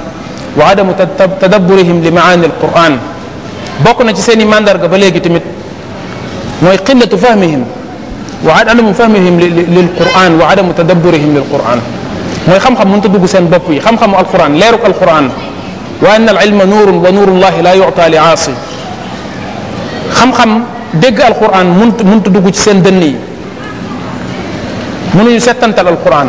wa adamu tadabburihim li maani al quran bokk na ci seen i mandarga ba léegi tamit mooy qillatu fahmihim wa adamu fahmihim lil quran wa adamu tadabburihim lil quran mooy xam-xam mënut a dugg seen bopp yi xam-xamu alquran leeruk alquran wa anna al ilma nuurun wa nuurullahi la yuta li aasi xam-xam dégg alquran mënut mënut dugg ci seen dënn yi mënuñu settantal alquran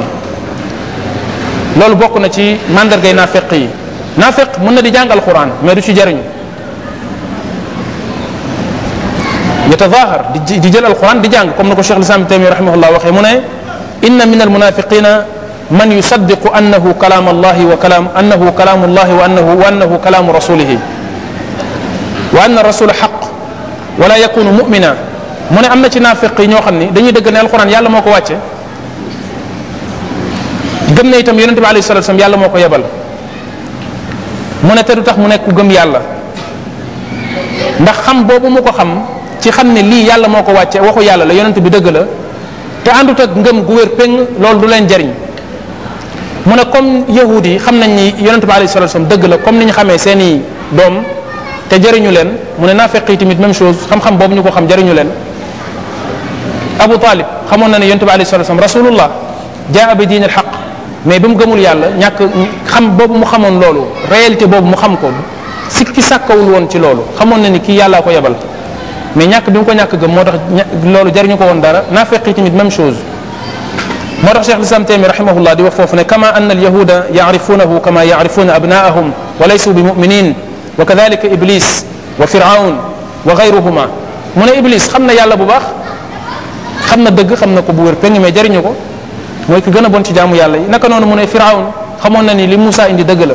loolu bokk na ci mandargay naafeq yi naafeq mën na di jàng alquran mais du ci jariñu yatadahar di di jël alquran di jàng comme na ko cheikh lislam bi taymiya rahimahullah waxee mu ne inna min almunafiqina man yusaddiqu annahu kalaam allahi wa kalaam annahu kalaamu allahi wa annahu wa annahu kalaamu rasulihi wa anna rasula xaq wala yakunu mu'mina mu ne am na ci naafiq yi ñoo xam ni dañuy dëgg ne alxuraan yàlla moo ko wàcce gëm na itam yonente bi alayhi salatu wasallam yàlla moo ko yebal mu ne tax mu nekk gëm yàlla ndax xam boobu mu ko xam ci xam ne lii yàlla moo ko wàcce waxu yàlla la yonent bi dëgg la te àndut ak ngëm gu wér péng loolu du leen jariñ mu ne comme yahudi yi xam nañ ni yonente bi alayhi salatu wasallam dëgg la comme ni ñu xamee seeni doom te jariñu leen mu ne naafeq yi tamit même chose xam-xam boobu ñu ko xam jariñu leen Abu Talib xamoon na ne yontu bi alayhi salatu wasallam rasulullah jaa bi diin al xaq mais bi mu gëmul yàlla ñàkk xam boobu mu xamoon loolu réalité boobu mu xam ko sikki sàkkawul woon ci loolu xamoon na ni kii yàllaa ko yebal mais ñàkk bi mu ko ñàkk gëm moo tax loolu jariñu ko woon dara naafeq yi tamit même chose moo tax cheikh lislam taymi rahimahullah di wax foofu ne kama anna alyahuda yarifunahu kama yarifuna abnaahum wa laysu bi muminin wa kadalika iblis wa firaun wa gayruhuma mu ne iblis xam na yàlla bu baax xam na dëgg xam na ko bu wér peng mais jariñu ko mooy ki gën a bon ci jaamu yàlla yi naka noonu mu ne firaun xamoon na ni li Moussa indi dëgg la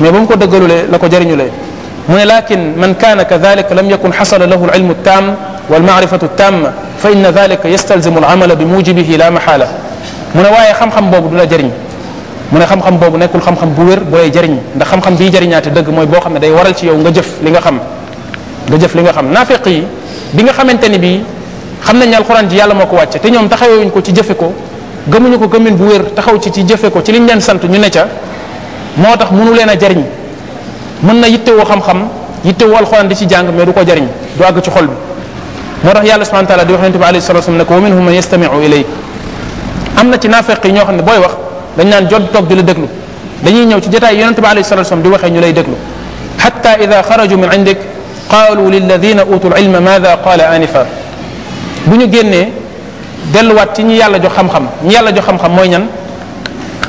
mais ba mu ko dëggalulee la ko jariñulee mu ne lakin man kaana kadalika lam yakun xasala lahu alilmu tam walmaarifatu tamma fa inna dalika yastalzimu alamala bi mujibihi la mahala mu ne waaye xam-xam boobu du la jariñ mu ne xam-xam boobu nekkul xam-xam bu wér bu lay jariñ ndax xam-xam bii jariñaate dëgg mooy boo xam ne day waral ci yow nga jëf li nga xam nga jëf li nga xam naafeq yi bi nga xamante ni bii xam nañ ne alxuraan yàlla moo ko wàcce te ñoom taxawewuñ ko ci jëfe ko gëmuñu ko gëmin bu wér taxaw ci ci jëfe ko ci liñ leen sant ñu ne ca moo tax mënu leen a jariñ mën na yittewoo xam-xam yittewoo alxuraan di ci jàng mais du ko jariñ du àgg ci xol bi moo tax yàlla subhanahu wa taala di wax yonent bi alayhi salatu ne ko wa minhum man yastami'u ilayk am na ci naafeq yi ñoo xam ne booy wax dañ naan jot toog di la déglu dañuy ñëw ci jotaay yonente bi alayhi salatu wasallam di waxee ñu lay déglu hatta ida xaraju min indik qaalu lilladina utul ilma maada qaala anifa bu ñu génnee delluwaat ci ñi yàlla jox xam yàlla jox xam-xam mooy ñan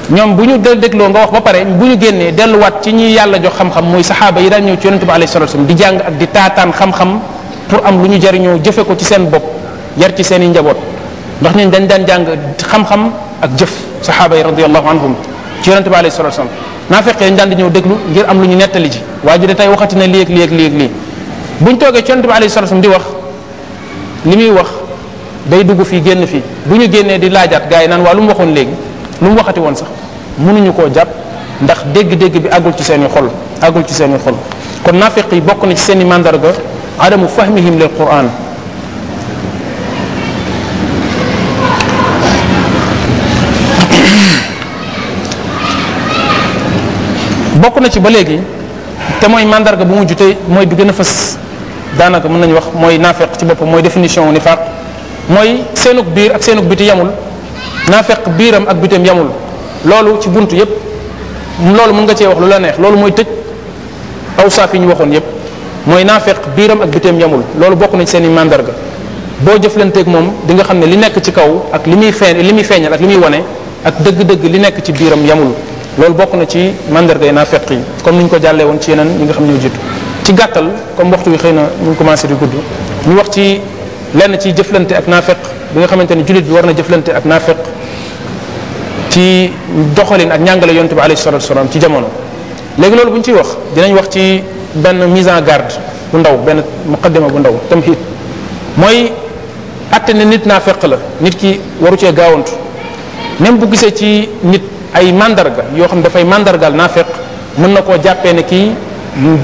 ñoom bu ñu dégloo nga wax ba pare bu ñu génnee delluwaat ci ñu yàlla jox xam-xam muy saxaaba yi daan ñëw ci yonente bi alayhi salatu wasallam di jàng ak di taataan xam-xam pour am lu ñu jariñoo jëfe ko ci seen bopp yar ci seen i njaboot ndax ñun dañ daan jàng xam-xam ak jëf saxaaba yi radiallahu anhum ci yonente bi alayhi salatu wasalam naafeq yañ daan di ñëw déglu ngir am lu ñu nettali ji waa ji de tey waxati na lii ak lii ak lii ak lii buñ toogee ci yonente bi alayhi salatu wasalam di wax li muy wax day dugg fii génn fii bu ñu génnee di laajaat gars yi naan waa lu mu waxoon léegi lu mu waxati woon sax mënuñu koo jàpp ndax dégg-dégg bi àggul ci seen i xol àggul ci seen i xol kon naafeq yi bokk na ci seen i mandarga adamu fahmihim lil quran bokk na ci ba léegi te mooy mandarga bu mujj te mooy bi gën a fës daanaka mën nañu wax mooy naafeq ci boppam mooy définition wu nifaaq mooy seenug biir ak seenug biti yamul naafeq biiram ak bitam yamul loolu ci bunt yépp loolu mën nga cee wax lu neex loolu mooy tëj awsaaf ñu waxoon yépp mooy naafeq biiram ak bitam yamul loolu bokk nañ ci seen i mandarga boo jëflanteeg moom di nga xam ne li nekk ci kaw ak li muy feeñ li muy feeñal ak li muy wane ak dëgg-dëgg li nekk ci biiram yamul loolu bokk na ci mandargay naafeq yi comme ni ñu ko jàllee woon ci yeneen yi nga xam ñoo jiitu ci gàttal comme waxtu wi xëy na ñu ngi commencé di gudd ñu wax ci lenn ci jëflante ak naafeq bi nga xamante ni jullit bi war na jëflante ak naafeq ci doxalin ak njàngale yonte bi alayhi salatu wasalaam ci jamono léegi loolu bu ñu ciy wax dinañ wax ci benn mise en garde bu ndaw benn muqaddima bu ndaw tamhid mooy atte ne nit naafeq la nit ki waru cee gaawantu gisee ci nit ay màndarga yoo xam ne dafay mandargal naafeq mën na koo jàppee ne kii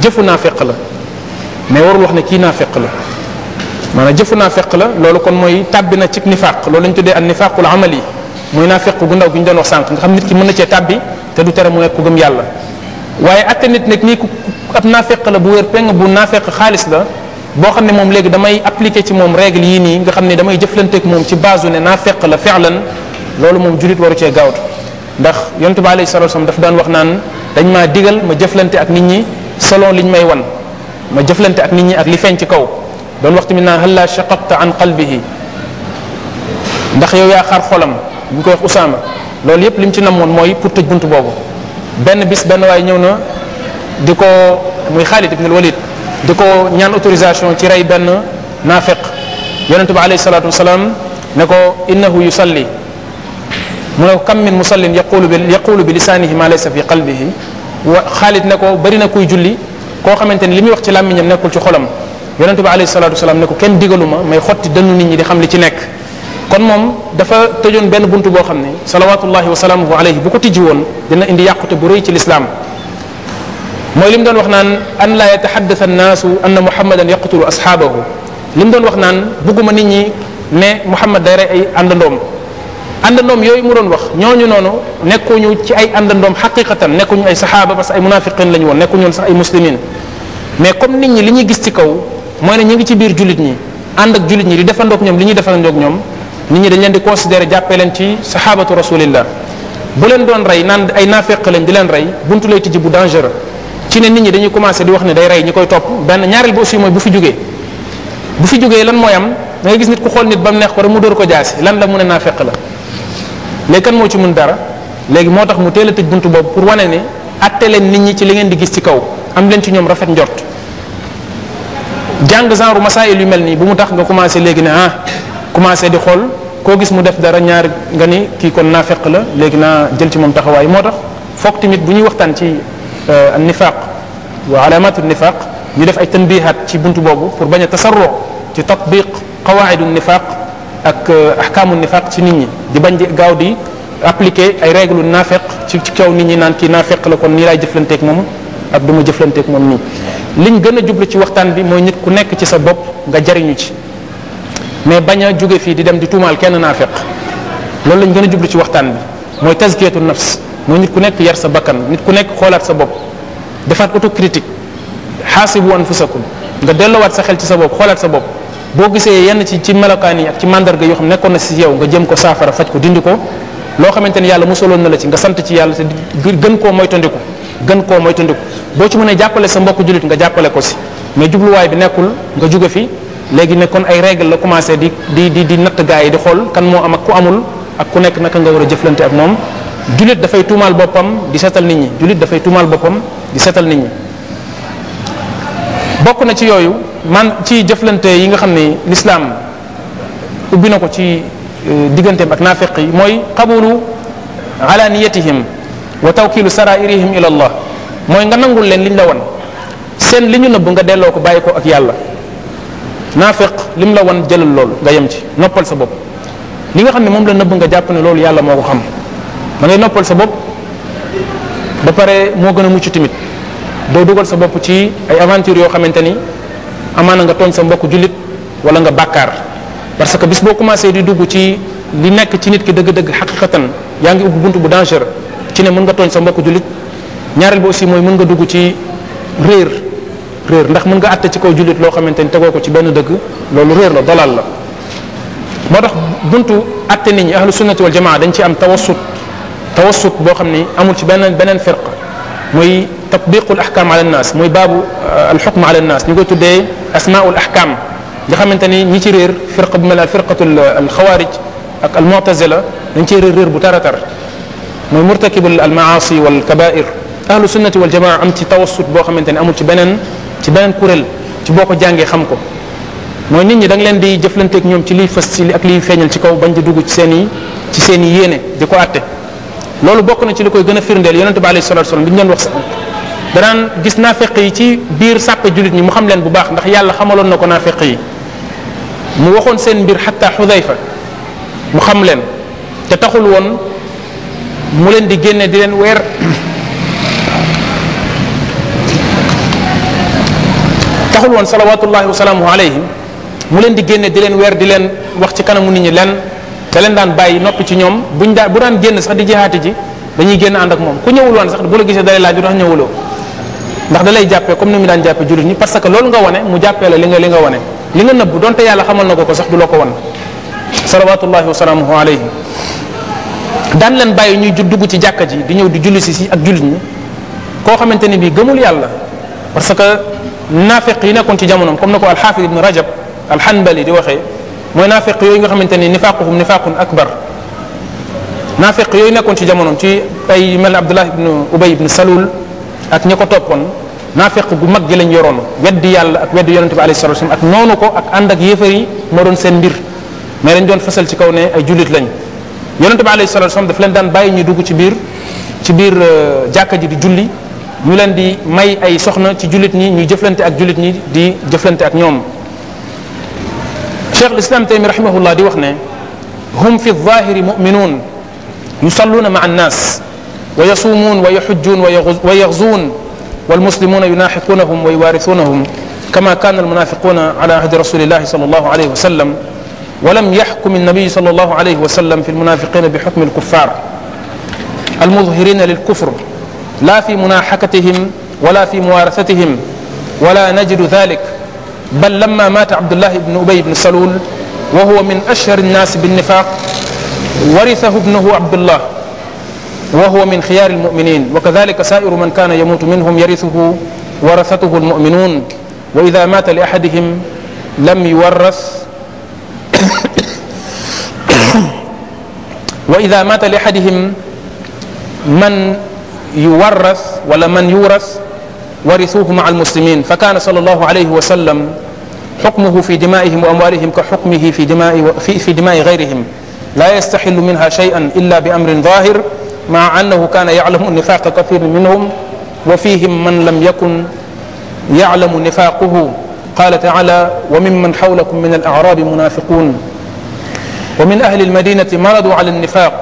jëfu naafeq la mais warul wax ne kii naafeq la maanaam jëfu naafeq la loolu kon mooy tàbbi na ci nifaaq loolu lañ tuddee an nifaaqul amali muy naafeq gu ndaw gi ñu doon wax sànq nga xam nit ki mën na cee tàbbi te du tere mu nekk yàlla waaye atte nit nag nii ku ab naafeq la bu wér peng bu naafeq xaalis la boo xam ne moom léegi damay appliquer ci moom règle yii nii nga xam ne damay jëflanteeg moom ci base ne naafeq la fi'lan loolu moom julit waru cee gaawtu ndax yontu bi alayhi salatu wasallam daf wax naan dañ maa digal ma jëflante ak nit ñi selon liñ may wan ma jëflante ak nit ñi ak li feeñ ci kaw doon wax tamit naan halla shaqaqta an qalbihi ndax yow yaa xar xolam ñu ko wax Usaama loolu yépp li mu ci namoon mooy pour tëj buntu boobu benn bis benn waay ñëw na di ko muy Xaalid ibn Walid di ko ñaan autorisation ci rey benn naafeq yonente bi alayhi salatu wasalam ne ko innahu yusalli mu ne ko kam min musallin yaqulu bi yaqulu bi lisanihi ma laysa fi qalbihi wa xaalit ne ko bari na kuy julli koo xamante ni li muy wax ci làmmiñam nekkul ci xolam yonente bi alayhi salatu wasalaam ne ko kenn digalu ma may xotti dënnu nit ñi di xam li ci nekk kon moom dafa tëjoon benn bunt boo xam ne salawatullahi wa salaamuhu alayhi bu ko tijji woon dina indi yàqute bu rëy ci lislaam mooy li mu doon wax naan an laa yataxaddatha annaasu anna muhammadan yaqtulu ashaabahu li mu doon wax naan bugguma nit ñi ne muhammad day rey ay àndandoom àndandoom yooyu mu doon wax ñooñu noonu nekkuñu ci ay àndandoom xaqiqatan nekkuñu ay saxaaba parce que ay munafiqin lañu woon nekkuñu woon sax ay muslimin mais comme nit ñi li ñuy gis ci kaw mooy ne ñu ngi ci biir jullit ñi ànd ak jullit ñi di defandoog ñoom li ñuy defandoog ñoom nit ñi dañ leen di considérer jàppee leen ci saxaabatu rasulillah bu leen doon rey nan ay naafeq lañ di leen rey buntu lay tijji bu dangereux ci ne nit ñi dañuy commencé di wax ne day rey ñi koy topp benn ñaareel bi aussi mooy bu fi jógee fi jógee lan mooy am da ngay gis nit ku xool nit ba mu neex ko rek ko jaasi lan la mu ne naafeq la léegi kan moo ci mun dara léegi moo tax mu teel a tëj buntu boobu pour wane ne atte leen nit ñi ci li ngeen di gis ci kaw am leen ci ñoom rafet njort jàng genre masaayil yu mel nii bu mu tax nga commencé léegi ne ah commencé di xool koo gis mu def dara ñaar nga ni kii kon naa naafeq la léegi naa jël ci moom taxawaay moo tax foog tamit bu ñuy waxtaan ci euh, nifaq wa alamatu nifaq ñu def ay tanbihat ci bunt boobu pour bañ a tasarro ci tatbiq qawaidu ak euh, ahkaamu nifaq ci nit ñi di bañ di gaaw di appliquer ay règle naafeq ci ci kaw nit ñi naan kii naafeq la kon nii laay jëflanteeg moom ak du ma jëflanteeg moom nii liñ gën a jublu ci waxtaan bi mooy nit ku nekk ci sa bopp nga jariñu ci mais bañ jóge fii di dem di tuumaal kenn naafeq loolu lañ gën a jublu ci waxtaan bi mooy tazkiyatu nafs mooy nit ku nekk yar sa bakkan nit ku nekk xoolaat sa bopp defaat autocritique xaasibu anfusakum nga dellowaat sa xel ci sa bopp xoolaat sa bopp boo gisee yenn ci ci melokaan yi ak ci mandarga yoo xam nekkoon na si yow nga jëm ko saafara faj ko dindi ko loo xamante ni yàlla musaloon na la ci nga sant ci yàlla te gën koo moytandiku gën koo moytandiku boo ci mënee jàppale sa mbokk jullit nga jàppale ko si mais jubluwaay bi nekkul nga jóge fi léegi ne kon ay règle la commencé di di di di natt gaa yi di xool kan moo am ak ku amul ak ku nekk naka nga war a jëflante ak moom jullit dafay tuumaal boppam di seetal nit ñi jullit dafay tuumaal boppam di seetal bokk na ci yooyu man ci jëflante yi nga xam ne l'islam ubbi na ko ci euh, digganteem ak naafeq yi mooy qabulu alaniyatihim wa tawkilu sarairihim ila allah mooy nga nangul leen liñ la won seen li ñu nëbb nga delloo ko bàyyi ko ak yàlla li mu la won jëlal loolu nga yem ci noppal sa bopp li nga xam ne moom la nëbb nga jàpp ne loolu yàlla moo ko xam da ngay noppal sa bopp ba pare moo gën a mucc tamit doo dugal sa bopp ci ay aventure yoo xamante ni amaana nga tooñ sa mbokk jullit wala nga bakkaar parce que bis boo commencé di dugg ci li nekk ci nit ki dëgg-dëgg xaqiqatan yaa ngi ubbi bunt bu dangereux ci ne mën nga tooñ sa mbokk jullit ñaareel bi aussi mooy mën nga dugg ci réer réer ndax mën nga àtte ci kaw jullit loo xamante ni tegoo ko ci benn dëgg loolu réer la dalal la moo tax buntu àtte nit ñi ahlu sunnati wal jamaa dañ ci am tawassut tawassut boo xam ni amul ci benn beneen firq muy tatbiqul ahkam ala nnas mooy baabu euh, alxukm ala nnas ñu koy tuddee asmaul ahkam nga xamante ni ñi ci réer firqa bu mel al firqatul euh, al xawaarij ak al mutazila dañ ciy réer réer bu taratar mooy murtakibul al maasi wal kabair ahlu sunnati wal jamaa am ci tawassut boo xamante ni amul ci beneen ci beneen kuréel ci boo jàngee xam ko mooy ni ñi da nga leen di jëflanteeg ñoom ci liy fës ci ak liy feeñal ci kaw bañ di dugg ci seen i ci seen i yéene di ko àtte loolu bokk na ci li koy gën a firndeel yonente bi alayhi salatu wasalam bi ñu doon wax danaan gis naafeq yi ci biir sàppe jullit ñi mu xam leen bu baax ndax yàlla xamaloon na ko naafeq yi mu waxoon seen mbir xatta xudayfa mu xam leen te taxul woon mu leen di génne di leen weer taxul woon salawatullahi wasalaamu alayhim mu leen di génne di leen weer di leen wax ci kanamu nit ñi leen da leen daan bàyyi noppi ci ñoom buñ daan bu daan génn sax di jihaati ji dañuy génn ànd ak moom ku ñëwul woon sax bu la gisee dalay laaj du tax ñëwuloo ndax dalay lay jàppee comme ni mu daan jàppee jullit ñi parce que loolu nga wane mu jàppee la li nga li nga wane li nga nëbbu donte yàlla xamal na ko ko sax du la ko wan salawatullahi wasalaamuhu alayhi daan leen bàyyi ñuy dugg ci jàkka ji di ñëw di julli si si ak jullit ñi koo xamante ni bii gëmul yàlla parce que naafeq yi nekkoon ci jamonoom comme na ko alxaafid ibnu rajab alxanbali di waxee mooy naafeq yooyu nga xamante ni nifaaquhum nifaaqun akbar naafeq yooyu nekkoon ci jamonoom ci ay mel ne abdullah ibnu ubay ibnu salul ak ña ko toppoon naafeq gu mag gi lañ yoroon weddi yàlla ak weddi yonente bi alayhi salatu wasallam ak noonu ko ak ànd ak yéefar yi moo doon seen mbir mais dañu doon fasal ci kaw ne ay jullit lañ yonente bi alayhi salatu wasallam daf leen daan bàyyi ñu dugg ci biir ci biir euh, jàkka ji di julli ñu leen di may ay soxna ci jullit ñi ñuy jëflante ak jullit ñi di jëflante ak ñoom cheikh lislam taymi rahimahullah di wax ne hum fi zahiri muminuun yusalluna ma annas ويصومون ويحجون ويغزون والمسلمون يناحقونهم ويوارثونهم كما كان المنافقون على عهد رسول الله صلى الله عليه وسلم ولم يحكم النبي صلى الله عليه وسلم في المنافقين بحكم الكفار المظهرين للكفر لا في مناحكتهم ولا في موارثتهم ولا نجد ذلك بل لما مات عبد الله بن ابي بن سلول وهو من اشهر الناس بالنفاق ورثه ابنه عبد الله وهو من خيار المؤمنين وكذلك سائر من كان يموت منهم يرثه ورثته المؤمنون وإذا مات لأحدهم لم يورث وإذا مات لأحدهم من يورث ولا من يورث ورثوه مع المسلمين فكان صلى الله عليه وسلم حكمه في دمائهم وأموالهم كحكمه في دماء في, في دماء غيرهم لا يستحل منها شيئا إلا بأمر ظاهر maa annahu kaana yalamu nifaqa kathirin minhum wa fihim man lam yakun yalamu nifaquhu qala taala wa mimman hawlakum min al-a'rabi munafiqun wa min ahli al-madinati maradu ala an-nifaq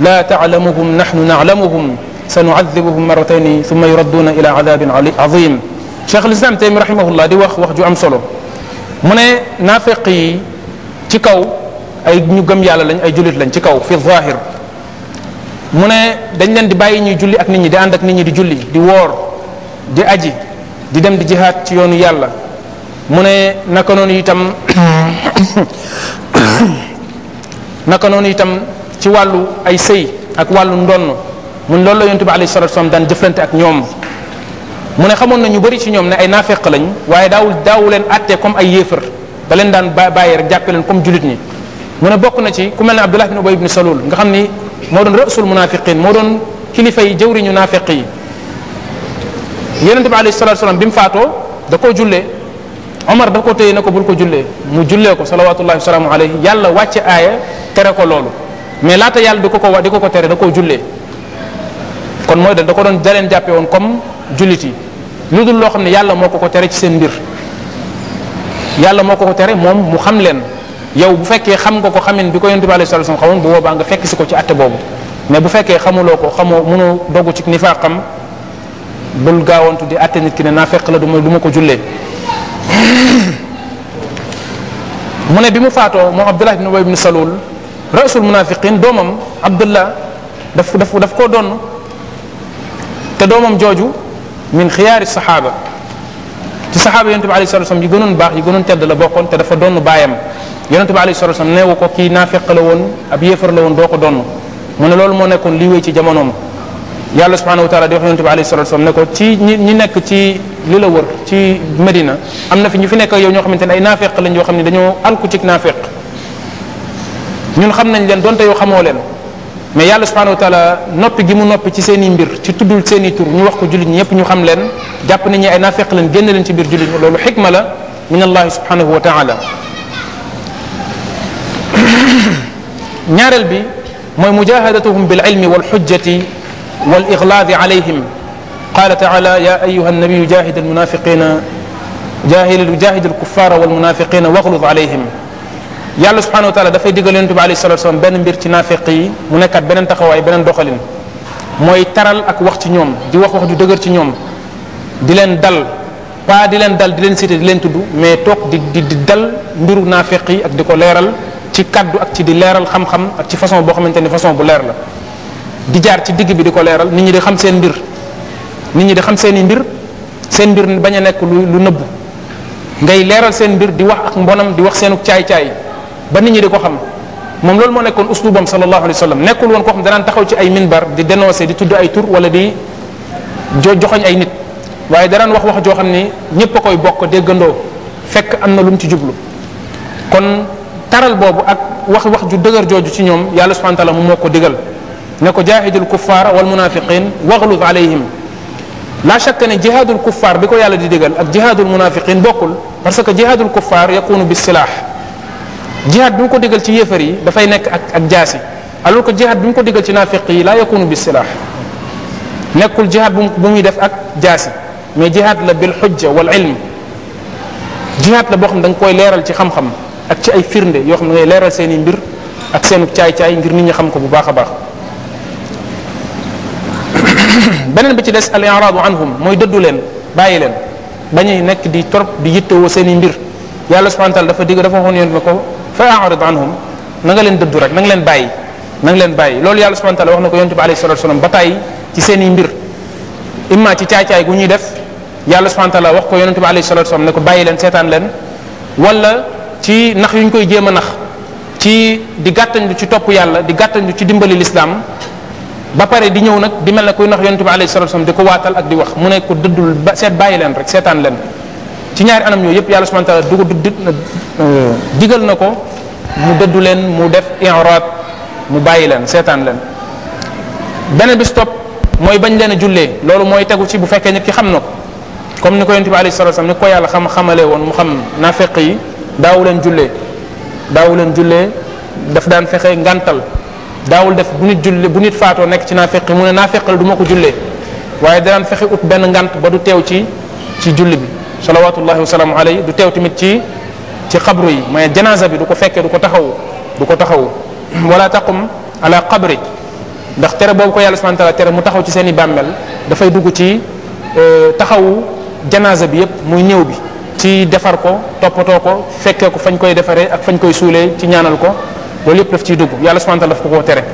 la ta'lamuhum nahnu na'lamuhum sanu'adhibuhum marratayni thumma yuradduna ila 'adhabin 'adhim Cheikh al-Islam Taymiyya rahimahullah di wax wax ju am solo mu ne naafeq yi ci kaw ay ñu gëm yàlla lañ ay jullit lañ ci kaw fi zahir mu ne dañ leen di bàyyi ñuy julli ak nit ñi di ànd ak nit ñi di julli di woor di aji di dem di jihaat ci yoonu yàlla mu ne naka noonu itam naka noonu itam ci wàllu ay sëy ak wàllu ndonn mun loolu la yontu bi alayhi salatu wasallam daan jëflante ak ñoom mu ne xamoon na ñu bëri ci ñoom ne ay naafeq lañ waaye daawul daawu leen àttee comme ay yéefar da leen daan bàyyi rek jàppe leen comme jullit ñi mu ne bokk na ci ku mel ne Abdullah ibn Ubay ibn Salul nga xam ni moo doon rasul munafiqin moo doon kilifa yi jëwriñu naafiq yi yonente bi alayhi bi mu faatoo da koo jullee Omar da ko téye na ko bul ko jullee mu jullee ko salawatullahi wasalaamu alayhi yàlla wàcce aaya tere ko loolu mais laata yàlla di ko ko ko ko tere da koo jullee kon mooy da da ko doon daleen jàppee woon comme jullit yi lu dul loo xam ne yàlla moo ko ko tere ci seen mbir yàlla moo tere moom mu xam leen yow bu fekkee xam nga ko xamin bi ko yonent bi alayhi salaam xamoon bu boobaa nga fekk si ko ci atte boobu mais bu fekkee xamuloo ko xamoo mënu dogu ci nifaaqam bul gaawantu di atte nit ki ne naa fekk la du du ma ko jullee mu ne bi mu faatoo moom abdullah ibn ubay ibn salul rasul munafiqin doomam abdullah daf ko daf koo donn te doomam jooju min xiyaari saxaaba ci saxaaba yonente bi alayhi salatu wasallam yi gënoon baax yi gënoon tedd la bokkoon te dafa donn baayam yonente bi alayhi salatu wasallam neewu ko kii naafeq la woon ab yéefar la woon doo ko donn mu ne loolu moo nekkoon li wéy ci jamonoom yàlla subhanahu wa taala di wax yonente bi alayhi salatu wasallam ne ko ci ñi ñi nekk ci la wër ci Medina am na fi ñu fi nekk yow ñoo xamante ne ay naafeq lañ yoo xam ne dañoo alku ci naafeq ñun xam nañ leen donte yow xamoo leen mais yàlla subhanahu wa taala noppi gi mu noppi ci seen i mbir ci tuddul seen i tur ñu wax ko jullit ñi ñëpp ñu xam leen jàpp nañ ñi ay naafeq leen génn leen ci biir jullit ñi loolu xikma la min allahi subhanahu wa taala ñaareel bi mooy mujahadatuhum bil ilmi wal xujjati wal iglaadi alayhim qaala taala ya ayuha annabiyu jahid almunafiqina jahid jahid alkuffara walmunafiqina waglud alayhim yàlla subhanahu wa taala dafay digal yonente bi alayhi salatu wasalam benn mbir ci naafeq yi mu nekkaat beneen taxawaay beneen doxalin mooy taral ak wax ci ñoom di wax wax du dëgër ci ñoom di leen dal pas di leen dal di leen cité di leen tudd mais toog di di dal mbiru naafeq yi ak di ko leeral ci kàddu ak ci di leeral xam-xam ak ci façon boo xamante ni façon bu leer la di jaar ci digg bi di ko leeral nit ñi di xam seen mbir nit ñi di xam seen i mbir seen mbir bañ a nekk lu lu nëbbu ngay leeral seen mbir di wax ak mbonam di wax seenu caay-caay ba nit ñi di ko xam moom loolu moo nekkoon uslubam sallallahu alayhi wa sallam nekkul woon koo xam danaan taxaw ci ay minbar di dénoncer di tudd ay tur wala di jo joxoñ ay nit waaye danaan wax wax joo xam ni ñëpp a koy bokk déggandoo fekk am na lu ci jublu kon taral boobu ak wax wax ju dëgër jooju ci ñoom yàlla subhanahu wa taala mu moo ko digal ne ko jaahidul kuffaar wal munafiqin waxlud alayhim la shakka ne jihaadul kuffaar bi ko yàlla di digal ak jihaadul munafiqin bokkul parce que jihaadul kuffaar yakunu bis silah jihaad bi ñu ko digal ci yéefar yi dafay nekk ak ak jaasi alors ko jihaad bi ñu ko digal ci naafiq yi laa yakunu bi silah nekkul jihaad bu bu muy def ak jaasi mais jihaad la bil xujja wal ilm jihaad la boo xam da nga koy leeral ci xam ak ci ay firnde yoo xam ne ngay leeral seeni mbir ak seenu caay-caay ngir nit ñi xam ko bu baax a baax beneen bi ci des al anhum mooy dëddu leen bàyyi leen bañuy nekk di torop di yittewoo seen i mbir yàlla subhanahu dafa digg dafa waxoon yoon ne ko fa a'rid an na nga leen dëddu rek na nga leen bàyyi na leen bàyyi loolu yàlla subhanahu wa ta'ala wax na ko yonent bi alayhi salatu wasallam ba tàyyi ci seen i mbir imma ci caay-caay ñuy def yàlla subhanahu wax ko yonent bi alayhi salatu ko bàyyi leen seetaan leen wala ci nax yu ñu koy jéem a nax ci di gàttañlu ci topp yàlla di gàttañlu ci dimbali l'islam ba pare di ñëw nag di mel ne kuy nax yonent bi alayhi salatu wasallam di ko waatal ak di wax mu ne ko dëddul ba seet bàyyi leen rek seetaan leen ci ñaari anam yooyu yëpp yàlla subhanahu wa taala dugg du euh, digal na ko mu dëddu leen mu def i'rad mu bàyyi leen seetaan leen beneen bi stop mooy bañ leen a jullee loolu mooy tegu ci bu fekkee nit ki xam na ko comme ni ko yonent bi alayhi salatu ni ko yàlla xam xamalee woon mu xam naafeq yi daawu leen jullee daawu leen jullee daf daan fexe ngantal daawul def bu nit julli bu nit faatoo nekk ci naafeq yi mu ne naafeq la du ma ko jullee waaye daan fexe ut benn ngant ba du teew ci ci julli bi salawatullahi wasalaamu alayhi du teew tamit ci ci xabru yi mais janaasa bi du ko fekkee du ko taxawu du ko taxawu wala taqum ala qabri ndax tere boobu ko yàlla subhanahu tere mu taxaw ci seen i bàmmeel dafay dugg ci euh, taxawu janaasa bi yépp muy ñëw bi ci defar ko toppatoo ko fekkee ko fañ koy defaree ak fañ koy suulee ci ñaanal ko loolu yépp daf ciy dugg yàlla subhanahu wa daf ko koo tere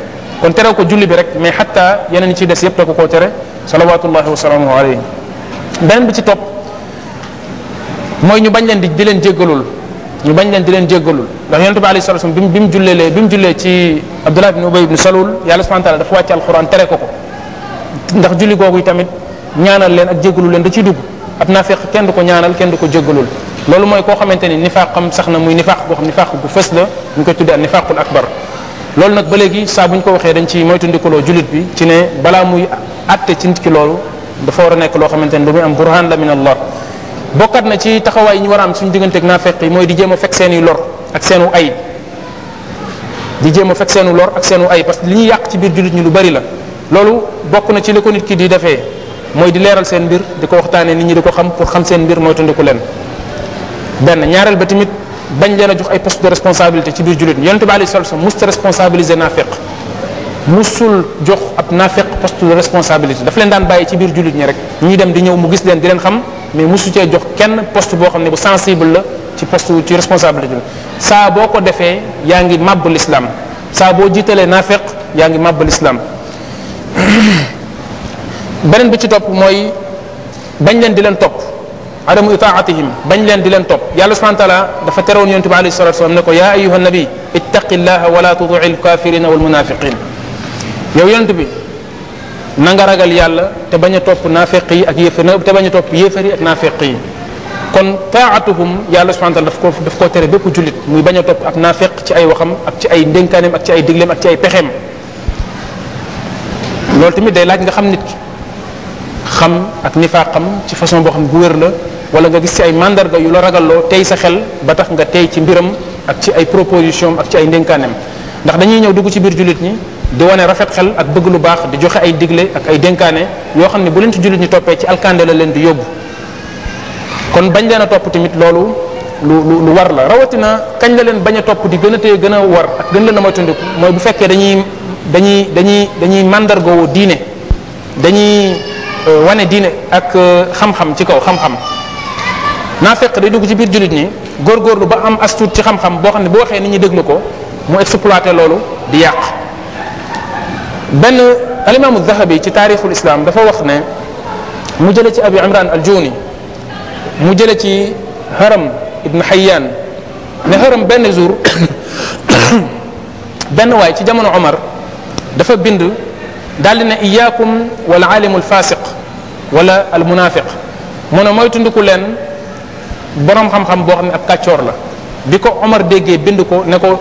kon terew ko julli bi rek mais xatta yeneen yi des yépp da ko koo tere salawatullahi wasalaamu alayhi beneen bi ci topp mooy ñu bañ leen di di leen jéggalul ñu bañ leen di leen jéggalul ndax yonente bi alayhi salaam bi mu bi mu jullee bi mu jullee ci Abdullah ibn Ubay ibn Salul yàlla subhanahu wa taala dafa wàcce alxuraan ko ko ndax julli googu tamit ñaanal leen ak jéggalul leen da ciy dugg ab naafiq kenn du ko ñaanal kenn du ko jéggalul loolu mooy koo xamante ni nifaaqam sax na muy nifaaq boo xam nifaaq bu fës la ñu ko tuddee ak nifaaqul akbar loolu nag ba léegi saa bu ñu ko waxee dañ ci moytandikuloo jullit bi ci ne balaa muy atte ci nit ki loolu dafa a nekk loo xamante ni lu muy am burhan la min allah bokkat na ci taxawaay yi ñu war am suñu diggante ak naafeq yi mooy di jéem a fekk seeni lor ak seenu ay di jéem a fekk seenu lor ak seenu ay parce que li ñuy yàq ci biir jullit ñi lu bari la loolu bokk na ci li ko nit ki di defee mooy di leeral seen mbir di ko waxtaanee nit ñi di ko xam pour xam seen mbir mooy tundiku leen benn ñaareel ba tamit bañ leen a jox ay poste de responsabilité ci biir jullit ñi yonente bi alayhi salatu wasallam musta responsabiliser naafeq musul jox ab naafeq poste de responsabilité daf leen daan bàyyi ci biir jullit ñi dem di ñëw mu gis leen di leen xam mais mosu cee jox kenn post boo xam ne bu sensible la ci poste ci responsabilité saa boo ko defee yaa ngi màbb l'islam saa boo jiitalee naafeq yaa ngi màbb l'islam beneen bi ci topp mooy bañ leen di leen topp adamu itaatihim bañ leen di leen topp yàlla subhana taala dafa terewoon yontu bi alayhi salatu wasalam ne ko yaa ayuha nabi ittaqillaha wala tutii alkafirina walmunafiqin yow yonent bi nanga ragal yàlla te bañ a topp naafeq yi ak yéefar te bañ a topp yéefar yi ak naafeq yi kon taatuhum yàlla subhanahu wa taala daf ko koo tere bépp jullit muy bañ a topp ab naafeq ci ay waxam ak ci ay ndénkaaneem ak ci ay digleem ak ci ay loolu tamit day laaj nga xam nit ki xam ak nifaaqam ci façon boo xam bu wér la wala nga gis ci ay màndarga yu la ragalloo tey sa xel ba tax nga tey ci mbiram ak ci ay proposition ak ci ay ndénkaaneem ndax dañuy ñëw dugg ci biir jullit ñi di wane rafet xel ak bëgg lu baax di joxe ay digle ak ay dénkaane yoo xam ne bu leen ci jullit ñi toppee ci alkande la leen di yóbbu kon bañ leen a topp tamit loolu lu war la rawatina kañ la leen bañ a topp di gën a téye gën a war ak gën leen a moytandiku mooy bu fekkee dañuy dañuy dañuy dañuy mandargoo diine dañuy euh, wane diine ak euh, xam-xam ci kaw xam-xam naa fekk day dugg ci biir jullit ñi góorgóorlu ba am astuut ci xam-xam boo xam ne boo waxee nit ñi déglu ko mu exploité loolu di yàq. benn alimaamu dahabi ci taarixul islam dafa wax ne mu jële ci abi imran aljuni mu jële ci haram ibn hayyan ne haram benn jour benn waay ci jamono amar dafa bind daldi di ne iyakum wala alimu alfasiq wala almunafiq mu ne mooy tunduku leen borom xam-xam boo xam ne ab kàccoor la bi ko omar déggee bind ko ne ko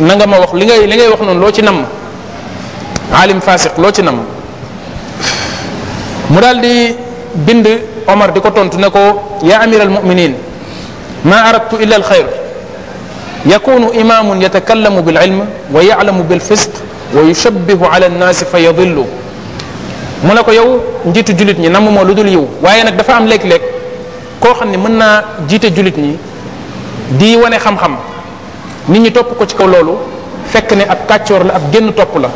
na ma wax li ngay li ngay wax noonu loo ci namm aalim faasiq loo ci nam mu daal di bind Omar di ko tontu na ko yaa amir almuminin ma aradtu illa alxayr yakunu imamun yatakallamu bililm wa yalamu bilfisq wa yushabbihu ala annaasi fa yadillu mu ne ko yow njiitu jullit ñi namm moo lu dul yiw waaye nag dafa am léeg-léeg koo xam ne mën naa jiite jullit ñi di wane xam-xam nit ñi topp ko ci kaw loolu fekk ne ab kàccoor la ab génn topp la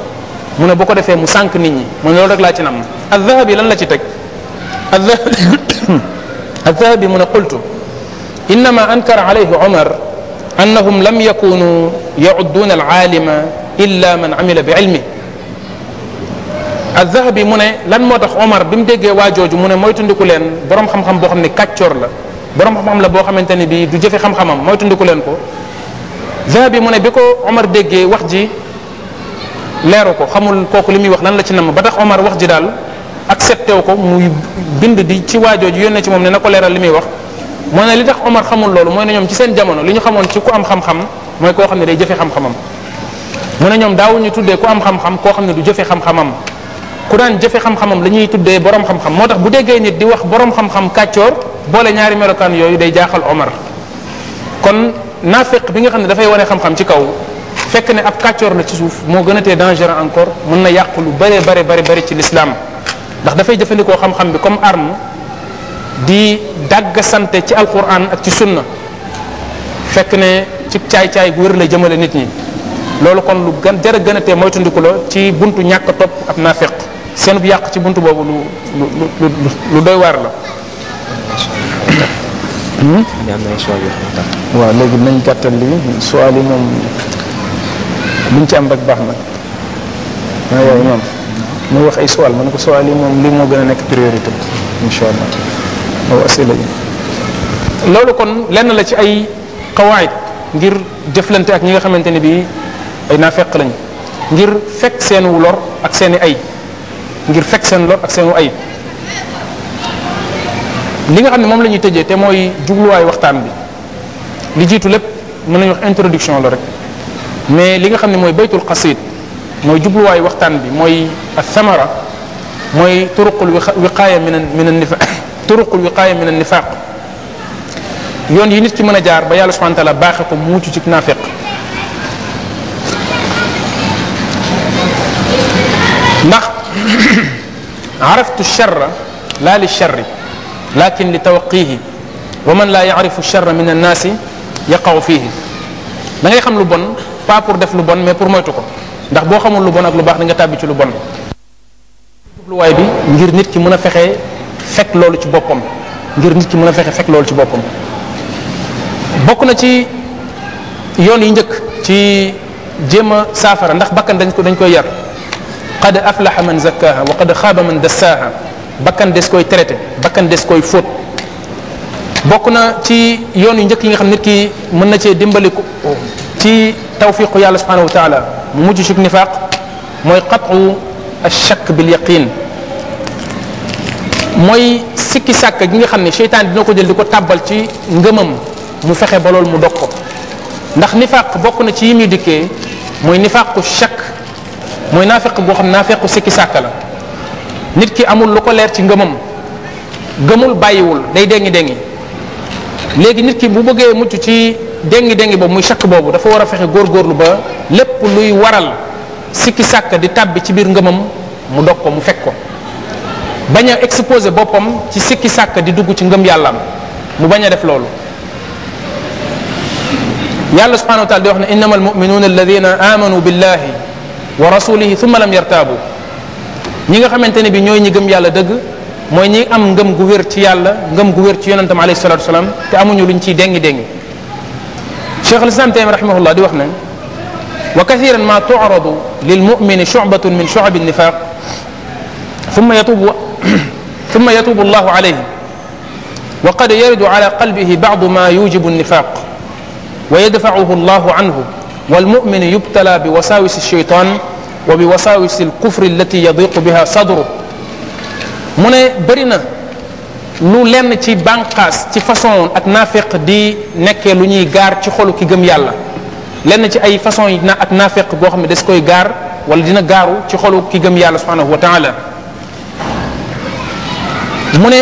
mu ne bu ko defee mu sànq nit ñi man loolu rek laa ci nam addahabi lan la ci teg addahabi mu ne qultu innama ankara alayhi omar annahum lam yakunu yaudduuna alaalima illa man amila bi ilmi addahabi mu ne lan moo tax omar bi mu déggee waa jooju mu ne moytundiku leen borom xam-xam boo xam ne kàccoor la borom xam-xam la boo xamante ne bii du jëfe xam-xamam moytundiku leen ko dahabi mu ne bi ko omar wax ji leeru ko xamul kooku li muy wax lan la ci nam ba tax Omar wax ji daal accepté wu ko muy bind di ci waajooju yónnee ci moom ne na ko leeral li muy wax moo ne li tax Omar xamul loolu mooy ne ñoom ci seen jamono li ñu xamoon ci ku am xam-xam koo xam ne day jëfe xam-xamam mu ne ñoom daawuñu tuddee ku am xam-xam koo xam ne du jëfe xam-xamam ku daan jëfe xam-xamam la tuddee borom xam-xam moo tax bu déggee nit di wax borom xam-xam kàccoor boole ñaari melokaan yooyu day jaaxal Omar kon naafiq bi nga xam ne dafay wane xam-xam ci kaw fekk ne ab kàccoor la ci suuf moo gën a tee dangereux encore mën na yàqu lu bëree bëri bëri bëri ci lislaam ndax dafay jëfandikoo xam-xam bi comme arme di dàgg sante ci alquran ak ci sunna fekk ne ci caay-caay gu wér la jëmale nit ñi loolu kon lu gan jërë gën a tee moytandiku la ci buntu ñàkk topp ab naafeq seen bu yàq ci bunt boobu lu lu lu doy waar la. Hmm? waaw léegi nañ gàttal li luñ ci am rek baax na ma woowu moom muy wax ay soil ma ne ko soal yi moom lii moo gën a nekk priorité incha allah waaw asila yi loolu kon lenn la ci ay qawaid ngir jëflante ak ñi nga xamante ne bii naa naafeq lañ ngir fekk seen lor ak seeni ay ngir fekk seen lor ak seen wu ay li nga xam ne moom lañuy tëjee te mooy jubluwaay waxtaan bi li jiitu lépp mën nañu wax introduction la rek mais li nga xam ne mooy baytul qasid mooy jubluwaayu waxtaan bi mooy athamara mooy turuqul wiqaaya min min annifaq turuqul wiqaaya min annifaq yoon yi nit ki mën a jaar ba yàlla subhanahu wa taala baaxe ko mu mucc ci naafeq ndax araftu charra laa li charri lakin li tawaqihi wa man laa yarifu charra min annaasi yaqaw fiihi da ngay xam lu bon pas pour def lu bon mais pour moytu ko ndax boo xamul lu bon ak lu baax di nga tàbbi ci lu bon jubluwaay bi ngir nit ki mën a fexe fekk loolu ci boppam ngir nit ki mën a fexe fekk loolu ci boppam bokk na ci yoon yi njëkk ci jéem a saafara ndax bakkan dañ ko dañ koy yar qad aflaha man zakkaha wa qad xaaba man dassaaha des koy traité bakkan des koy fóot bokk na ci yoon yu njëkk yi nga xam nit ki mën na cee dimbali ci tawfiqu yàlla subhanahu wa taala mu mujj ci nifaq mooy qatu achak bil yaqin mooy sikki sàkk gi nga xam ne seytaan dina ko jël di ko tàbbal ci ngëmam mu fexe ba loolu mu dog ko ndax nifaq bokk na ci yi muy dikkee mooy nifaqu chak mooy naafeq goo xam naafequ sikki sàkk la nit ki amul lu ko leer ci ngëmam gëmul bàyyiwul day dengi dengi léegi nit ki bu bëggee mucc ci déngi déngi boobu muy chaq boobu dafa war a fexe góorgóorlu ba lépp luy waral sikki sàkk di tàbbi ci biir ngëmam mu dog ko mu fekk ko bañ a exposé boppam ci sikki sàkk di dugg ci ngëm yàllaam mu bañ a def loolu yàlla subhanahu wa taala di wax ne innama almuminuuna alladina amanu billahi wa rasulihi thumma lam yartaabu ñi nga xamante ne bi ñooy ñi gëm yàlla dëgg mooy ñi am ngëm gu wér ci yàlla ngëm gu wér ci yonentam alayhi salatu wasalaam te amuñu ñu ciy déngi déngi cheikh alislam taymi rahimahullah di wax ne wa kathiran ma tu'radu lil mu'mini shu'batun min shu'ab an-nifaq thumma yatubu thumma yatubu allahu alayhi wa qad yaridu ala qalbihi ba'du ma yujibu an-nifaq wa yadfa'uhu allahu anhu والمؤمن يبتلى بوساوس الشيطان وبوساوس الكفر التي يضيق بها صدره mu ne bëri na nu lenn ci bànqaas ci façon ak naafeq di nekkee lu ñuy gaar ci xolu ki gëm yàlla lenn ci ay façon yi na ak naafeq goo xam ne des koy gaar wala dina gaaru ci xolu ki gëm yàlla subhanahu wa taala mu ne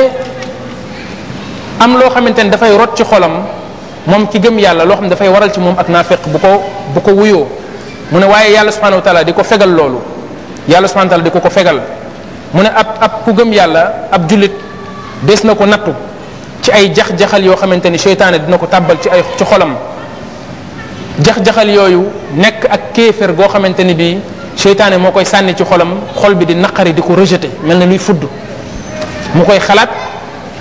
am loo xamante ne dafay rot ci xolam moom ki gëm yàlla loo xam ne dafay waral ci moom ak naafeq bu ko bu ko wuyoo mu ne waaye yàlla subhanahu wa di ko fegal loolu yàlla subhanahu wa di ko ko fegal mu ne ab ab ku gëm yàlla ab jullit des na ko nattu ci ay jax-jaxal yoo xamante ni seytaane dina ko tàbbal ci ay ci xolam jax-jaxal yooyu nekk ak kéefër goo xamante ni bii seytaane moo koy sànni ci xolam xol bi di naqari di ko rejeté mel na luy fudd mu koy xalaat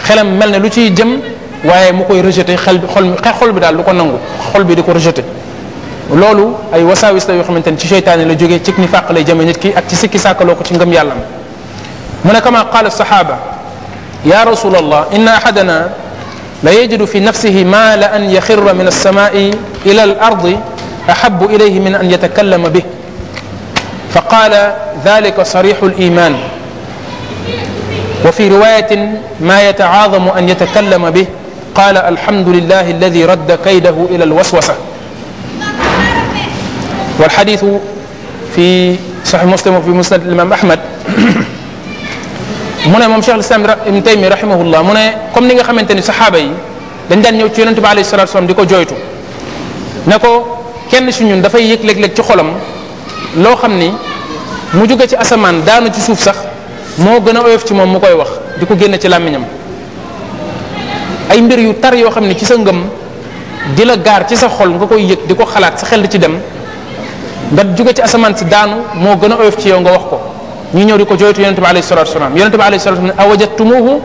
xelam mel na lu ciy jëm waaye mu koy rejeté xel bi xol xol bi daal lu ko nangu xol bi di ko rejeté loolu ay wasaawis la yoo xamante ni ci seytaane la jógee ci nifaq lay jëme nit ki ak ci sikki sàkkaloo ko ci ngëm yàllam mu ne kama qaala يا رسول الله إن أحدنا ليجد في نفسه ما لأن يخر من السماء إلى الأرض أحب إليه من أن يتكلم به فقال ذلك صريح الإيمان وفي رواية ما يتعاظم أن يتكلم به قال الحمد لله الذي رد كيده إلى الوسوسة والحديث في صحيح مسلم وفي مسند الإمام أحمد mu ne moom Cheikh al-Islam ibn Taymi rahimahullah mu ne comme ni nga xamante ni saxaaba yi dañ daan ñëw ci yonente bi alayhi salatu wasallam di ko jooytu ne ko kenn si ñun dafay yëg léeg-léeg ci xolam loo xam ni mu jóge ci asamaan daanu ci suuf sax moo gën a oyof ci moom mu koy wax di ko génn ci làmmiñam ay mbir yu tar yoo xam ne ci sa ngëm di la gaar ci sa xol nga koy yëg di ko xalaat sa xel di ci dem nga jóge ci asamaan si daanu moo gën a oyof ci yow nga wax ko ñu ñëw di ko jooytu yonente bi alayhi salatu wasalaam yonente bi alayhi a wasalaam awajatumuhu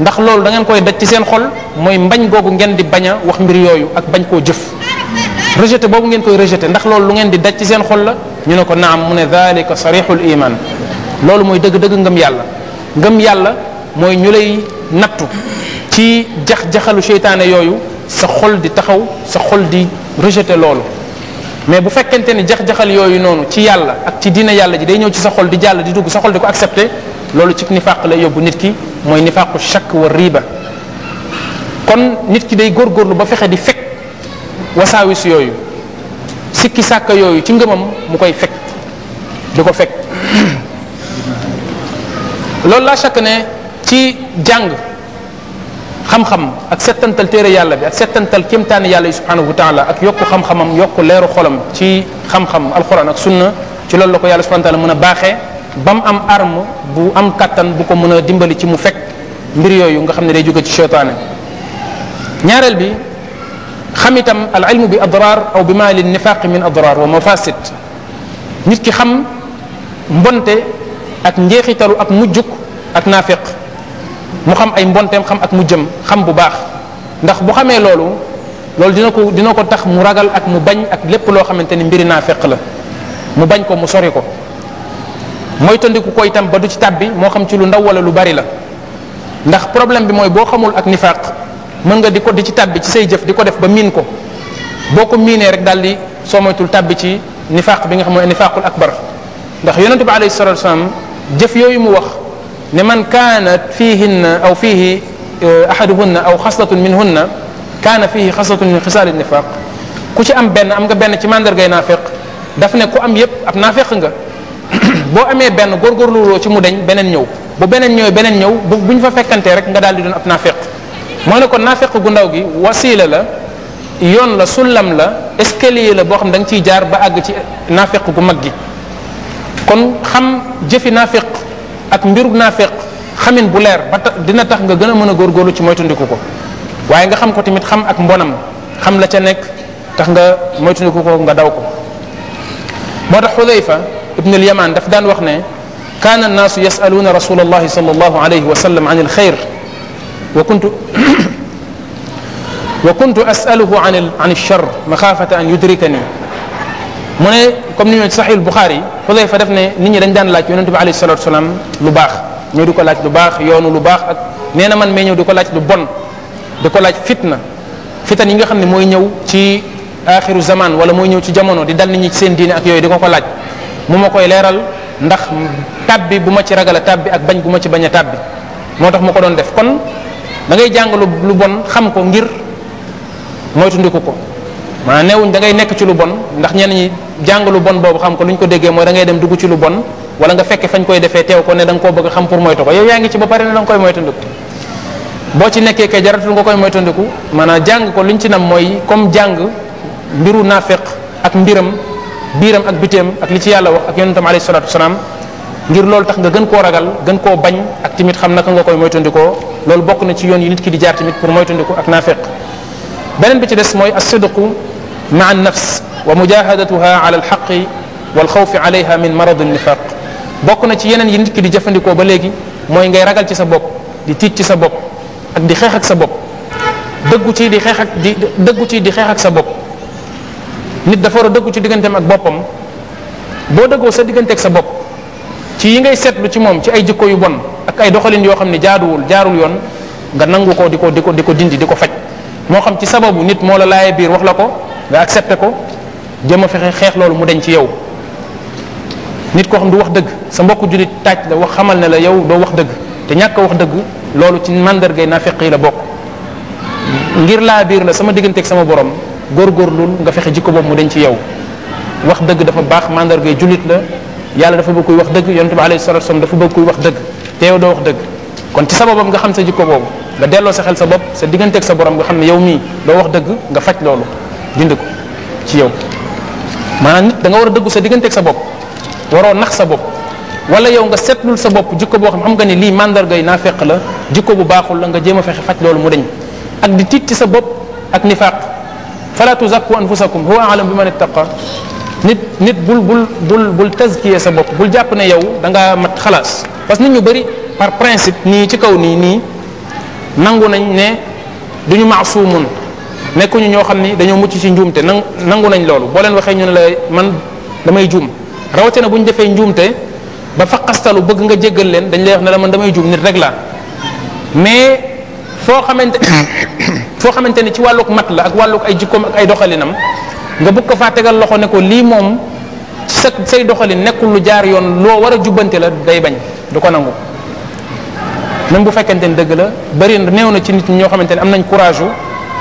ndax loolu dangeen koy daj ci seen xol mooy mbañ googu ngeen di bañ a wax mbir yooyu ak bañ koo jëf rejeté boobu ngeen koy rejeté ndax loolu lu ngeen di daj ci seen xol la ñu ne ko naam mu ne dalika sarixul iman loolu mooy dëgg-dëgg ngëm yàlla ngëm yàlla mooy ñu lay nattu ci jax-jaxalu seytaane yooyu sa xol di taxaw sa xol di rejeté loolu mais bu fekkente ni jax-jaxal yooyu noonu ci yàlla ak ci dina yàlla ji day ñëw ci sa xol di jàll di dugg sa xol di ko accepté loolu ci nifaq lay yóbbu nit ki mooy nifaqu shakk wa riba kon nit ki day góor góorlu ba fexe di fekk wasaawis yooyu sikki sàkka yooyu ci ngëmam mu koy fekk di ko fekk loolu laa shakk ne ci jàng xam-xam ak settantal téere yàlla bi ak settantal kéemtaani yàlla yi subhanahu wa taala ak yokku xam-xamam yokku leeru xolam ci xam-xam alquran ak sunna ci loolu ko yàlla subhanahu wa taala mën a baaxee ba mu am arme bu am kàttan bu ko mën a dimbali ci mu fekk mbir yooyu nga xam ne day jóge ci seytaane ñaareel bi xam itam al ilmu bi adrar aw bi maa lin nifaqi min adrar wa mafasid nit ki xam mbonte ak njeexitalu ak mujjuk ak naafeq mu xam ay mbonteem xam ak mu jëm xam bu baax ndax bu xamee loolu loolu dina ko dina ko tax mu ragal ak mu bañ ak lépp loo xamante ni mbiri naa feq la mu bañ ko mu sori ko mooy tëndiku ko ba du ci tàbbi moo xam ci lu ndaw wala lu bari la ndax problème bi mooy boo xamul ak nifaaq mën nga di ko di ci tàbbi ci say jëf di ko def ba miin ko boo ko miinee rek daal di soo moytul tàbbi ci nifaaq bi nga xam mooy nifaaqul akbar ndax yonente bi alayhi salatu wasalam jëf yooyu mu wax لمن كانت فيهن أو فيه أحدهن أو خصلة منهن كان فيه خصلة من خصال النفاق ku ci am benn am nga benn ci mandargay naafeq daf ne ku am yépp ab naafeq nga boo amee benn góorgóorluwuloo ci mu deñ beneen ñëw bu beneen ñëw beneen ñëw bu ñu fa fekkantee rek nga daal di doon ab naafeq mooy ne kon naafeq gu ndaw gi wasiila la yoon la sullam la escalier la boo xam da nga ciy jaar ba àgg ci naafeeq gu mag gi kon xam jëfi naafeq ak mbiru naafeq xamin bu leer ba dina tax nga gën a mën a góorgóorlu ci moytundiku ko waaye nga xam ko tamit xam ak mbonam xam la ca nekk tax nga moytundiku ko nga daw ko moo tax xudayfa ibn al yaman daf daan wax ne kaana annaasu yasaluuna rasul allahi sal allahu alayhi wa sallam an alxayr wa kuntu wa kuntu asaluhu an comme ni ñoo ci saxiil Buxaari Xudayfa def ne nit ñi dañ daan laaj yonente bi alayhi salatu wasalaam lu baax ñëw di ko laaj lu baax yoonu lu baax ak nee na man mais ñëw di ko laaj lu bon di ko laaj fitna fitan yi nga xam ne mooy ñëw ci axiru zaman wala mooy ñëw ci jamono di dal nit ñi ci seen diine ak yooyu di ko ko laaj mu ma koy leeral ndax tabbi bu ma ci ragal a tabbi ak bañ bu ma ci bañ a tabbi moo tax ma ko doon def kon da ngay jàng lu bon xam ko ngir moytundiku ko maa neewuñ dangay nekk ci lu bon ndax ñeen ñi jàng lu bon boobu xam ko lu ñu ko déggee mooy dangay ngay dem dugg ci lu bon wala nga fekke fañ koy defee teew ko ne da ko koo bëgg xam pour ko yaa ngi ci ba pare ne da nga koy boo ci nekkee kay jaratul nga koy moytandiku maanaam jàng ko luñ ci nam mooy comme jàng mbiru naafeq ak mbiram biiram ak biteem ak li ci yàlla wax ak yonentam alayhi salatu wasalaam ngir loolu tax nga gën koo ragal gën koo bañ ak tamit xam naka nga koy moytandikoo loolu bokk na ci yoon yi nit ki di jaar tamit pour moytandiku ak naafeq beneen bi ci des mooy as-sidqu maa nafs wa mujahadatuha ala alxaqi walxawfi alayha min marad nifaq bokk na ci yeneen yi nit di jëfandikoo ba léegi mooy ngay ragal ci sa bopp di tiit ci sa bopp ak di xeex sa bopp dëggu ci di xeex di dëggu ci di xeex sa bopp nit dafa war dëggu ci digganteem ak boppam boo dëggoo sa digganteeg sa bopp ci yi ngay seetlu ci moom ci ay jikko yu bon ak ay doxalin yoo xam ne jaaduwul jaarul yoon nga nangu ko di ko di ko di ko dindi di ko faj moo xam ci sababu nit moo la laayee biir wax la ko nga accepté ko jëm a fexe xeex loolu mu deñ ci yow nit koo xam du wax dëgg sa mbokku jullit taaj la wax xamal ne la yow doo wax dëgg te ñàkk wax dëgg loolu ci mandargay naafeq yi la bokk ngir laa biir la sama digganteeg sama borom góorgóorlul nga fexe jikko boobu mu deñ ci yow wax dëgg dafa baax mandargay jullit la yàlla dafa bëgg wax dëgg yonente bi alayhi salatu wasallam dafa bëgg wax dëgg te yow doo wax dëgg kon ci sababam nga xam sa jikko boobu nga delloo sa xel sa bopp sa digganteeg sa borom nga xam ne yow mii doo wax dëgg nga faj loolu dindi ko ci yow maanaam nit da war a dëggu sa digganteeg sa bopp waroo nax sa bopp wala yow nga seetlul sa bopp jikko boo xam xam nga ni lii mandarga yi naa feq la jikko bu baaxul la nga jéem a fexe faj loolu mu deñ ak di tiit ci sa bopp ak nifaaq fala tuzakku anfusakum huwa alam bi man ittaqa nit nit bul bul bul bul tazkiye sa bopp bul jàpp ne yow da mat xalaas parce que nit ñu bëri par principe nii ci kaw nii nii nangu nañ ne duñu maasumun nekkuñu ñoo xam ni dañoo mucc ci njuumte nangu nangu nañ loolu boo leen waxee ñu ne la man damay juum rawatina bu ñu defee njuumte ba faqastalu bëgg nga jéggal leen dañ lay wax ne la man damay juum nit rek la mais foo xamante foo xamante ni ci wàlluk mat la ak wàlluk ay jikkoom ak ay doxalinam nga bëgg ko faa tegal loxo ne ko lii moom sa say doxalin nekkul lu jaar yoon loo war a jubbante la day bañ du ko nangu même bu fekkente ni dëgg la bëri néew na ci nit ñoo xamante ne am nañ courage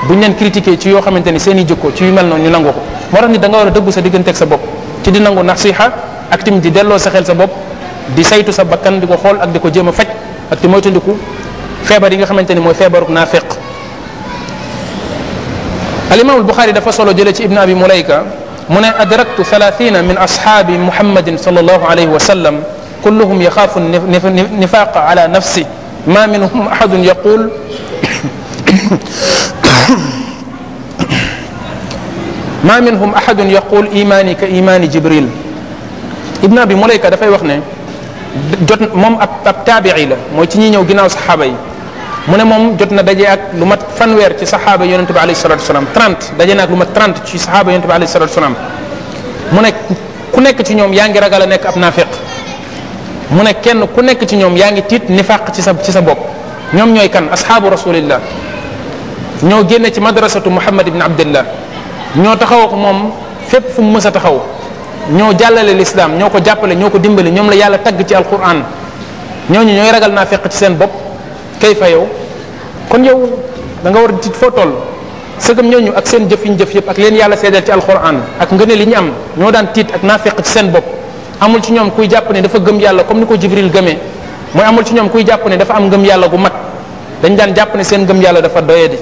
buñ leen critiqué ci yoo xamante ni seen i jikko ci yu mel noon ñu nangu ko moo tax nit da nga war a dëggu sa digganteeg sa bopp ci di nangu nasiha ak tamit di delloo sa xel sa bopp di saytu sa bakkan di ko xool ak di ko jéem a faj ak di moytandiku feebar yi nga xamante ni mooy feebaruk naafeq alimaamul Buxaari dafa solo jëlee ci ibn abi mulayka mu ne adraktu thalathina min ashaabi muhammadin sallallahu alayhi wa sallam kulluhum yaxaafu nifaqa ala nafsi ma minhum ahadun yaqul ma minhum ahadun yaqul imaani ka imaani jibril ibn abi mulayka dafay wax ne jot moom ab ab taabii la mooy ci ñi ñëw ginnaaw saxaaba yi mu ne moom jot na daje ak lu mat fanweer ci saxaaba yonente bi alayhi salatu wasalaam 30 daje na ak lu mat 30 ci saxaaba yonente bi alayhi salatu wasalaam mu ne ku nekk ci ñoom yaa ngi ragal a nekk ab naafiq mu ne kenn ku nekk ci ñoom yaa ngi tiit nifaq ci sa ci sa bopp ñoom ñooy kan asxaabu rasulillah ñoo génne ci madrasatu Muhammad ibn Abdullah ñoo taxaw ak moom fépp fu mu mës a taxaw ñoo jàllale lislaam ñoo ko jàppale ñoo ko dimbali ñoom la yàlla tagg ci alquran ñooñu ñooy ragal naa fekk ci seen bopp kay fa yow kon yow da war di foo toll sëgam ñooñu ak seen jëf yi ñu jëf yëpp ak leen yàlla seedal ci alquran ak ngëneel li ñu am ñoo daan tiit ak naa fekk ci seen bopp amul ci ñoom kuy jàpp ne dafa gëm yàlla comme ni ko jibril gëmee mooy amul ci ñoom kuy jàpp ne dafa am ngëm yàlla gu mat dañ daan jàpp ne seen ngëm yàlla dafa doyadi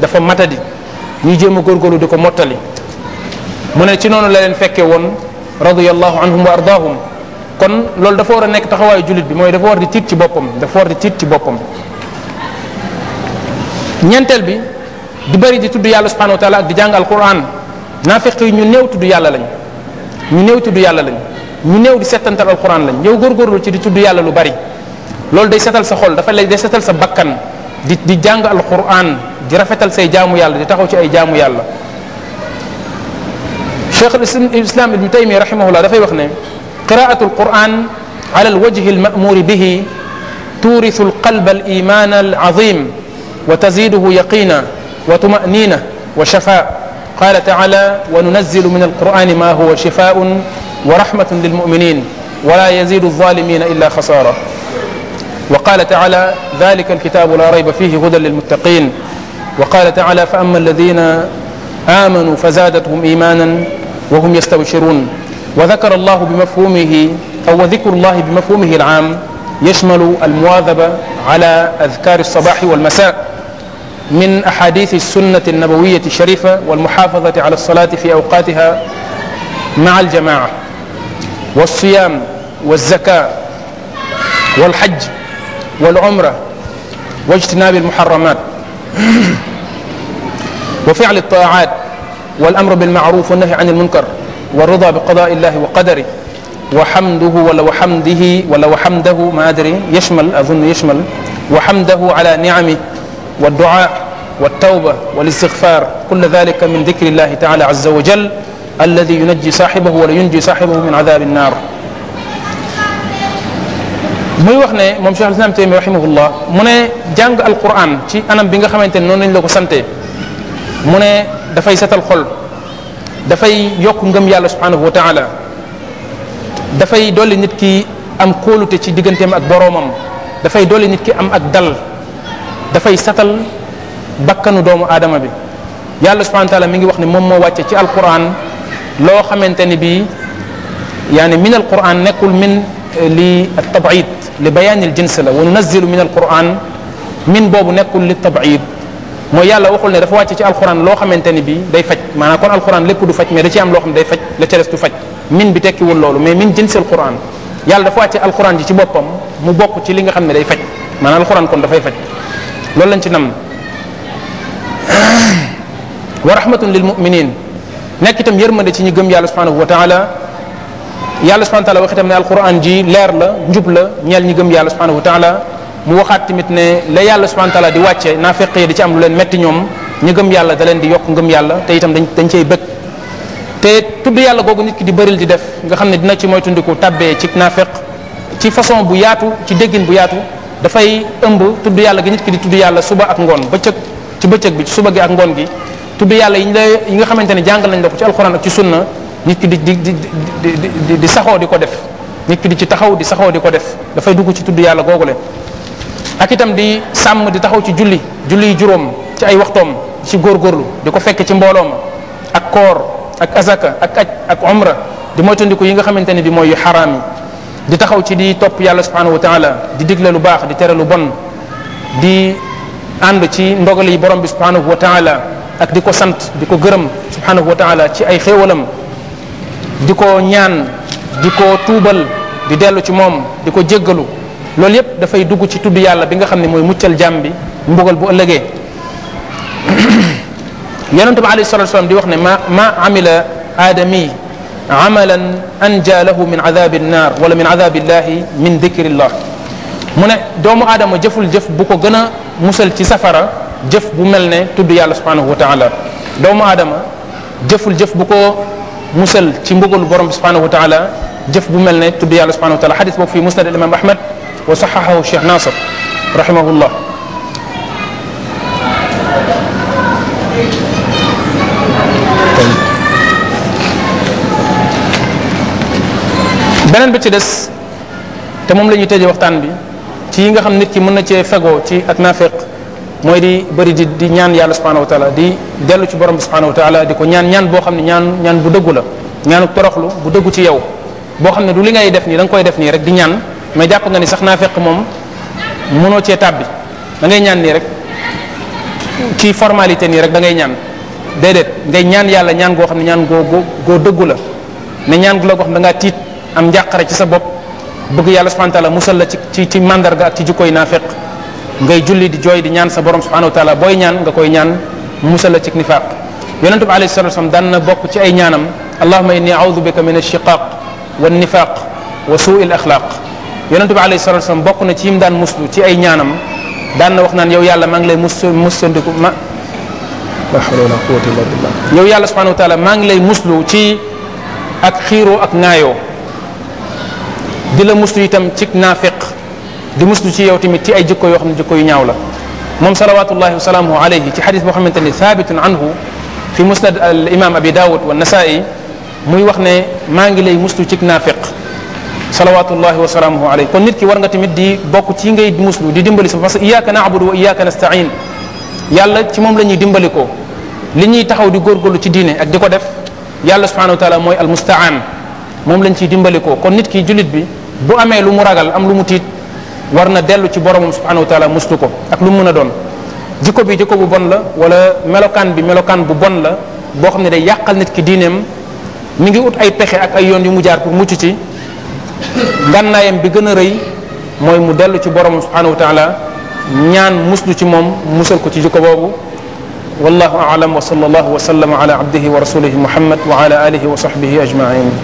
dafa matadi ñuy jéem a góorgóorlu di ko mottali mu ne ci noonu la leen fekke woon radiyallahu anhum wa ardaahum kon loolu dafa war a nekk taxawaayu jullit bi mooy dafa war di tiit ci boppam dafa war di tiit ci boppam ñeenteel bi di bëri di tudd yàlla subhanahu wa taala ak di jàng alquran naafeq yi ñu new tudd yàlla lañ ñu néew tudd yàlla lañ ñu new di setantal alquran lañ yow góorgóorlu ci di tudd yàlla lu bari loolu day setal sa xol dafa lay day setal sa bakkan di di jàng alquran di rafetal say jaamu yàlla di taxaw ci ay jaamu yàlla cheikh alislam ibn taymiya rahimahullah dafay wax ne qiraatu alquran ala alwajhi almamuri bihi tuurisu alqalba aliman alazim wa taziduhu yaqina wa tumanina wa shafa qala taala wa nunazilu min alqurani ma huwa shifaun wa rahmatun lilmuminin wala yazidu alzalimina illa xasara وقال تعالى ذلك الكتاب لا ريب فيه هدى للمتقين وقال تعالى فأما الذين آمنوا فزادتهم إيمانا وهم يستبشرون وذكر الله بمفهومه أو ذكر الله بمفهومه العام يشمل المواظبة على أذكار الصباح والمساء من أحاديث السنة النبوية الشريفة والمحافظة على الصلاة في أوقاتها مع الجماعة والصيام والزكاة والحج والعمرة واجتناب المحرمات وفعل الطاعات والأمر بالمعروف والنهي عن المنكر والرضا بقضاء الله وقدره وحمده ولا وحمده ولا وحمده ما أدري يشمل أظن يشمل وحمده على نعمه والدعاء والتوبة والاستغفار كل ذلك من ذكر الله تعالى عز وجل الذي ينجي صاحبه ولا ينجي صاحبه من عذاب النار muy wax ne moom Cheikh al-Islam Taymi rahimahullah mu ne jàng alquran ci anam bi nga xamante ne noonu lañ la ko sante mu ne dafay setal xol dafay yokk ngëm yàlla subhanahu wa taala dafay dolli nit ki am kóolute ci digganteem ak boroomam dafay dolli nit ki am ak dal dafay satal bakkanu doomu aadama bi yàlla subhanahu wa taala mi ngi wax ne moom moo wàcce ci alquran loo xamante ni bii yaani min alquran nekkul min للتبعيض لبيان الجنس la wa nunazzilu min alquran min boobu nekkul li tabiid mooy yàlla waxul ne dafa wàcce ci alquran loo xamante ni bi day faj maanaam kon alquran lépp du faj mais da ci am loo xam ne day faj la ca des du faj min bi tekkiwul loolu mais min jinsi alquran yàlla dafa wàcce alquran ji ci boppam mu bokk ci li nga xam ne day faj maanaam alquran kon dafay faj loolu lañ ci nam wa rahmatun lil muminin nekk itam yërmande ci ñu gëm yàlla subhanahu wa taala yàlla subhanahu wa taala wax itam ne alquran ji leer la njub la ñeel ñi gëm yàlla subhanahu wa taala mu waxaat tamit ne la yàlla subhanahu wa di wàcce naafeq yi di ci am leen metti ñoom ñi gëm yàlla da leen di ngëm yàlla te itam dañ dañ cey bëgg te tudd yàlla googu nit ki di bëril di def nga xam ne dina ci moytundiku tabbee ci naafeq ci façon bu yaatu ci déggin bu yaatu dafay ëmb tudd yàlla gi nit ki yàlla suba ak ngoon bëccëg ci bëccëg bi ci suba gi ak ngoon gi tudd yàlla yi ñu la yi nga xamante ne jàngal nañ la ko ci alquran ak ci sunna nit ki di di di saxoo di ko def nit ki di ci taxaw di saxoo di ko def dafay dugg ci tudd yàlla googu le ak itam di sàmm di taxaw ci julli julli juróom ci ay waxtoom ci góor góorlu di ko fekk ci mbooloom ak koor ak azaka ak aj ak omra di moytandiku yi nga xamante ne bi mooy xaraam yi di taxaw ci di topp yàlla subhanahu wa taala di digle lu baax di tere lu bon di ànd ci ndogal yi borom bi subhanahu wa taala ak di ko sant di ko gërëm subhanahu wa ci ay di ko ñaan di ko tuubal di dellu ci moom di ko jéggalu loolu yépp dafay dugg ci tudd yàlla bi nga xam ne mooy muccal jàmm bi mbugal bu ëllëgee yonente bi alayhi salatu di wax ne ma ma amila aadami amalan anja lahu min adabi nnar wala min adabi illahi min dikrillah mu ne doomu aadama jëful jëf bu ko gën a musal ci safara jëf bu mel ne tudd yàlla subhanahu wa doomu aadama jëful jëf bu ko musal ci mbugalu borom bi subhanahu wa taala jëf bu mel ne tudd yàlla subhanahu wa taala xadis boobu fii musnad imam ahmad wa saxaxahu cheikh nasir rahimahullah beneen bi ci des te moom la ñuy tëjee waxtaan bi ci yi nga xam nit ki mën na cee fegoo ci ak naafeq mooy di bëri di di ñaan yàlla subhanahu wa taala di dellu ci borom bi subhanahu di ko ñaan ñaan boo xam ne ñaan ñaan bu dëggu la ñaanu toroxlu bu dëggu ci yow boo xam ne du li ngay def nii da koy def nii rek di ñaan mais jàpp nga ni sax naa fekk moom mënoo cee tàbbi da ngay ñaan nii rek ci formalité nii rek dangay ñaan déedéet ngay ñaan yàlla ñaan goo xam ne ñaan goo goo dëggu la ne ñaan gu la goo xam da ngaa tiit am njàqare ci sa bopp bëgg yàlla subhanahu wa taala musal la ci ci ci mandarga ak ci jikkoy naa fekk ngay julli di jooy di ñaan sa borom subhanahu wa taala booy ñaan nga koy ñaan musal la ci nifaaq yonente bi alayhi salatu wasalam daan na bokk ci ay ñaanam allahuma inni audu bika min alchiqaq wa nifaq wa suu il axlaq yonente bi alayhi salatu wasalam bokk na ci yim daan muslu ci ay ñaanam daan na wax naan yow yàlla maa ngi lay mus musandiku ma la hawla wala quwwata illa billah yow yàlla subhanahu wa taala maa ngi lay muslu ci ak xiiroo ak ŋaayoo di la muslu itam ci di muslu ci yow tamit ci ay jikko yoo xam ne jikko yu ñaaw la moom salawatullahi wa salaamuhu alayhi ci xadis boo xamante ni thabitun anhu fi musnad al imam abi daawud wa nasaa'i wax ne maa ngi lay muslu ci naafiq salawatullahi wa salaamuhu alayhi kon nit ki war nga tamit di bokk ci ngay muslu di dimbali sa parce que iyyaka na'budu wa iyyaka nasta'in yàlla ci moom la ñuy dimbali ko li ñuy taxaw di góorgóorlu ci diine ak di ko def yàlla subhanahu wa taala mooy al mustaan moom lañ ciy dimbali ko kon nit ki jullit bi bu amee lu mu ragal am lu mu tiit war na dellu ci boromam subhanahu wa taala ko ak lu mu mën a doon jikko bi jikko bu bon la wala melokaan bi melokaan bu bon la boo xam ne day yàqal nit ki diineem mi ngi ut ay pexe ak ay yoon yu mu jaar pour mucc ci ngànnaayam bi gën a rëy mooy mu dellu ci boromam subhanahu wa taala ñaan muslu ci moom musal ko ci jikko boobu wallahu aalam wa sallallahu wa sallam ala abdihi wa rasulihi muhammad wa ala alihi wa sahbihi ajmain